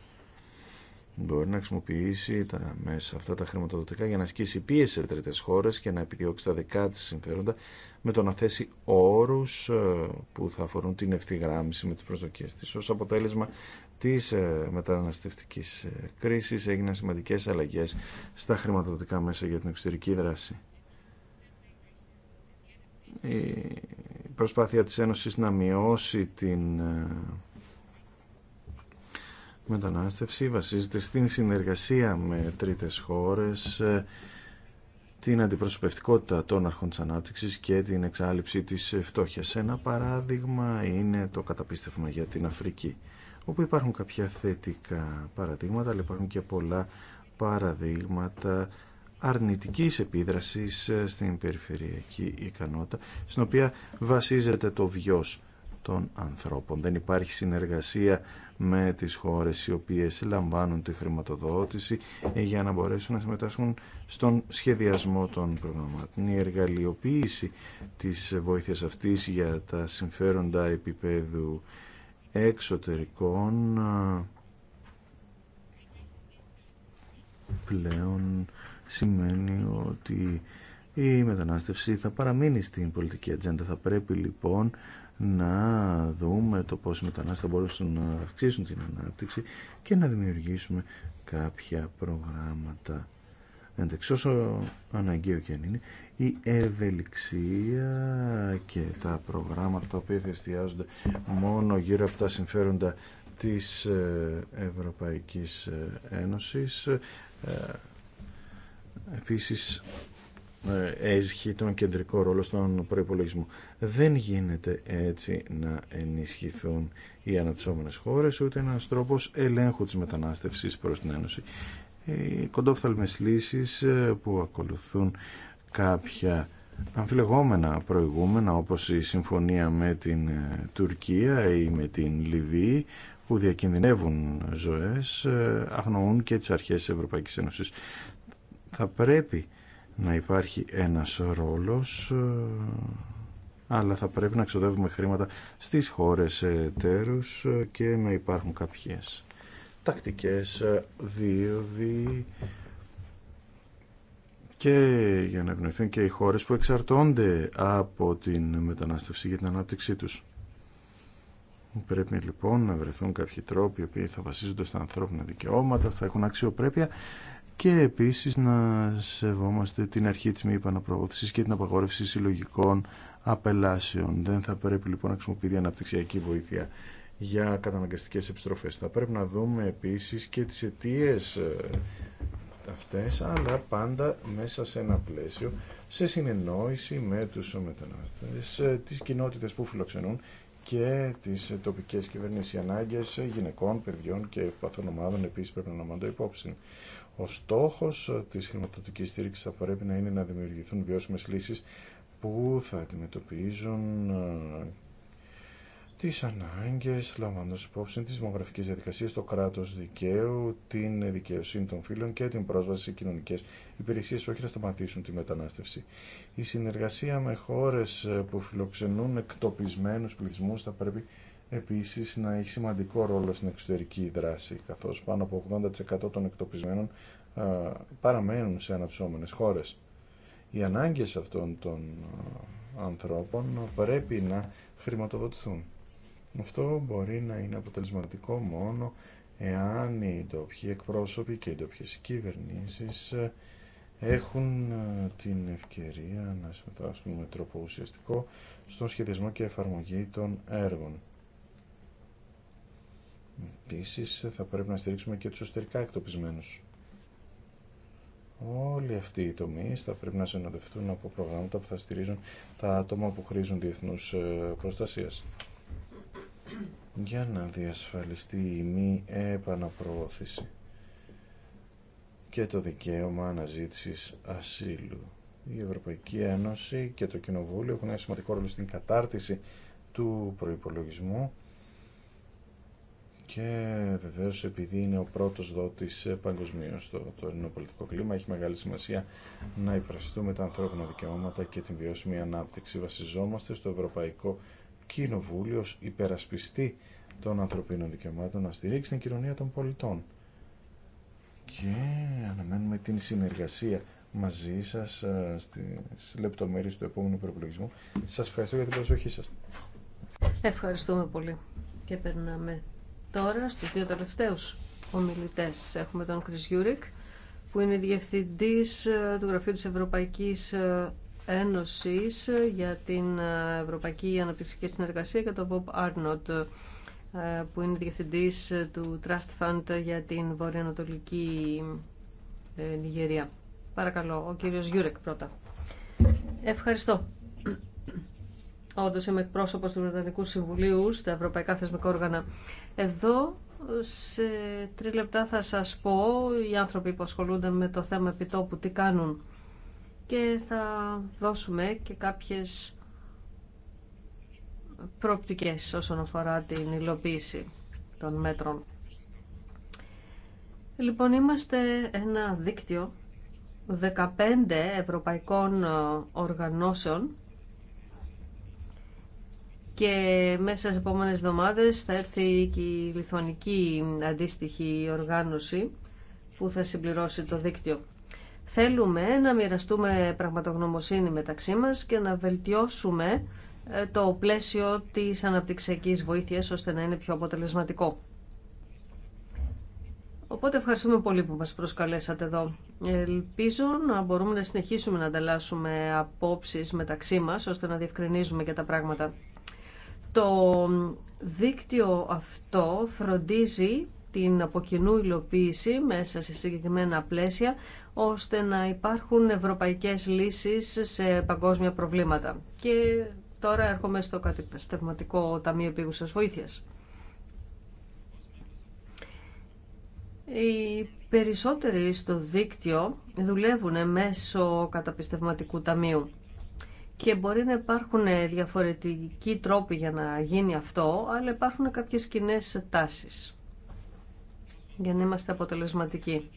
μπορεί να χρησιμοποιήσει τα μέσα αυτά τα χρηματοδοτικά για να ασκήσει πίεση σε τρίτες χώρες και να επιδιώξει τα δικά τη συμφέροντα με το να θέσει όρου ε, που θα αφορούν την ευθυγράμμιση με τις προσδοκίε τη ω αποτέλεσμα της ε, μεταναστευτική ε, κρίσης έγιναν σημαντικέ αλλαγέ στα χρηματοδοτικά μέσα για την εξωτερική δράση. Η προσπάθεια της Ένωσης να μειώσει την μετανάστευση βασίζεται στην συνεργασία με τρίτες χώρες, ε, την αντιπροσωπευτικότητα των αρχών της ανάπτυξης και την εξάλληψη της φτώχειας. Ένα παράδειγμα είναι το καταπίστευμα για την Αφρική, όπου υπάρχουν κάποια θετικά παραδείγματα, αλλά υπάρχουν και πολλά παραδείγματα αρνητικής επίδρασης ε, στην περιφερειακή ικανότητα, στην οποία βασίζεται το βιός των ανθρώπων. Δεν υπάρχει συνεργασία με τις χώρες οι οποίες λαμβάνουν τη χρηματοδότηση ε, για να μπορέσουν να συμμετάσχουν στον σχεδιασμό των προγραμμάτων. Η εργαλειοποίηση της βοήθειας αυτής για τα συμφέροντα επίπεδου εξωτερικών ε, πλέον σημαίνει ότι η μετανάστευση θα παραμείνει στην πολιτική ατζέντα. Θα πρέπει λοιπόν να δούμε το πώς οι μετανάστες θα μπορούσαν να αυξήσουν την ανάπτυξη και να δημιουργήσουμε κάποια προγράμματα. Εντάξει, όσο αναγκαίο και αν είναι, η ευελιξία και τα προγράμματα τα οποία μόνο γύρω από τα συμφέροντα της ε, Ευρωπαϊκής ε, Ένωσης. Ε, επίσης, ε, έχει τον κεντρικό ρόλο στον προϋπολογισμό. Δεν γίνεται έτσι να ενισχυθούν οι αναπτυσσόμενες χώρες, ούτε ένα τρόπος ελέγχου της μετανάστευση προς την Ένωση. Οι κοντόφθαλμες λύσεις ε, που ακολουθούν κάποια αμφιλεγόμενα προηγούμενα, όπως η συμφωνία με την ε, Τουρκία ή με την Λιβύη, που διακινδυνεύουν ζωές, αγνοούν και τις αρχές της Ευρωπαϊκής Ένωσης. Θα πρέπει να υπάρχει ένας ρόλος ε, αλλά θα πρέπει να ξοδεύουμε χρήματα στις χώρες τέρους ε, και να υπάρχουν κάποιες τακτικές ε, δίωδοι και για να ευνοηθούν και οι χώρες που εξαρτώνται από την μετανάστευση για την ανάπτυξή τους. Πρέπει λοιπόν να βρεθούν κάποιοι τρόποι οι οποίοι θα βασίζονται στα ανθρώπινα δικαιώματα, θα έχουν αξιοπρέπεια και επίσης να σεβόμαστε την αρχή της μη επαναπροώθησης και την απαγόρευση συλλογικών απελάσεων. Δεν θα πρέπει λοιπόν να χρησιμοποιείται αναπτυξιακή βοήθεια για καταναγκαστικές επιστροφές. Θα πρέπει να δούμε επίσης και τις αιτίε ε, αυτές, αλλά πάντα μέσα σε ένα πλαίσιο, σε συνεννόηση με τους μετανάστες, ε, τις κοινότητες που φιλοξενούν και τις τοπικές κυβερνήσεις. ανάγκες γυναικών, παιδιών και παθών ομάδων επίσης πρέπει να λαμβάνονται υπόψη. Ο στόχο της χρηματοδοτική στήριξης θα πρέπει να είναι να δημιουργηθούν βιώσιμε λύσει που θα αντιμετωπίζουν ε, τις ανάγκες λαμβάνοντας υπόψη τις δημογραφικές διαδικασίες, το κράτο δικαίου, την δικαιοσύνη των φίλων και την πρόσβαση σε κοινωνικές υπηρεσίες, όχι να σταματήσουν τη μετανάστευση. Η συνεργασία με χώρε που φιλοξενούν εκτοπισμένου πληθυσμού θα πρέπει επίσης να έχει σημαντικό ρόλο στην εξωτερική δράση, καθώς πάνω από 80% των εκτοπισμένων παραμένουν σε αναψώμενες χώρες. Οι ανάγκες αυτών των ανθρώπων πρέπει να χρηματοδοτηθούν. Αυτό μπορεί να είναι αποτελεσματικό μόνο εάν οι ντόπιοι εκπρόσωποι και οι ντόπιες κυβερνήσεις έχουν την ευκαιρία να συμμετάσχουν με τρόπο ουσιαστικό στον σχεδιασμό και εφαρμογή των έργων. Επίση θα πρέπει να στηρίξουμε και τους εσωτερικά εκτοπισμένους. Όλοι αυτοί οι τομεί θα πρέπει να συνοδευτούν από προγράμματα που θα στηρίζουν τα άτομα που χρήζουν διεθνού ε, προστασία. Για να διασφαλιστεί η μη επαναπροώθηση και το δικαίωμα αναζήτησης ασύλου. Η Ευρωπαϊκή Ένωση και το Κοινοβούλιο έχουν ένα σημαντικό ρόλο στην κατάρτιση του προϋπολογισμού και βεβαίω επειδή είναι ο πρώτο δότη ε, παγκοσμίω στο τωρινό πολιτικό κλίμα έχει μεγάλη σημασία να υπερασπιστούμε τα ανθρώπινα δικαιώματα και την βιώσιμη ανάπτυξη. Βασιζόμαστε στο Ευρωπαϊκό Κοινοβούλιο ως υπερασπιστή των ανθρωπίνων δικαιωμάτων να στηρίξει την κοινωνία των πολιτών. Και αναμένουμε την συνεργασία μαζί σα ε, στις λεπτομέρειες του επόμενου προπολογισμού. Σα ευχαριστώ για την προσοχή σα. Ευχαριστούμε πολύ και περνάμε τώρα στους δύο τελευταίους ομιλητές. Έχουμε τον Κρις Γιούρικ, που είναι διευθυντής ε, του Γραφείου της Ευρωπαϊκής ε, Ένωσης ε, για την Ευρωπαϊκή Αναπτυξική Συνεργασία και τον Bob Arnott, που είναι διευθυντής του Trust Fund για την Βορειοανατολική Νιγερία. Παρακαλώ, ο κύριος Γιούρεκ πρώτα. Ευχαριστώ. Όντω είμαι εκπρόσωπο του Βρετανικού Συμβουλίου στα Ευρωπαϊκά Θεσμικά Όργανα. Εδώ σε τρία λεπτά θα σας πω οι άνθρωποι που ασχολούνται με το θέμα επιτόπου τι κάνουν και θα δώσουμε και κάποιες προοπτικές όσον αφορά την υλοποίηση των μέτρων. Λοιπόν, είμαστε ένα δίκτυο 15 ευρωπαϊκών ε, οργανώσεων και μέσα στις επόμενες εβδομάδες θα έρθει και η λιθουανική αντίστοιχη οργάνωση που θα συμπληρώσει το δίκτυο. Θέλουμε να μοιραστούμε πραγματογνωμοσύνη μεταξύ μας και να βελτιώσουμε ε, το πλαίσιο της αναπτυξιακής βοήθειας ώστε να είναι πιο αποτελεσματικό. Οπότε ευχαριστούμε πολύ που μας προσκαλέσατε εδώ. Ελπίζω να μπορούμε να συνεχίσουμε να ανταλλάσσουμε απόψεις μεταξύ μας ώστε να διευκρινίζουμε και τα πράγματα. Το δίκτυο αυτό φροντίζει την αποκοινού υλοποίηση μέσα σε συγκεκριμένα πλαίσια, ώστε να υπάρχουν ευρωπαϊκές λύσεις σε παγκόσμια προβλήματα. Και τώρα έρχομαι στο Καταπιστευματικό Ταμείο Επίγουσας Βοήθειας. Οι περισσότεροι στο δίκτυο δουλεύουν μέσω καταπιστευματικού ταμείου και μπορεί να υπάρχουν ε, διαφορετικοί τρόποι για να γίνει αυτό, αλλά υπάρχουν κάποιες κοινέ τάσεις για να είμαστε αποτελεσματικοί.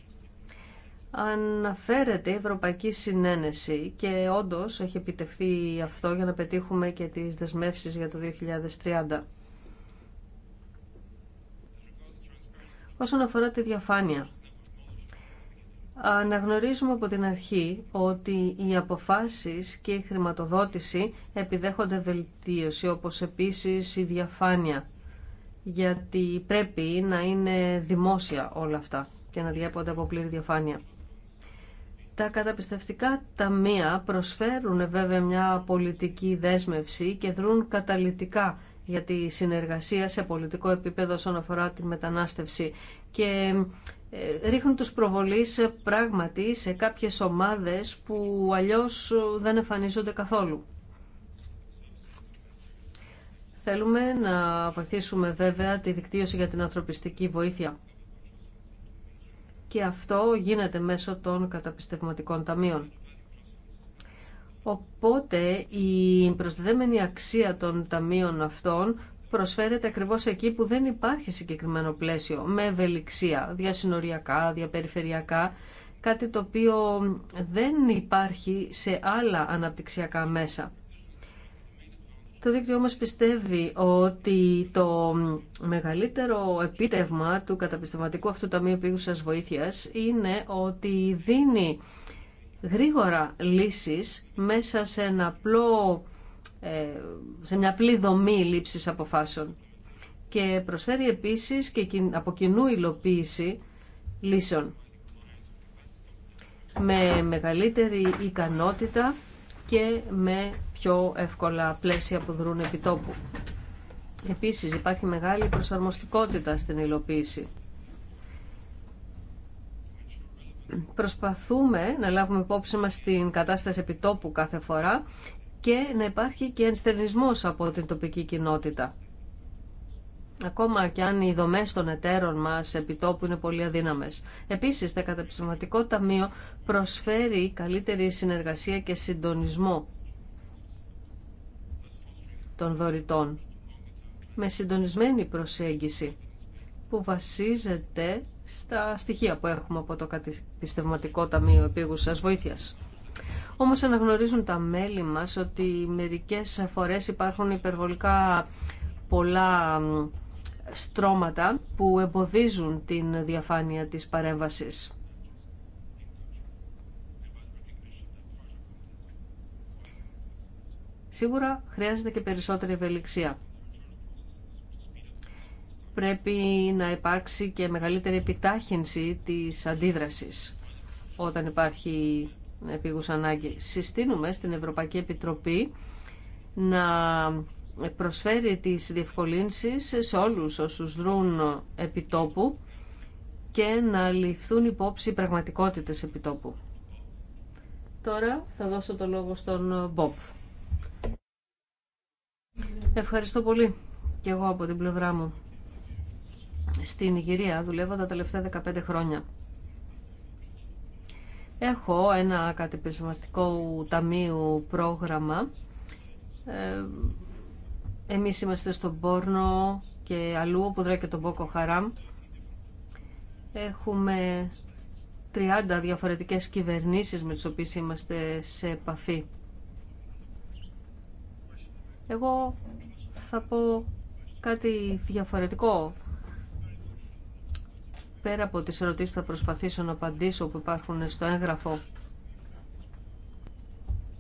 Αναφέρεται η Ευρωπαϊκή Συνένεση και όντως έχει επιτευχθεί αυτό για να πετύχουμε και τις δεσμεύσεις για το 2030. Όσον αφορά τη διαφάνεια, αναγνωρίζουμε από την αρχή ότι οι αποφάσεις και η χρηματοδότηση επιδέχονται βελτίωση, όπως επίσης η διαφάνεια, γιατί πρέπει να είναι δημόσια όλα αυτά και να διέπονται από πλήρη διαφάνεια. Τα καταπιστευτικά ταμεία προσφέρουν βέβαια μια πολιτική δέσμευση και δρούν καταλυτικά για τη συνεργασία σε πολιτικό επίπεδο όσον αφορά τη μετανάστευση και ε, ρίχνουν τους προβολείς ε, πράγματι σε κάποιες ομάδες που αλλιώς ε, δεν εμφανίζονται καθόλου. Θέλουμε να βοηθήσουμε βέβαια τη δικτύωση για την ανθρωπιστική βοήθεια. Και αυτό γίνεται μέσω των καταπιστευματικών ταμείων. Οπότε η προσδεδεμένη αξία των ταμείων αυτών προσφέρεται ακριβώς εκεί που δεν υπάρχει συγκεκριμένο πλαίσιο, με ευελιξία, διασυνοριακά, διαπεριφερειακά, κάτι το οποίο δεν υπάρχει σε άλλα αναπτυξιακά μέσα. Το δίκτυο όμως πιστεύει ότι το μεγαλύτερο επίτευγμα του καταπιστευματικού αυτού ταμείου επίγουσας βοήθειας είναι ότι δίνει γρήγορα λύσεις μέσα σε ένα απλό ε, σε μια απλή δομή λήψης αποφάσεων. Και προσφέρει επίσης και από κοινού υλοποίηση λύσεων με μεγαλύτερη ικανότητα και με πιο εύκολα πλαίσια που δρούν επιτόπου. Επίσης υπάρχει μεγάλη προσαρμοστικότητα στην υλοποίηση. Προσπαθούμε να λάβουμε υπόψη μας την κατάσταση επιτόπου κάθε φορά και να υπάρχει και ενστερνισμός από την τοπική κοινότητα. Ακόμα και αν οι δομέ των εταίρων μα επιτόπου είναι πολύ αδύναμε. Επίση, το Καταπιστευματικό Ταμείο προσφέρει καλύτερη συνεργασία και συντονισμό των δωρητών με συντονισμένη προσέγγιση που βασίζεται στα στοιχεία που έχουμε από το Καταπιστευματικό Ταμείο Επίγουσας Βοήθειας. Όμως αναγνωρίζουν τα μέλη μας ότι μερικές φορές υπάρχουν υπερβολικά πολλά στρώματα που εμποδίζουν την διαφάνεια της παρέμβασης. Σίγουρα χρειάζεται και περισσότερη ευελιξία. Πρέπει να υπάρξει και μεγαλύτερη επιτάχυνση της αντίδρασης όταν υπάρχει Επιγούς ανάγκη. Συστήνουμε στην Ευρωπαϊκή Επιτροπή να προσφέρει τις διευκολύνσεις σε όλους όσους δρούν επιτόπου και να ληφθούν υπόψη πραγματικότητες επιτόπου. Τώρα θα δώσω το λόγο στον Μποπ. Ευχαριστώ πολύ και εγώ από την πλευρά μου. Στην Ιγυρία δουλεύω τα τελευταία 15 χρόνια Έχω ένα κατεπισμαστικό ταμείο πρόγραμμα. Ε, εμείς είμαστε στον Πόρνο και αλλού, όπου δράει και τον Πόκο Χαράμ. Έχουμε 30 διαφορετικές κυβερνήσεις με τις οποίες είμαστε σε επαφή. Εγώ θα πω κάτι διαφορετικό πέρα από τις ερωτήσεις που θα προσπαθήσω να απαντήσω που υπάρχουν στο έγγραφο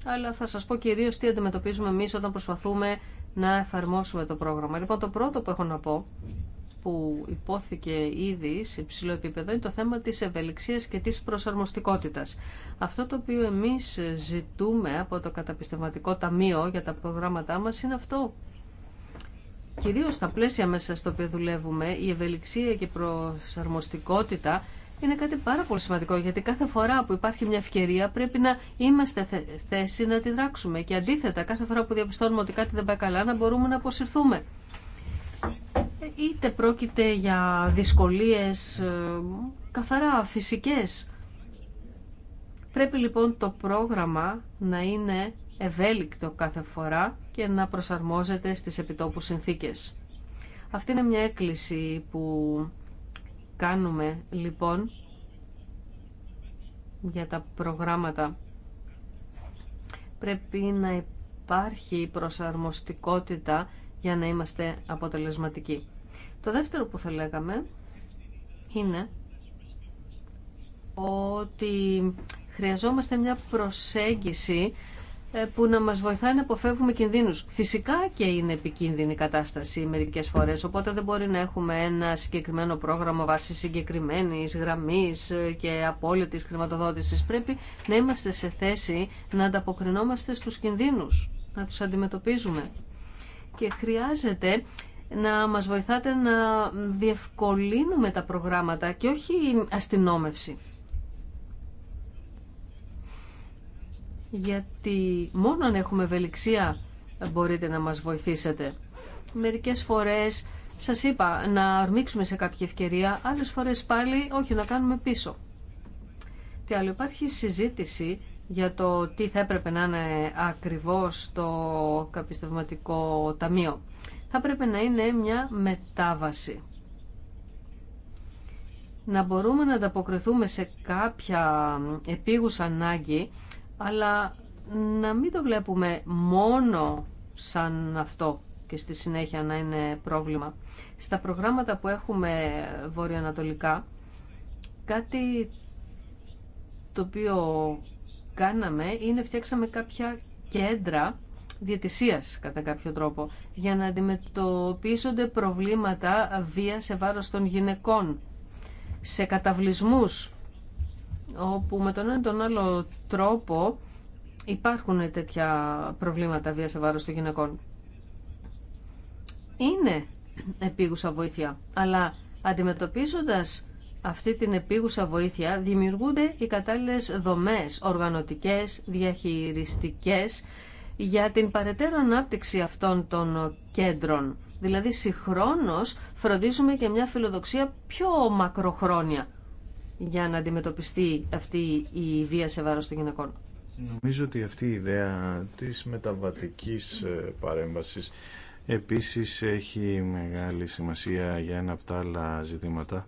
αλλά θα σας πω κυρίως τι αντιμετωπίζουμε εμείς όταν προσπαθούμε να εφαρμόσουμε το πρόγραμμα. Λοιπόν, το πρώτο που έχω να πω, που υπόθηκε ήδη σε υψηλό επίπεδο, είναι το θέμα της ευελιξίας και της προσαρμοστικότητας. Αυτό το οποίο εμείς ζητούμε από το καταπιστευματικό ταμείο για τα προγράμματά μας είναι αυτό. Κυρίως στα πλαίσια μέσα στο οποίο δουλεύουμε, η ευελιξία και η προσαρμοστικότητα είναι κάτι πάρα πολύ σημαντικό, γιατί κάθε φορά που υπάρχει μια ευκαιρία πρέπει να είμαστε θέση να τη δράξουμε. Και αντίθετα, κάθε φορά που διαπιστώνουμε ότι κάτι δεν πάει καλά, να μπορούμε να αποσυρθούμε. Είτε πρόκειται για δυσκολίες ε, καθαρά φυσικές. Πρέπει λοιπόν το πρόγραμμα να είναι ευέλικτο κάθε φορά και να προσαρμόζεται στις επιτόπου συνθήκες. Αυτή είναι μια έκκληση που κάνουμε λοιπόν για τα προγράμματα. Πρέπει να υπάρχει προσαρμοστικότητα για να είμαστε αποτελεσματικοί. Το δεύτερο που θα λέγαμε είναι ότι χρειαζόμαστε μια προσέγγιση ε, που να μας βοηθάει να αποφεύγουμε κινδύνους. Φυσικά και είναι επικίνδυνη η κατάσταση μερικές φορές, οπότε δεν μπορεί να έχουμε ένα συγκεκριμένο πρόγραμμα βάσει συγκεκριμένης γραμμής ε, και απόλυτης χρηματοδότησης. Πρέπει να είμαστε σε θέση να ανταποκρινόμαστε στους κινδύνους, να τους αντιμετωπίζουμε. Και χρειάζεται να μας βοηθάτε να διευκολύνουμε τα προγράμματα και όχι αστυνόμευση. γιατί μόνο αν έχουμε ευελιξία μπορείτε να μας βοηθήσετε. Μερικές φορές, σας είπα, να αρμίξουμε σε κάποια ευκαιρία, άλλες φορές πάλι όχι να κάνουμε πίσω. Τι άλλο, υπάρχει συζήτηση για το τι θα έπρεπε να είναι ακριβώς το καπιστευματικό ταμείο. Θα πρέπει να είναι μια μετάβαση. Να μπορούμε να ανταποκριθούμε σε κάποια επίγουσα ανάγκη αλλά να μην το βλέπουμε μόνο σαν αυτό και στη συνέχεια να είναι πρόβλημα. Στα προγράμματα που έχουμε βορειοανατολικά, κάτι το οποίο κάναμε είναι φτιάξαμε κάποια κέντρα διατησίας κατά κάποιο τρόπο για να αντιμετωπίσονται προβλήματα βία σε βάρος των γυναικών, σε καταβλισμούς όπου με τον ένα τον άλλο τρόπο υπάρχουν τέτοια προβλήματα βία σε βάρος των γυναικών. Είναι επίγουσα βοήθεια, αλλά αντιμετωπίζοντας αυτή την επίγουσα βοήθεια δημιουργούνται οι κατάλληλες δομές, οργανωτικές, διαχειριστικές, για την παρετέρω ανάπτυξη αυτών των κέντρων. Δηλαδή συγχρόνως φροντίζουμε και μια φιλοδοξία πιο μακροχρόνια για να αντιμετωπιστεί αυτή η βία σε βάρος των γυναικών. Νομίζω ότι αυτή η ιδέα της μεταβατικής ε, παρέμβασης επίσης έχει μεγάλη σημασία για ένα από τα άλλα ζητήματα.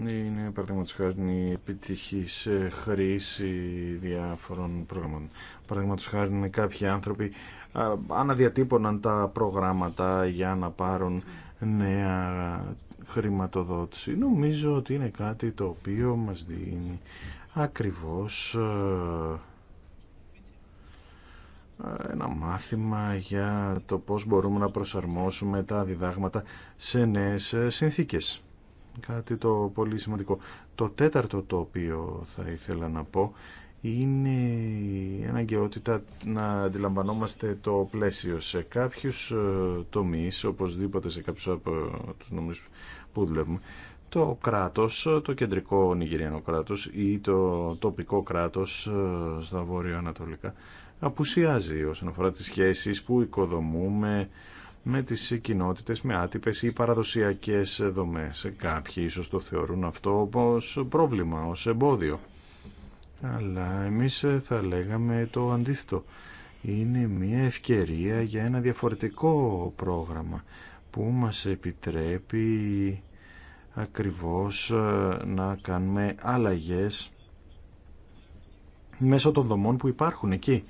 Είναι παραδείγματος χάρη η επιτυχής ε, χρήση διάφορων προγραμμάτων. Παραδείγματος χάρη κάποιοι άνθρωποι ε, αναδιατύπωναν τα προγράμματα για να πάρουν νέα χρηματοδότηση. Νομίζω ότι είναι κάτι το οποίο μας δίνει ακριβώς ε, ένα μάθημα για το πώς μπορούμε να προσαρμόσουμε τα διδάγματα σε νέες ε, συνθήκες. Κάτι το πολύ σημαντικό. Το τέταρτο το οποίο θα ήθελα να πω είναι η αναγκαιότητα να αντιλαμβανόμαστε το πλαίσιο σε κάποιους ε, τομείς, οπωσδήποτε σε κάποιους από τους που το κράτος, το κεντρικό νιγηριανό κράτος ή το τοπικό κράτος ε, στα βόρειο-ανατολικά απουσιάζει όσον αφορά τις σχέσεις που οικοδομούμε με τις κοινότητες, με άτυπες ή παραδοσιακές δομές. Κάποιοι ίσως το θεωρούν αυτό ως πρόβλημα, ως εμπόδιο. Αλλά εμείς ε, θα λέγαμε το αντίθετο. Είναι μια ευκαιρία για ένα διαφορετικό πρόγραμμα που μας επιτρέπει ακριβώς ε, να κάνουμε αλλαγές μέσω των δομών που υπάρχουν εκεί.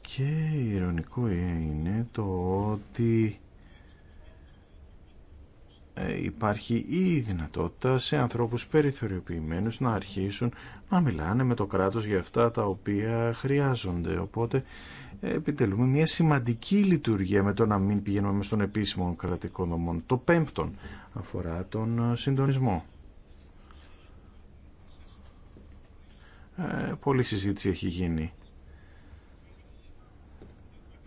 Και ηρωνικό είναι το ότι ε, υπάρχει η δυνατότητα σε ανθρώπους περιθωριοποιημένους να αρχίσουν να μιλάνε με το κράτος για αυτά τα οποία χρειάζονται. Οπότε ε, επιτελούμε μια σημαντική λειτουργία με το να μην πηγαίνουμε στον επίσημο κρατικό νομών. Το πέμπτον αφορά τον ε, συντονισμό. Ε, πολλή συζήτηση έχει γίνει.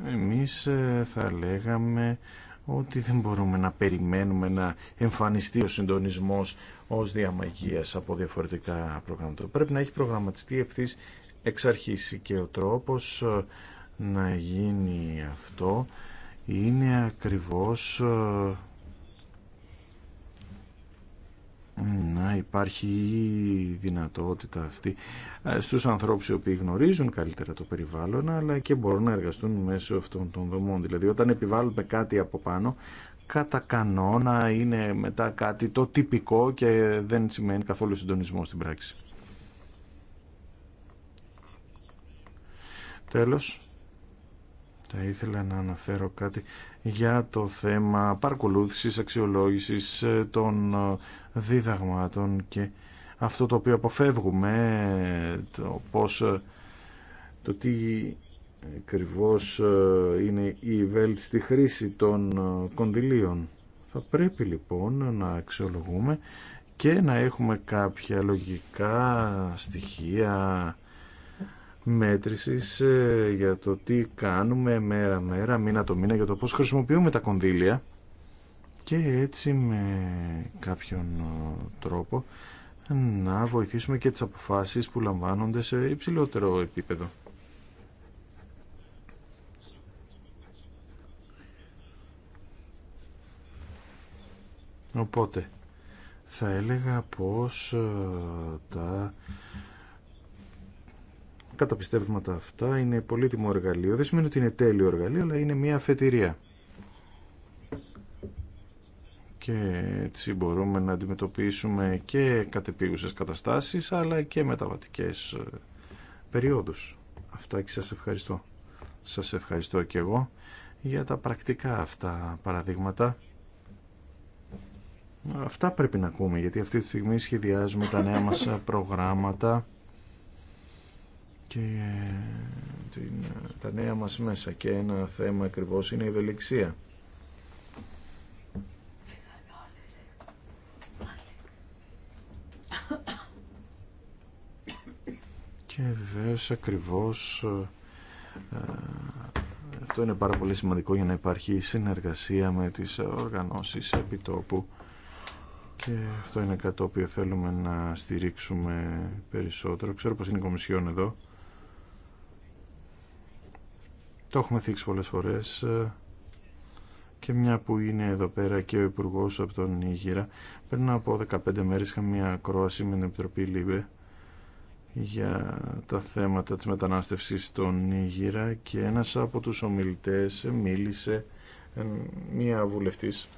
Εμείς θα λέγαμε ότι δεν μπορούμε να περιμένουμε να εμφανιστεί ο συντονισμός ως διαμαγείας από διαφορετικά προγράμματα. Πρέπει να έχει προγραμματιστεί ευθύ εξ αρχής και ο τρόπος ε, να γίνει αυτό είναι ακριβώς ε, να υπάρχει δυνατότητα αυτή ε, στους ανθρώπους οι οποίοι γνωρίζουν καλύτερα το περιβάλλον αλλά και μπορούν να εργαστούν μέσω αυτών των δομών. Δηλαδή όταν επιβάλλουμε κάτι από πάνω κατά κανόνα είναι μετά κάτι το τυπικό και δεν σημαίνει καθόλου συντονισμό στην πράξη. Τέλος, θα ήθελα να αναφέρω κάτι για το θέμα παρακολούθησης, αξιολόγησης ε, των ε, δίδαγμάτων και αυτό το οποίο αποφεύγουμε, το πώς, ε, το τι ακριβώ είναι η βέλτιστη χρήση των κοντιλίων. Θα πρέπει λοιπόν να αξιολογούμε και να έχουμε κάποια λογικά στοιχεία μέτρησης ε, για το τι κάνουμε μέρα-μέρα, μήνα-το-μήνα, για το πώς χρησιμοποιούμε τα κονδύλια και έτσι με κάποιον ε, τρόπο να βοηθήσουμε και τις αποφάσεις που λαμβάνονται σε υψηλότερο επίπεδο. Οπότε, θα έλεγα πως ε, τα καταπιστεύματα αυτά είναι πολύτιμο εργαλείο. Δεν σημαίνει ότι είναι τέλειο εργαλείο, αλλά είναι μια αφετηρία. Και έτσι μπορούμε να αντιμετωπίσουμε και κατεπίγουσες καταστάσεις, αλλά και μεταβατικές ε, περιόδους. Αυτά και σας ευχαριστώ. Σας ευχαριστώ και εγώ για τα πρακτικά αυτά παραδείγματα. Αυτά πρέπει να ακούμε, γιατί αυτή τη στιγμή σχεδιάζουμε τα νέα μας (coughs) προγράμματα και ε, την, ε, τα νέα μας μέσα και ένα θέμα ακριβώ είναι η ευελιξία. Και βεβαίω ακριβώς ε, αυτό είναι πάρα πολύ σημαντικό για να υπάρχει συνεργασία με τις οργανώσεις επιτόπου και αυτό είναι κάτι το οποίο θέλουμε να στηρίξουμε περισσότερο. Ξέρω πως είναι η Κομισιόν εδώ Το έχουμε θίξει πολλές φορές ε, και μια που είναι εδώ πέρα και ο υπουργό από τον Ήγηρα. Πριν από 15 μέρες είχα μια κρόαση με την Επιτροπή για τα θέματα της μετανάστευσης στον Ήγηρα και ένας από τους ομιλητές μίλησε ε, μία βουλευτής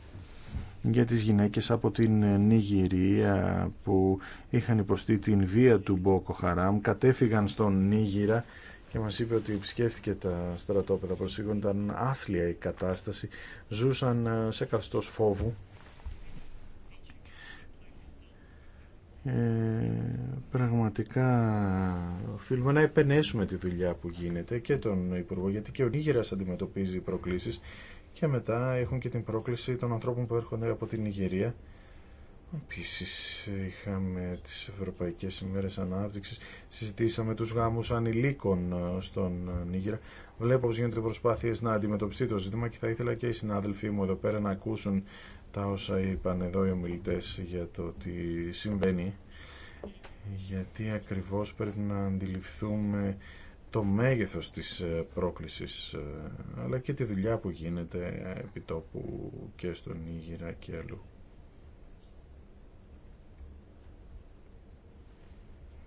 για τις γυναίκες από την Νιγηρία που είχαν υποστεί την βία του Μπόκο Χαράμ κατέφυγαν στον Νίγηρα και μας είπε ότι επισκέφθηκε τα στρατόπεδα προσφύγων, ήταν άθλια η κατάσταση, ζούσαν ε, σε καθεστώς φόβου. Ε, πραγματικά οφείλουμε να επενέσουμε τη δουλειά που γίνεται και τον Υπουργό γιατί και ο Νίγηρας αντιμετωπίζει προκλήσεις και μετά έχουν και την πρόκληση των ανθρώπων που έρχονται από την Νιγηρία Επίσης είχαμε τις Ευρωπαϊκές ημέρες ανάπτυξης, συζητήσαμε τους γάμους ανηλίκων ε, στον ε, Νίγηρα. Βλέπω πως γίνονται προσπάθειες να αντιμετωπιστεί το ζήτημα και θα ήθελα και οι συνάδελφοί μου εδώ πέρα να ακούσουν τα όσα είπαν εδώ οι ομιλητές για το τι συμβαίνει. Γιατί ακριβώς πρέπει να αντιληφθούμε το μέγεθος της ε, πρόκλησης αλλά και τη δουλειά που γίνεται επί τόπου και στον Νίγηρα και αλλού.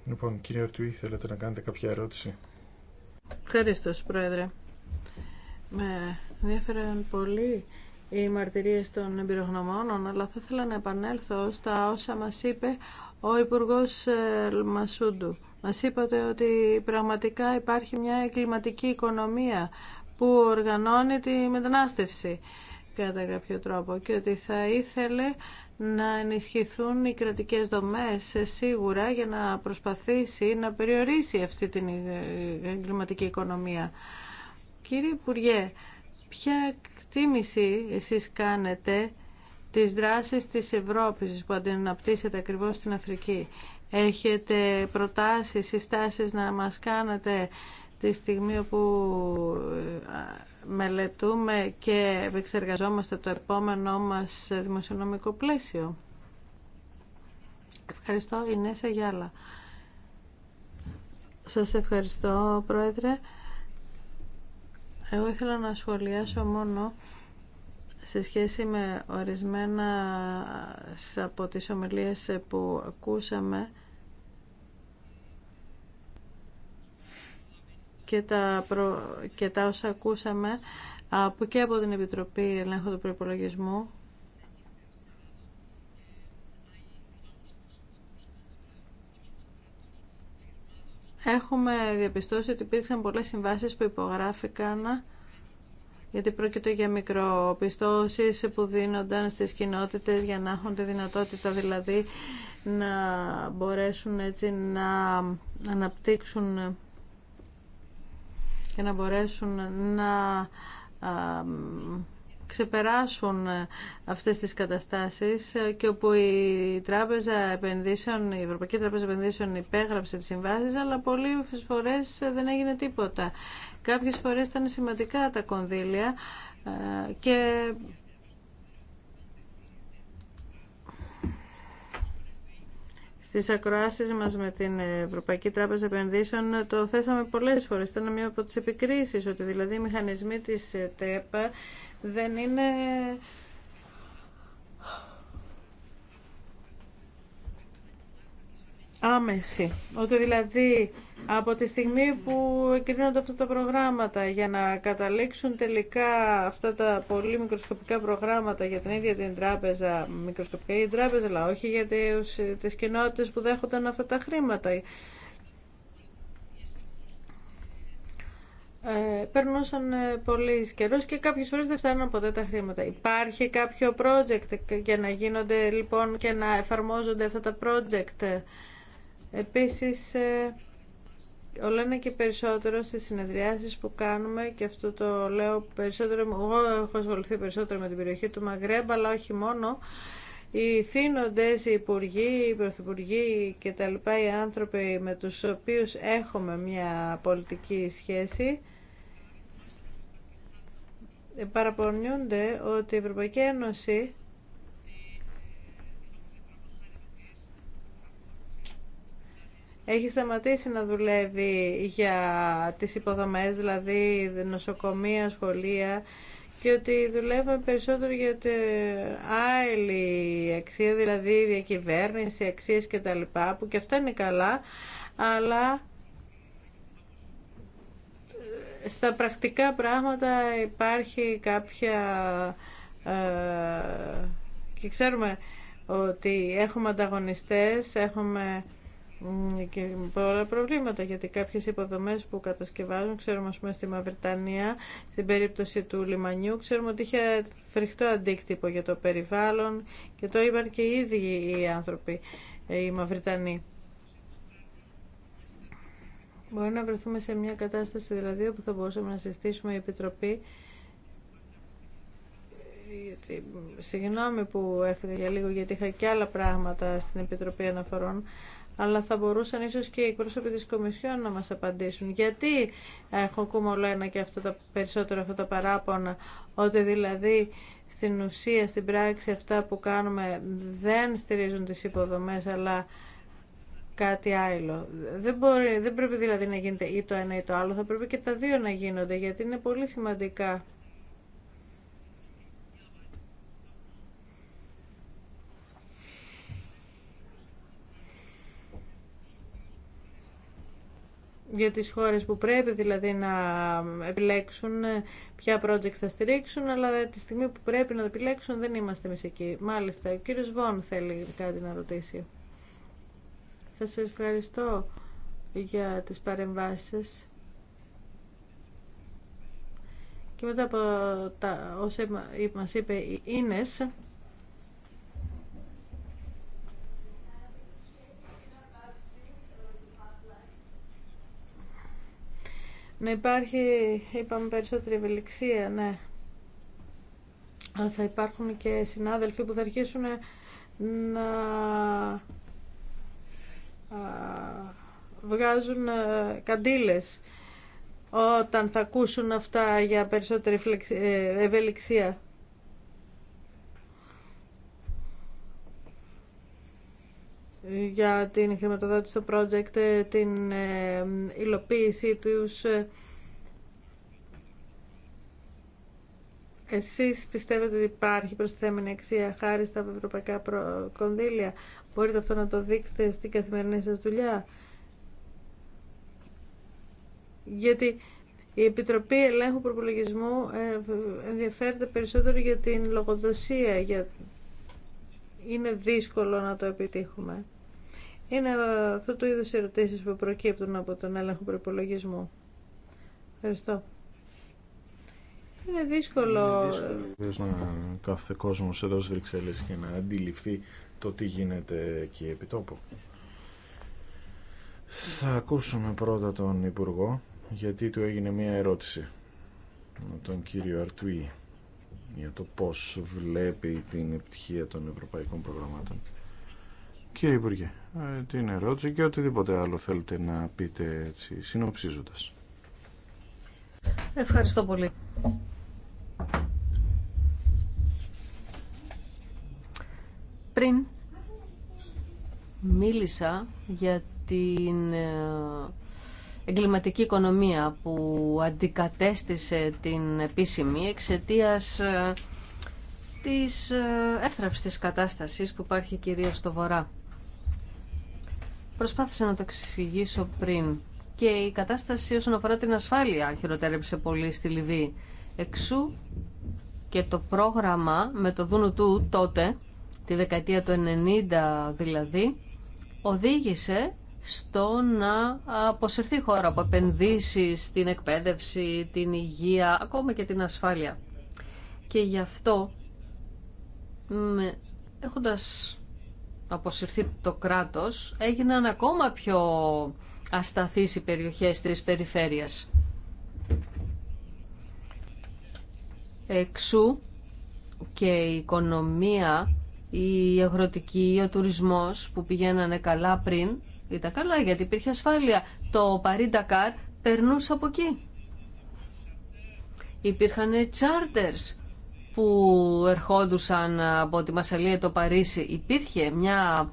Λοιπόν, κύριε Αρτουή, θέλετε να κάνετε κάποια ερώτηση. Ευχαριστώ, Πρόεδρε. Με ενδιαφέραν πολύ οι μαρτυρίες των εμπειρογνωμόνων, αλλά θα ήθελα να επανέλθω στα όσα μας είπε ο Υπουργός ε, Μασούντου. Μας είπατε ότι πραγματικά υπάρχει μια εγκληματική οικονομία που οργανώνει τη μετανάστευση κατά κάποιο τρόπο και ότι θα ήθελε να ενισχυθούν οι κρατικές δομές ε, σίγουρα για να προσπαθήσει να περιορίσει αυτή την ε, εγκληματική οικονομία. Κύριε Υπουργέ, ποια εκτίμηση εσείς κάνετε τις δράσεις της Ευρώπης που αντιναπτύσσεται ακριβώς στην Αφρική. Έχετε προτάσεις, συστάσεις να μας κάνετε τη στιγμή όπου ε, μελετούμε και επεξεργαζόμαστε το επόμενό μας δημοσιονομικό πλαίσιο. Ευχαριστώ, η Γιάλα. Σας ευχαριστώ, Πρόεδρε. Εγώ ήθελα να σχολιάσω μόνο σε σχέση με ορισμένα από τις ομιλίες που ακούσαμε και τα, τα όσα ακούσαμε από και από την Επιτροπή Ελέγχου του Προπολογισμού Έχουμε διαπιστώσει ότι υπήρξαν πολλές συμβάσεις που υπογράφηκαν γιατί πρόκειται για μικροπιστώσεις που δίνονταν στις κοινότητες για να έχουν τη δυνατότητα δηλαδή να μπορέσουν έτσι να αναπτύξουν και να μπορέσουν να ξεπεράσουν αυτές τις καταστάσεις και όπου η Τράπεζα Επενδύσεων, η Ευρωπαϊκή Τράπεζα Επενδύσεων υπέγραψε τις συμβάσεις, αλλά πολλές φορές δεν έγινε τίποτα. Κάποιες φορές ήταν σημαντικά τα κονδύλια ε, και Στι ακροάσεις μας με την Ευρωπαϊκή Τράπεζα Επενδύσεων το θέσαμε πολλές φορές. Ήταν μία από τι επικρίσεις ότι δηλαδή οι μηχανισμοί της ΤΕΠΑ δεν είναι άμεση. Ότι δηλαδή από τη στιγμή που εκκρίνονται αυτά τα προγράμματα για να καταλήξουν τελικά αυτά τα πολύ μικροσκοπικά προγράμματα για την ίδια την τράπεζα, μικροσκοπικά η τράπεζα, αλλά όχι για τις κοινότητες που δέχονταν αυτά τα χρήματα. Ε, περνούσαν ε, πολύ καιρό και κάποιε φορέ δεν φτάνουν ποτέ τα χρήματα. Υπάρχει κάποιο project για να γίνονται λοιπόν και να εφαρμόζονται αυτά τα project. Επίσης, ε, όλα ένα και περισσότερο στις συνεδριάσεις που κάνουμε και αυτό το λέω περισσότερο, εγώ έχω ασχοληθεί περισσότερο με την περιοχή του Μαγκρέμπα, αλλά όχι μόνο οι θύνοντες, οι υπουργοί, οι πρωθυπουργοί και τα λοιπά οι άνθρωποι με τους οποίους έχουμε μια πολιτική σχέση παραπονιούνται ότι η Ευρωπαϊκή Ένωση έχει σταματήσει να δουλεύει για τις υποδομές, δηλαδή νοσοκομεία, σχολεία και ότι δουλεύουμε περισσότερο για την άλλη αξία, δηλαδή διακυβέρνηση, αξίες και τα λοιπά, που και αυτά είναι καλά, αλλά στα πρακτικά πράγματα υπάρχει κάποια... Ε, και ξέρουμε ότι έχουμε ανταγωνιστές, έχουμε και πολλά προβλήματα γιατί κάποιες υποδομές που κατασκευάζουν ξέρουμε ας πούμε στη Μαυρτανία στην περίπτωση του λιμανιού ξέρουμε ότι είχε φρικτό αντίκτυπο για το περιβάλλον και το είπαν και οι ίδιοι οι άνθρωποι ε, οι Μαυρτανοί Μπορεί να βρεθούμε σε μια κατάσταση δηλαδή όπου θα μπορούσαμε να συστήσουμε η Επιτροπή γιατί, συγγνώμη που έφυγα για λίγο γιατί είχα και άλλα πράγματα στην Επιτροπή Αναφορών αλλά θα μπορούσαν ίσως και οι εκπρόσωποι της Κομισιόν να μας απαντήσουν. Γιατί έχω ακούμε όλο ένα και αυτά τα, περισσότερο αυτά τα παράπονα, ότι δηλαδή στην ουσία, στην πράξη αυτά που κάνουμε δεν στηρίζουν τις υποδομές, αλλά κάτι άλλο. Δεν, μπορεί, δεν πρέπει δηλαδή να γίνεται ή το ένα ή το άλλο, θα πρέπει και τα δύο να γίνονται, γιατί είναι πολύ σημαντικά για τις χώρες που πρέπει δηλαδή να επιλέξουν ποια project θα στηρίξουν, αλλά τη στιγμή που πρέπει να το επιλέξουν δεν είμαστε εμείς εκεί. Μάλιστα, ο κύριος Βόν θέλει κάτι να ρωτήσει. Θα σας ευχαριστώ για τις παρεμβάσεις σας. Και μετά από τα όσα μας είπε η Ίνες, Να υπάρχει, είπαμε, περισσότερη ευελιξία, ναι. Αλλά θα υπάρχουν και συνάδελφοι που θα αρχίσουν να βγάζουν ε, καντήλες όταν θα ακούσουν αυτά για περισσότερη ε, ευελιξία. για την χρηματοδότηση των project, ε, την ε, υλοποίησή τους. Εσείς πιστεύετε ότι υπάρχει προσθέμενη αξία χάρη στα ευρωπαϊκά κονδύλια. Μπορείτε αυτό να το δείξετε στην καθημερινή σας δουλειά. Γιατί η Επιτροπή Ελέγχου Προπολογισμού ε, ενδιαφέρεται περισσότερο για την λογοδοσία. Για... Είναι δύσκολο να το επιτύχουμε. Είναι αυτού του είδους ερωτήσεις που προκύπτουν από τον έλεγχο προπολογισμού. Ευχαριστώ. Είναι δύσκολο. Είναι δύσκολο να κάθε κόσμο εδώ στις Βρυξέλλες και να αντιληφθεί το τι γίνεται εκεί επί τόπου. Θα ακούσουμε πρώτα τον Υπουργό, γιατί του έγινε μία ερώτηση τον κύριο Αρτουή για το πώς βλέπει την επιτυχία των ευρωπαϊκών προγραμμάτων. Κύριε Υπουργέ, ε, την ερώτηση και οτιδήποτε άλλο θέλετε να πείτε έτσι, συνοψίζοντας. Ευχαριστώ πολύ. Πριν μίλησα για την ε, εγκληματική οικονομία που αντικατέστησε την επίσημη εξαιτίας ε, της εύθραυστης κατάστασης που υπάρχει κυρίως στο Βορρά. Προσπάθησα να το εξηγήσω πριν. Και η κατάσταση όσον αφορά την ασφάλεια χειροτέρεψε πολύ στη Λιβύη. Εξού και το πρόγραμμα με το Δούνου του τότε, τη δεκαετία του 90 δηλαδή, οδήγησε στο να αποσυρθεί η χώρα από επενδύσει στην εκπαίδευση, την υγεία, ακόμα και την ασφάλεια. Και γι' αυτό, έχοντας αποσυρθεί το κράτος, έγιναν ακόμα πιο ασταθείς οι περιοχές της περιφέρειας. Εξού και η οικονομία, η αγροτική, ο τουρισμός που πηγαίνανε καλά πριν, ήταν καλά γιατί υπήρχε ασφάλεια. Το Παρίντακαρ περνούσε από εκεί. Υπήρχαν τσάρτερς που ερχόντουσαν από τη Μασαλία το Παρίσι υπήρχε μια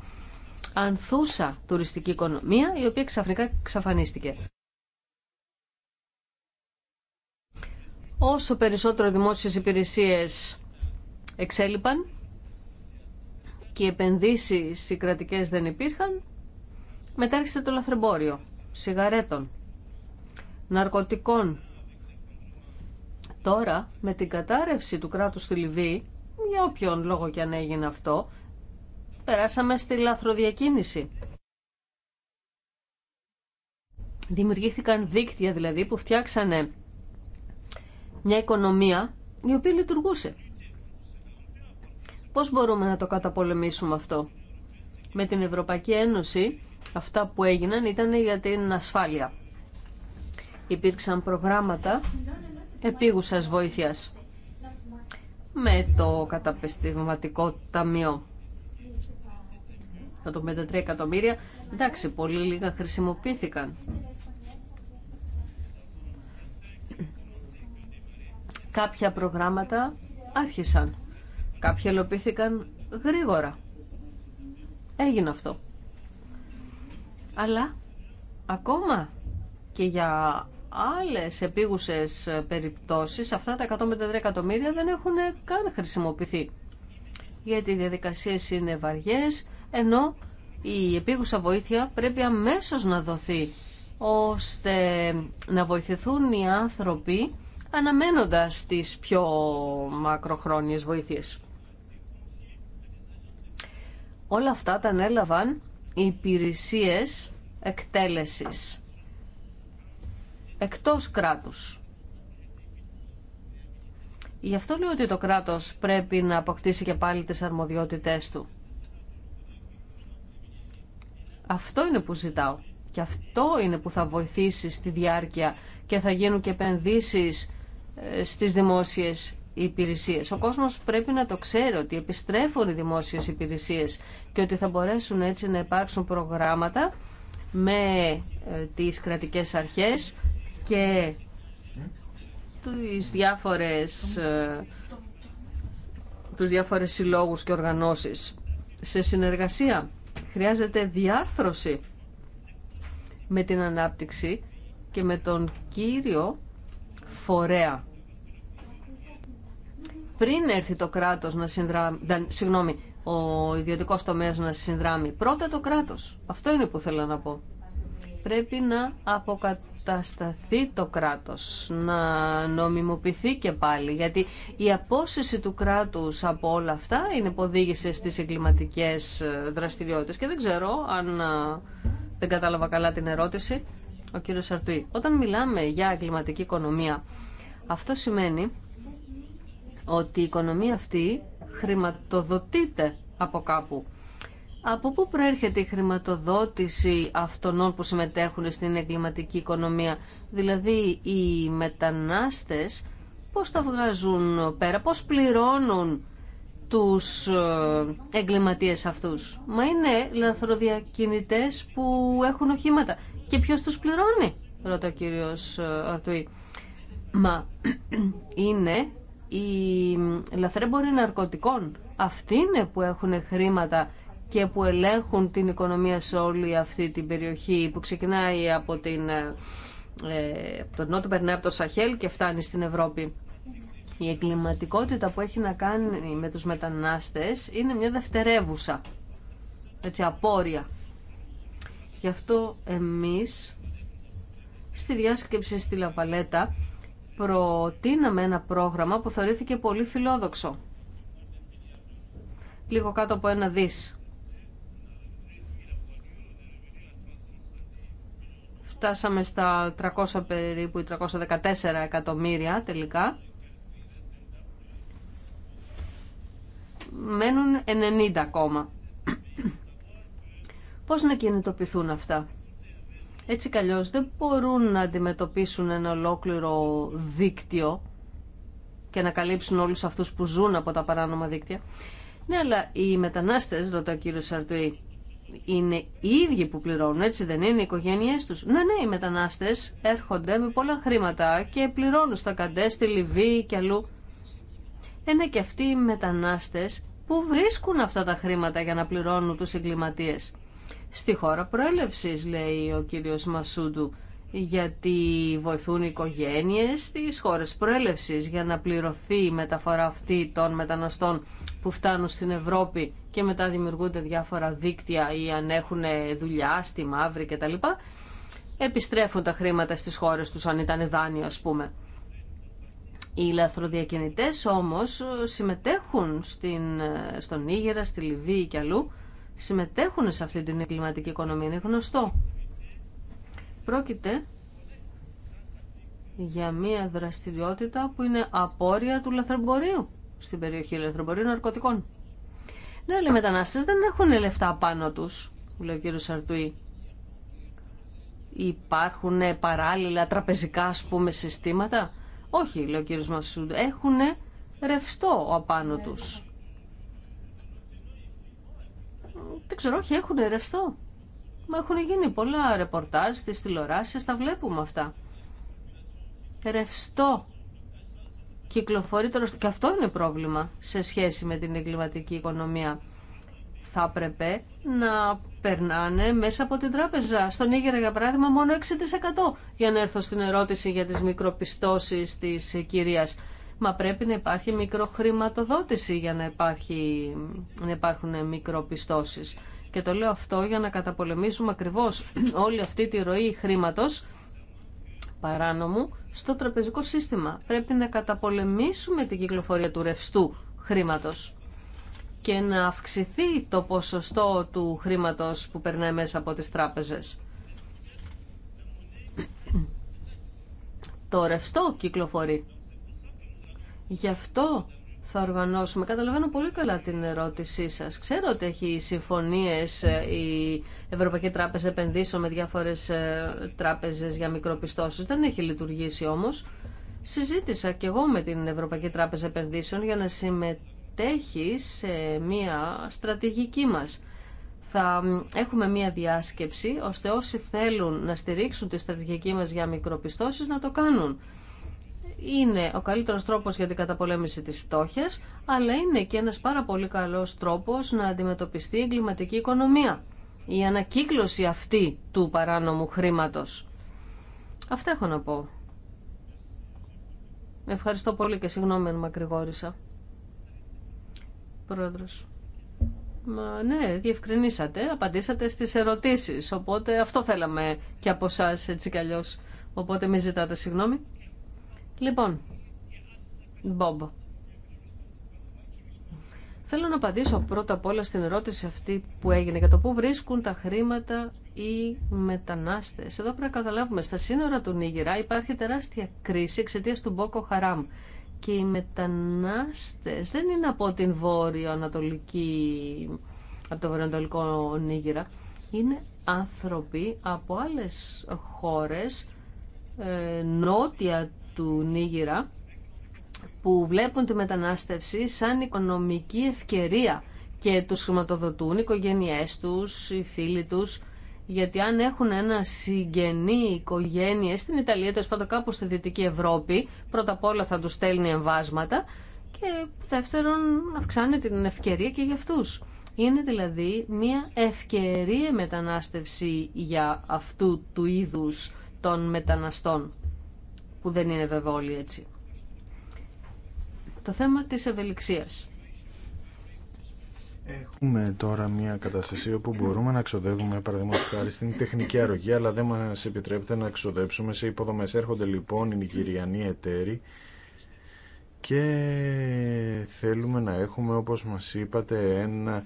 ανθούσα τουριστική οικονομία η οποία ξαφνικά εξαφανίστηκε. Όσο περισσότερο δημόσιες υπηρεσίες εξέλιπαν και οι επενδύσεις οι δεν υπήρχαν, μετά το λαθρεμπόριο σιγαρέτων, ναρκωτικών Τώρα, με την κατάρρευση του κράτους στη Λιβύη, για όποιον λόγο και αν έγινε αυτό, περάσαμε στη λαθροδιακίνηση. Δημιουργήθηκαν δίκτυα δηλαδή που φτιάξανε μια οικονομία η οποία λειτουργούσε. Πώς μπορούμε να το καταπολεμήσουμε αυτό. Με την Ευρωπαϊκή Ένωση αυτά που έγιναν ήταν για την ασφάλεια. Υπήρξαν προγράμματα επίγουσας βοήθειας με το καταπεστηματικό ταμείο. Τα 53 εκατομμύρια, εντάξει, πολύ λίγα χρησιμοποιήθηκαν. Κάποια προγράμματα άρχισαν. Κάποια ελοπίθηκαν γρήγορα. Έγινε αυτό. Αλλά ακόμα και για Άλλε επίγουσες ε, περιπτώσεις αυτά τα 153 εκατομμύρια δεν έχουν καν χρησιμοποιηθεί γιατί οι διαδικασίες είναι βαριές ενώ η επίγουσα βοήθεια πρέπει αμέσως να δοθεί ώστε να βοηθηθούν οι άνθρωποι αναμένοντας τις πιο μακροχρόνιες βοήθειες. Όλα αυτά τα ανέλαβαν οι υπηρεσίες εκτέλεσης εκτός κράτους. Γι' αυτό λέω ότι το κράτος πρέπει να αποκτήσει και πάλι τις αρμοδιότητές του. Αυτό είναι που ζητάω. Και αυτό είναι που θα βοηθήσει στη διάρκεια και θα γίνουν και επενδύσεις ε, στις δημόσιες υπηρεσίες. Ο κόσμος πρέπει να το ξέρει ότι επιστρέφουν οι δημόσιες υπηρεσίες και ότι θα μπορέσουν έτσι να υπάρξουν προγράμματα με ε, τις κρατικές αρχές και τους διάφορες, ε, τους διάφορες συλλόγους και οργανώσεις. Σε συνεργασία χρειάζεται διάρθρωση με την ανάπτυξη και με τον κύριο φορέα. Πριν έρθει το κράτος να συνδράμει, συγγνώμη, ο ιδιωτικός τομέας να συνδράμει, πρώτα το κράτος. Αυτό είναι που θέλω να πω. Πρέπει να αποκατήσουμε σταθεί το κράτος, να νομιμοποιηθεί και πάλι, γιατί η απόσυση του κράτους από όλα αυτά είναι που στις εγκληματικέ ε, δραστηριότητες και δεν ξέρω αν ε, δεν κατάλαβα καλά την ερώτηση ο κύριος Σαρτουή. Όταν μιλάμε για εγκληματική οικονομία, αυτό σημαίνει ότι η οικονομία αυτή χρηματοδοτείται από κάπου από πού προέρχεται η χρηματοδότηση αυτών που συμμετέχουν στην εγκληματική οικονομία, δηλαδή οι μετανάστες, πώς τα βγάζουν πέρα, πώς πληρώνουν τους ε, εγκληματίες αυτούς. Μα είναι λαθροδιακινητές που έχουν οχήματα. Και ποιος τους πληρώνει, ρωτά ο κύριος ε, Αρτουή. Μα (clears throat) είναι οι ε, λαθρέμποροι ναρκωτικών. Αυτοί είναι που έχουν χρήματα και που ελέγχουν την οικονομία σε όλη αυτή την περιοχή που ξεκινάει από, την, ε, από τον Νότο, περνάει από το Σαχέλ και φτάνει στην Ευρώπη. Η εγκληματικότητα που έχει να κάνει με τους μετανάστες είναι μια δευτερεύουσα, έτσι, απόρρια. Γι' αυτό εμείς στη διάσκεψη στη Λαβαλέτα προτείναμε ένα πρόγραμμα που θεωρήθηκε πολύ φιλόδοξο. Λίγο κάτω από ένα δις φτάσαμε στα 300 περίπου, 314 εκατομμύρια τελικά. Μένουν 90 ακόμα. Πώς να κινητοποιηθούν αυτά. Έτσι καλλιώς δεν μπορούν να αντιμετωπίσουν ένα ολόκληρο δίκτυο και να καλύψουν όλους αυτούς που ζουν από τα παράνομα δίκτυα. Ναι, αλλά οι μετανάστες, ρωτά ο κύριος Σαρτουή, είναι οι ίδιοι που πληρώνουν, έτσι δεν είναι οι οικογένειές τους. Ναι, ναι, οι μετανάστες έρχονται με πολλά χρήματα και πληρώνουν στα καντέ, στη Λιβύη και αλλού. Είναι και αυτοί οι μετανάστες που βρίσκουν αυτά τα χρήματα για να πληρώνουν τους εγκληματίες. Στη χώρα προέλευσης, λέει ο κύριος Μασούντου, γιατί βοηθούν οι οικογένειες στις χώρες προέλευσης για να πληρωθεί η μεταφορά αυτή των μεταναστών που φτάνουν στην Ευρώπη και μετά δημιουργούνται διάφορα δίκτυα ή αν έχουν δουλειά στη μαύρη κτλ. Επιστρέφουν τα χρήματα στις χώρες τους αν ήταν δάνειο ας πούμε. Οι λαθροδιακινητές όμως συμμετέχουν στην, στον Ήγερα, στη Λιβύη και αλλού συμμετέχουν σε αυτή την εγκληματική οικονομία, είναι γνωστό. Πρόκειται για μια δραστηριότητα που είναι απόρρια του λαθρεμπορίου στην περιοχή λαθρεμπορίου ναρκωτικών. Ναι, αλλά οι μετανάστες δεν έχουν λεφτά πάνω τους, λέει ο κύριος Σαρτουή. Υπάρχουν παράλληλα τραπεζικά, ας πούμε, συστήματα. Όχι, λέει ο κύριος Μασούντ, έχουν ρευστό απάνω τους. Δεν ξέρω, όχι, έχουν ρευστό. Μα έχουν γίνει πολλά ρεπορτάζ στις τηλεοράσεις, τα βλέπουμε αυτά. Ρευστό κυκλοφορεί τώρα, και αυτό είναι πρόβλημα σε σχέση με την εγκληματική οικονομία. Θα έπρεπε να περνάνε μέσα από την τράπεζα. Στον Ήγερα, για παράδειγμα, μόνο 6% για να έρθω στην ερώτηση για τις μικροπιστώσεις της κυρίας. Μα πρέπει να υπάρχει μικροχρηματοδότηση για να, υπάρχει, να υπάρχουν μικροπιστώσεις. Και το λέω αυτό για να καταπολεμήσουμε ακριβώς όλη αυτή τη ροή χρήματος παράνομου στο τραπεζικό σύστημα. Πρέπει να καταπολεμήσουμε την κυκλοφορία του ρευστού χρήματος και να αυξηθεί το ποσοστό του χρήματος που περνάει μέσα από τις τράπεζες. Το ρευστό κυκλοφορεί. Γι' αυτό θα οργανώσουμε. Καταλαβαίνω πολύ καλά την ερώτησή σας. Ξέρω ότι έχει συμφωνίε ε, η Ευρωπαϊκή Τράπεζα Επενδύσεων με διάφορες ε, τράπεζες για μικροπιστώσει, Δεν έχει λειτουργήσει όμως. Συζήτησα και εγώ με την Ευρωπαϊκή Τράπεζα Επενδύσεων για να συμμετέχει σε μία στρατηγική μας. Θα έχουμε μία διάσκεψη ώστε όσοι θέλουν να στηρίξουν τη στρατηγική μα για μικροπιστώσει, να το κάνουν είναι ο καλύτερος τρόπος για την καταπολέμηση της φτώχειας, αλλά είναι και ένας πάρα πολύ καλός τρόπος να αντιμετωπιστεί η εγκληματική οικονομία. Η ανακύκλωση αυτή του παράνομου χρήματος. Αυτά έχω να πω. Ευχαριστώ πολύ και συγγνώμη αν μακρηγόρησα. Πρόεδρος. Μα ναι, διευκρινίσατε, απαντήσατε στις ερωτήσεις, οπότε αυτό θέλαμε και από εσά έτσι κι αλλιώς. Οπότε μην ζητάτε συγγνώμη. Λοιπόν, Μπομπ. Θέλω να απαντήσω πρώτα απ' όλα στην ερώτηση αυτή που έγινε για το πού βρίσκουν τα χρήματα οι μετανάστες. Εδώ πρέπει να καταλάβουμε, στα σύνορα του Νίγηρα υπάρχει τεράστια κρίση εξαιτία του Μπόκο Χαράμ. Και οι μετανάστες δεν είναι από την βόρειο-ανατολική, από το βορειοανατολικό Νίγηρα. Είναι άνθρωποι από άλλες χώρες ε, νότια του Νίγηρα που βλέπουν τη μετανάστευση σαν οικονομική ευκαιρία και τους χρηματοδοτούν οι οικογένειές τους, οι φίλοι τους, γιατί αν έχουν ένα συγγενή οικογένεια στην Ιταλία, τέλος πάντων κάπου στη Δυτική Ευρώπη, πρώτα απ' όλα θα τους στέλνει εμβάσματα και δεύτερον αυξάνει την ευκαιρία και για αυτούς. Είναι δηλαδή μια ευκαιρία μετανάστευση για αυτού του είδους των μεταναστών που δεν είναι βέβαια όλοι έτσι. Το θέμα της ευελιξίας. Έχουμε τώρα μια κατάσταση όπου μπορούμε να ξοδεύουμε παραδείγματο χάρη στην τεχνική αρρωγή, αλλά δεν μας επιτρέπεται να ξοδέψουμε σε υποδομές. Έρχονται λοιπόν οι Νιγηριανοί εταίροι και θέλουμε να έχουμε, όπως μας είπατε, ένα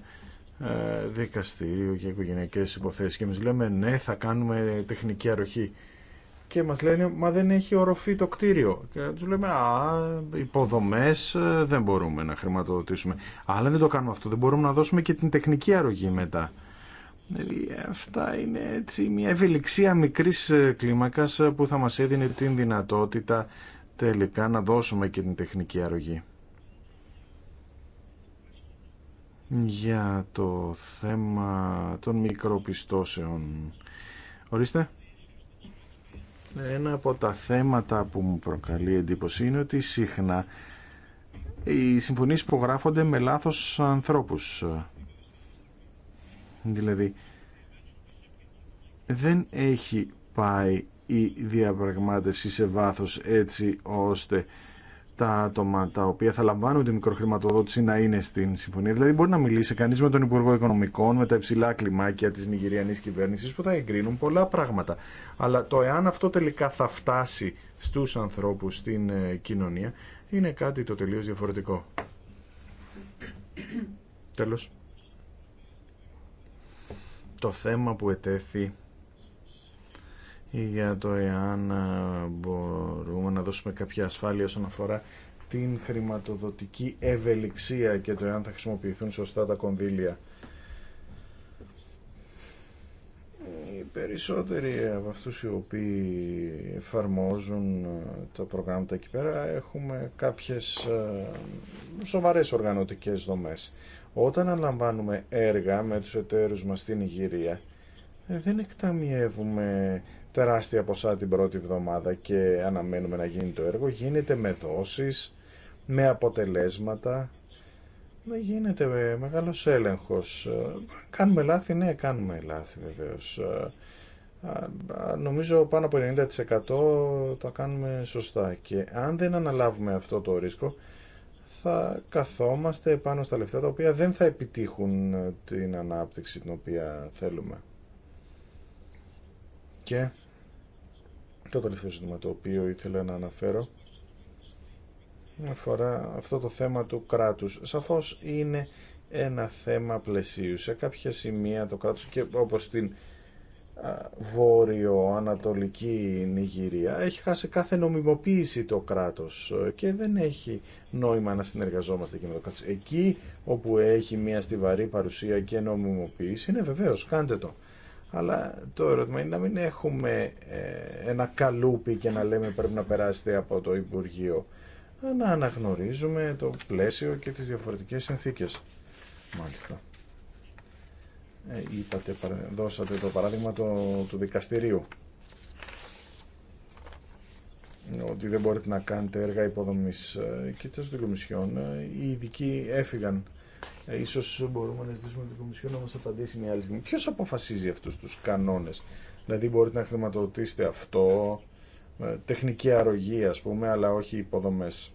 ε, δικαστήριο για οικογενειακές υποθέσεις και εμείς λέμε ναι θα κάνουμε τεχνική αρρωχή και μας λένε «Μα δεν έχει οροφή το κτίριο». Και τους λέμε «Α, υποδομές ε, δεν μπορούμε να χρηματοδοτήσουμε». Αλλά δεν το κάνουμε αυτό, δεν μπορούμε να δώσουμε και την τεχνική αρρωγή μετά. Δηλαδή αυτά είναι έτσι μια ευελιξία μικρής ε, κλίμακας ε, που θα μας έδινε την δυνατότητα τελικά να δώσουμε και την τεχνική αρρωγή. Για το θέμα των μικροπιστώσεων. Ορίστε. Ένα από τα θέματα που μου προκαλεί εντύπωση είναι ότι συχνά οι συμφωνίες υπογράφονται με λάθος ανθρώπους. Δηλαδή, δεν έχει πάει η διαπραγμάτευση σε βάθος έτσι ώστε τα άτομα τα οποία θα λαμβάνουν τη μικροχρηματοδότηση να είναι στην συμφωνία. Δηλαδή, μπορεί να μιλήσει κανεί με τον Υπουργό Οικονομικών, με τα υψηλά κλιμάκια τη Νιγηριανή κυβέρνηση που θα εγκρίνουν πολλά πράγματα. Αλλά το εάν αυτό τελικά θα φτάσει στου ανθρώπου στην ε, κοινωνία είναι κάτι το τελείω διαφορετικό. Τέλο, Το θέμα που ετέθη ή για το εάν ε, μπορούμε να δώσουμε κάποια ασφάλεια όσον αφορά την χρηματοδοτική ευελιξία και το εάν θα χρησιμοποιηθούν σωστά τα κονδύλια. Οι περισσότεροι από αυτούς οι οποίοι εφαρμόζουν ε, τα προγράμματα εκεί πέρα έχουμε κάποιες ε, σοβαρές οργανωτικές δομές. Όταν αναλαμβάνουμε έργα με τους εταίρους μας στην Ιγυρία δεν εκταμιεύουμε τεράστια ποσά την πρώτη εβδομάδα και αναμένουμε να γίνει το έργο, γίνεται με δόσεις, με αποτελέσματα, να γίνεται μεγάλος έλεγχος. Κάνουμε λάθη, ναι, κάνουμε λάθη βεβαίως. Νομίζω πάνω από 90% τα κάνουμε σωστά και αν δεν αναλάβουμε αυτό το ρίσκο θα καθόμαστε πάνω στα λεφτά τα οποία δεν θα επιτύχουν την ανάπτυξη την οποία θέλουμε. Και το τελευταίο ζήτημα το οποίο ήθελα να αναφέρω αφορά αυτό το θέμα του κράτους. Σαφώς είναι ένα θέμα πλαισίου. Σε κάποια σημεία το κράτος και όπως στην βόρειο-ανατολική Νιγηρία έχει χάσει κάθε νομιμοποίηση το κράτος και δεν έχει νόημα να συνεργαζόμαστε και με το κράτος. Εκεί όπου έχει μια στιβαρή παρουσία και νομιμοποίηση είναι βεβαίως, κάντε το. Αλλά το ερώτημα είναι να μην έχουμε ε, ένα καλούπι και να λέμε πρέπει να περάσετε από το Υπουργείο. Να αναγνωρίζουμε το πλαίσιο και τις διαφορετικές συνθήκες. Μάλιστα. Ε, είπατε, δώσατε το παράδειγμα του δικαστηρίου. Ότι δεν μπορείτε να κάνετε έργα υποδομής. Ε, και δικομισιών, οι ειδικοί έφυγαν ε, ίσως μπορούμε να ζητήσουμε την Κομισιό να μας απαντήσει μια άλλη στιγμή. Ποιος αποφασίζει αυτούς τους κανόνες. Δηλαδή μπορείτε να χρηματοδοτήσετε αυτό, ε, τεχνική αρρωγή ας πούμε, αλλά όχι υποδομές.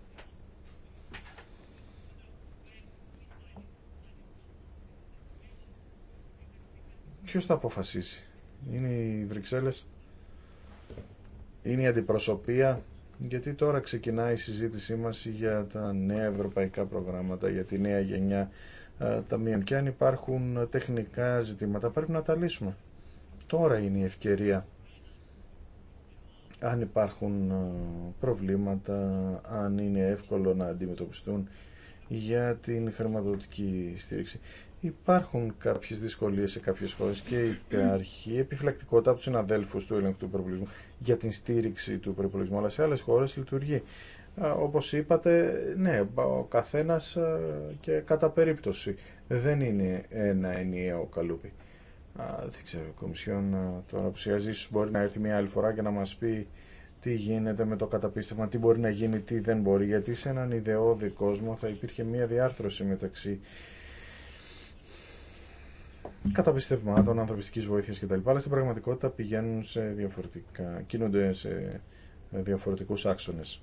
Ποιος θα αποφασίσει. Είναι οι Βρυξέλλες. Είναι η αντιπροσωπεία γιατί τώρα ξεκινάει η συζήτησή μας για τα νέα ευρωπαϊκά προγράμματα, για τη νέα γενιά ε, ταμείων και αν υπάρχουν τεχνικά ζητήματα πρέπει να τα λύσουμε. Τώρα είναι η ευκαιρία αν υπάρχουν ε, προβλήματα, αν είναι εύκολο να αντιμετωπιστούν για την χρηματοδοτική στήριξη. Υπάρχουν κάποιες δυσκολίες σε κάποιες χώρες και υπάρχει επιφυλακτικότητα από τους συναδέλφους του του προπολογισμού για την στήριξη του προπολογισμού, αλλά σε άλλες χώρες λειτουργεί. Όπως είπατε, ναι, ο καθένας και κατά περίπτωση δεν είναι ένα ενιαίο καλούπι. Δεν ξέρω, η Κομισιόν τώρα που ίσως μπορεί να έρθει μια άλλη φορά και να μας πει τι γίνεται με το καταπίστευμα, τι μπορεί να γίνει, τι δεν μπορεί, γιατί σε έναν ιδεώδη κόσμο θα υπήρχε μια διάρθρωση μεταξύ καταπιστευμάτων, ανθρωπιστική βοήθεια κτλ. Αλλά στην πραγματικότητα πηγαίνουν σε διαφορετικά, κινούνται σε ε, διαφορετικούς άξονες.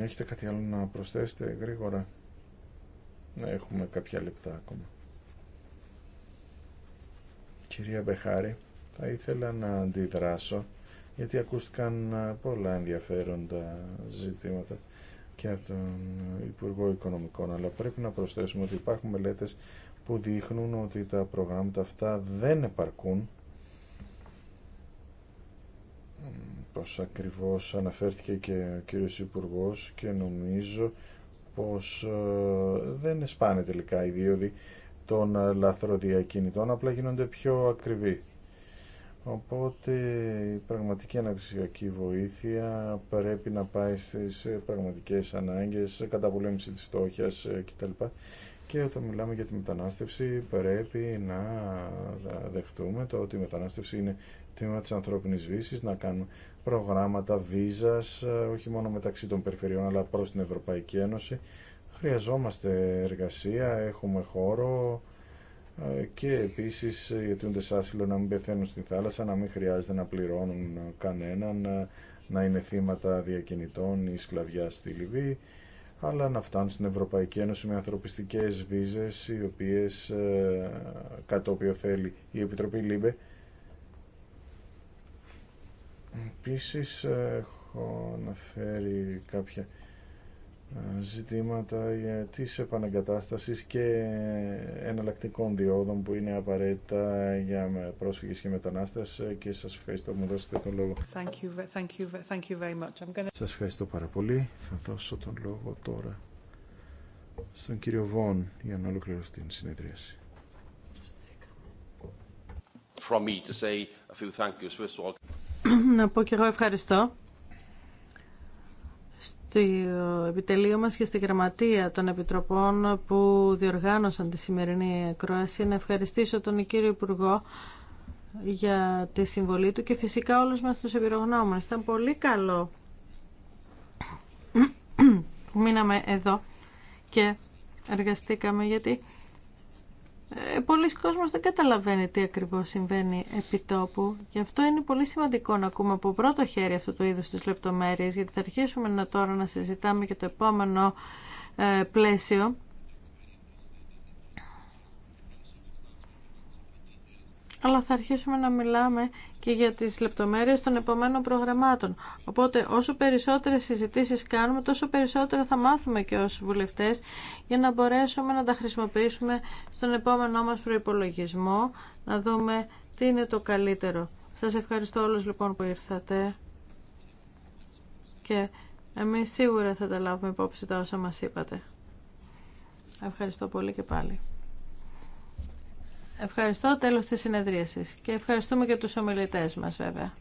Έχετε κάτι άλλο να προσθέσετε γρήγορα. Να έχουμε κάποια λεπτά ακόμα. Κυρία Μπεχάρη, θα ήθελα να αντιδράσω γιατί ακούστηκαν ε, πολλά ενδιαφέροντα ζητήματα και από τον Υπουργό Οικονομικών αλλά πρέπει να προσθέσουμε ότι υπάρχουν μελέτες που δείχνουν ότι τα προγράμματα αυτά δεν επαρκούν πως ακριβώς αναφέρθηκε και ο κύριος υπουργό και νομίζω πως ε, δεν σπάνε τελικά οι δίωδοι των ε, λαθροδιακινητών απλά γίνονται πιο ακριβοί οπότε η πραγματική αναπτυξιακή βοήθεια πρέπει να πάει στις ε, πραγματικές ανάγκες καταπολέμηση της φτώχειας κτλ και όταν μιλάμε για τη μετανάστευση πρέπει να δεχτούμε το ότι η μετανάστευση είναι τμήμα της ανθρώπινης βύσης, να κάνουν προγράμματα βίζας, ε, όχι μόνο μεταξύ των περιφερειών αλλά προς την Ευρωπαϊκή Ένωση. Χρειαζόμαστε εργασία, έχουμε χώρο ε, και επίσης οι αιτούντες άσυλο να μην πεθαίνουν στην θάλασσα, να μην χρειάζεται να πληρώνουν κανέναν, ε, να είναι θύματα διακινητών ή σκλαβιά στη Λιβύη αλλά να φτάνουν στην Ευρωπαϊκή Ένωση με ανθρωπιστικές βίζες οι οποίες ε, θέλει η Επιτροπή ΛΥΜΠΕ. Επίσης ε, έχω αναφέρει κάποια ζητήματα τη επαναγκατάσταση και εναλλακτικών διόδων που είναι απαραίτητα για πρόσφυγε και μετανάστες και σα ευχαριστώ που μου δώσετε τον λόγο. gonna... Σας ευχαριστώ πάρα πολύ. Θα δώσω τον λόγο τώρα στον κύριο Βόν για να ολοκληρώσει την συνεδρίαση. να πω και εγώ ευχαριστώ στο επιτελείο μας και στη γραμματεία των Επιτροπών που διοργάνωσαν τη σημερινή ακρόαση. Να ευχαριστήσω τον κύριο Υπουργό για τη συμβολή του και φυσικά όλους μας τους εμπειρογνώμονες. Ήταν πολύ καλό μείναμε εδώ και εργαστήκαμε γιατί ε, πολλοί κόσμος δεν καταλαβαίνει τι ακριβώς συμβαίνει επί τόπου. Γι' αυτό είναι πολύ σημαντικό να ακούμε από πρώτο χέρι αυτού του είδους τις λεπτομέρειες, γιατί θα αρχίσουμε να τώρα να συζητάμε και το επόμενο ε, πλαίσιο αλλά θα αρχίσουμε να μιλάμε και για τις λεπτομέρειες των επομένων προγραμμάτων. Οπότε όσο περισσότερες συζητήσεις κάνουμε, τόσο περισσότερο θα μάθουμε και ως βουλευτές για να μπορέσουμε να τα χρησιμοποιήσουμε στον επόμενό μας προϋπολογισμό, να δούμε τι είναι το καλύτερο. Σας ευχαριστώ όλους λοιπόν που ήρθατε και εμείς σίγουρα θα τα λάβουμε υπόψη τα όσα μας είπατε. Ευχαριστώ πολύ και πάλι. Ευχαριστώ. Τέλος της συνεδρίασης. Και ευχαριστούμε και τους ομιλητές μας βέβαια.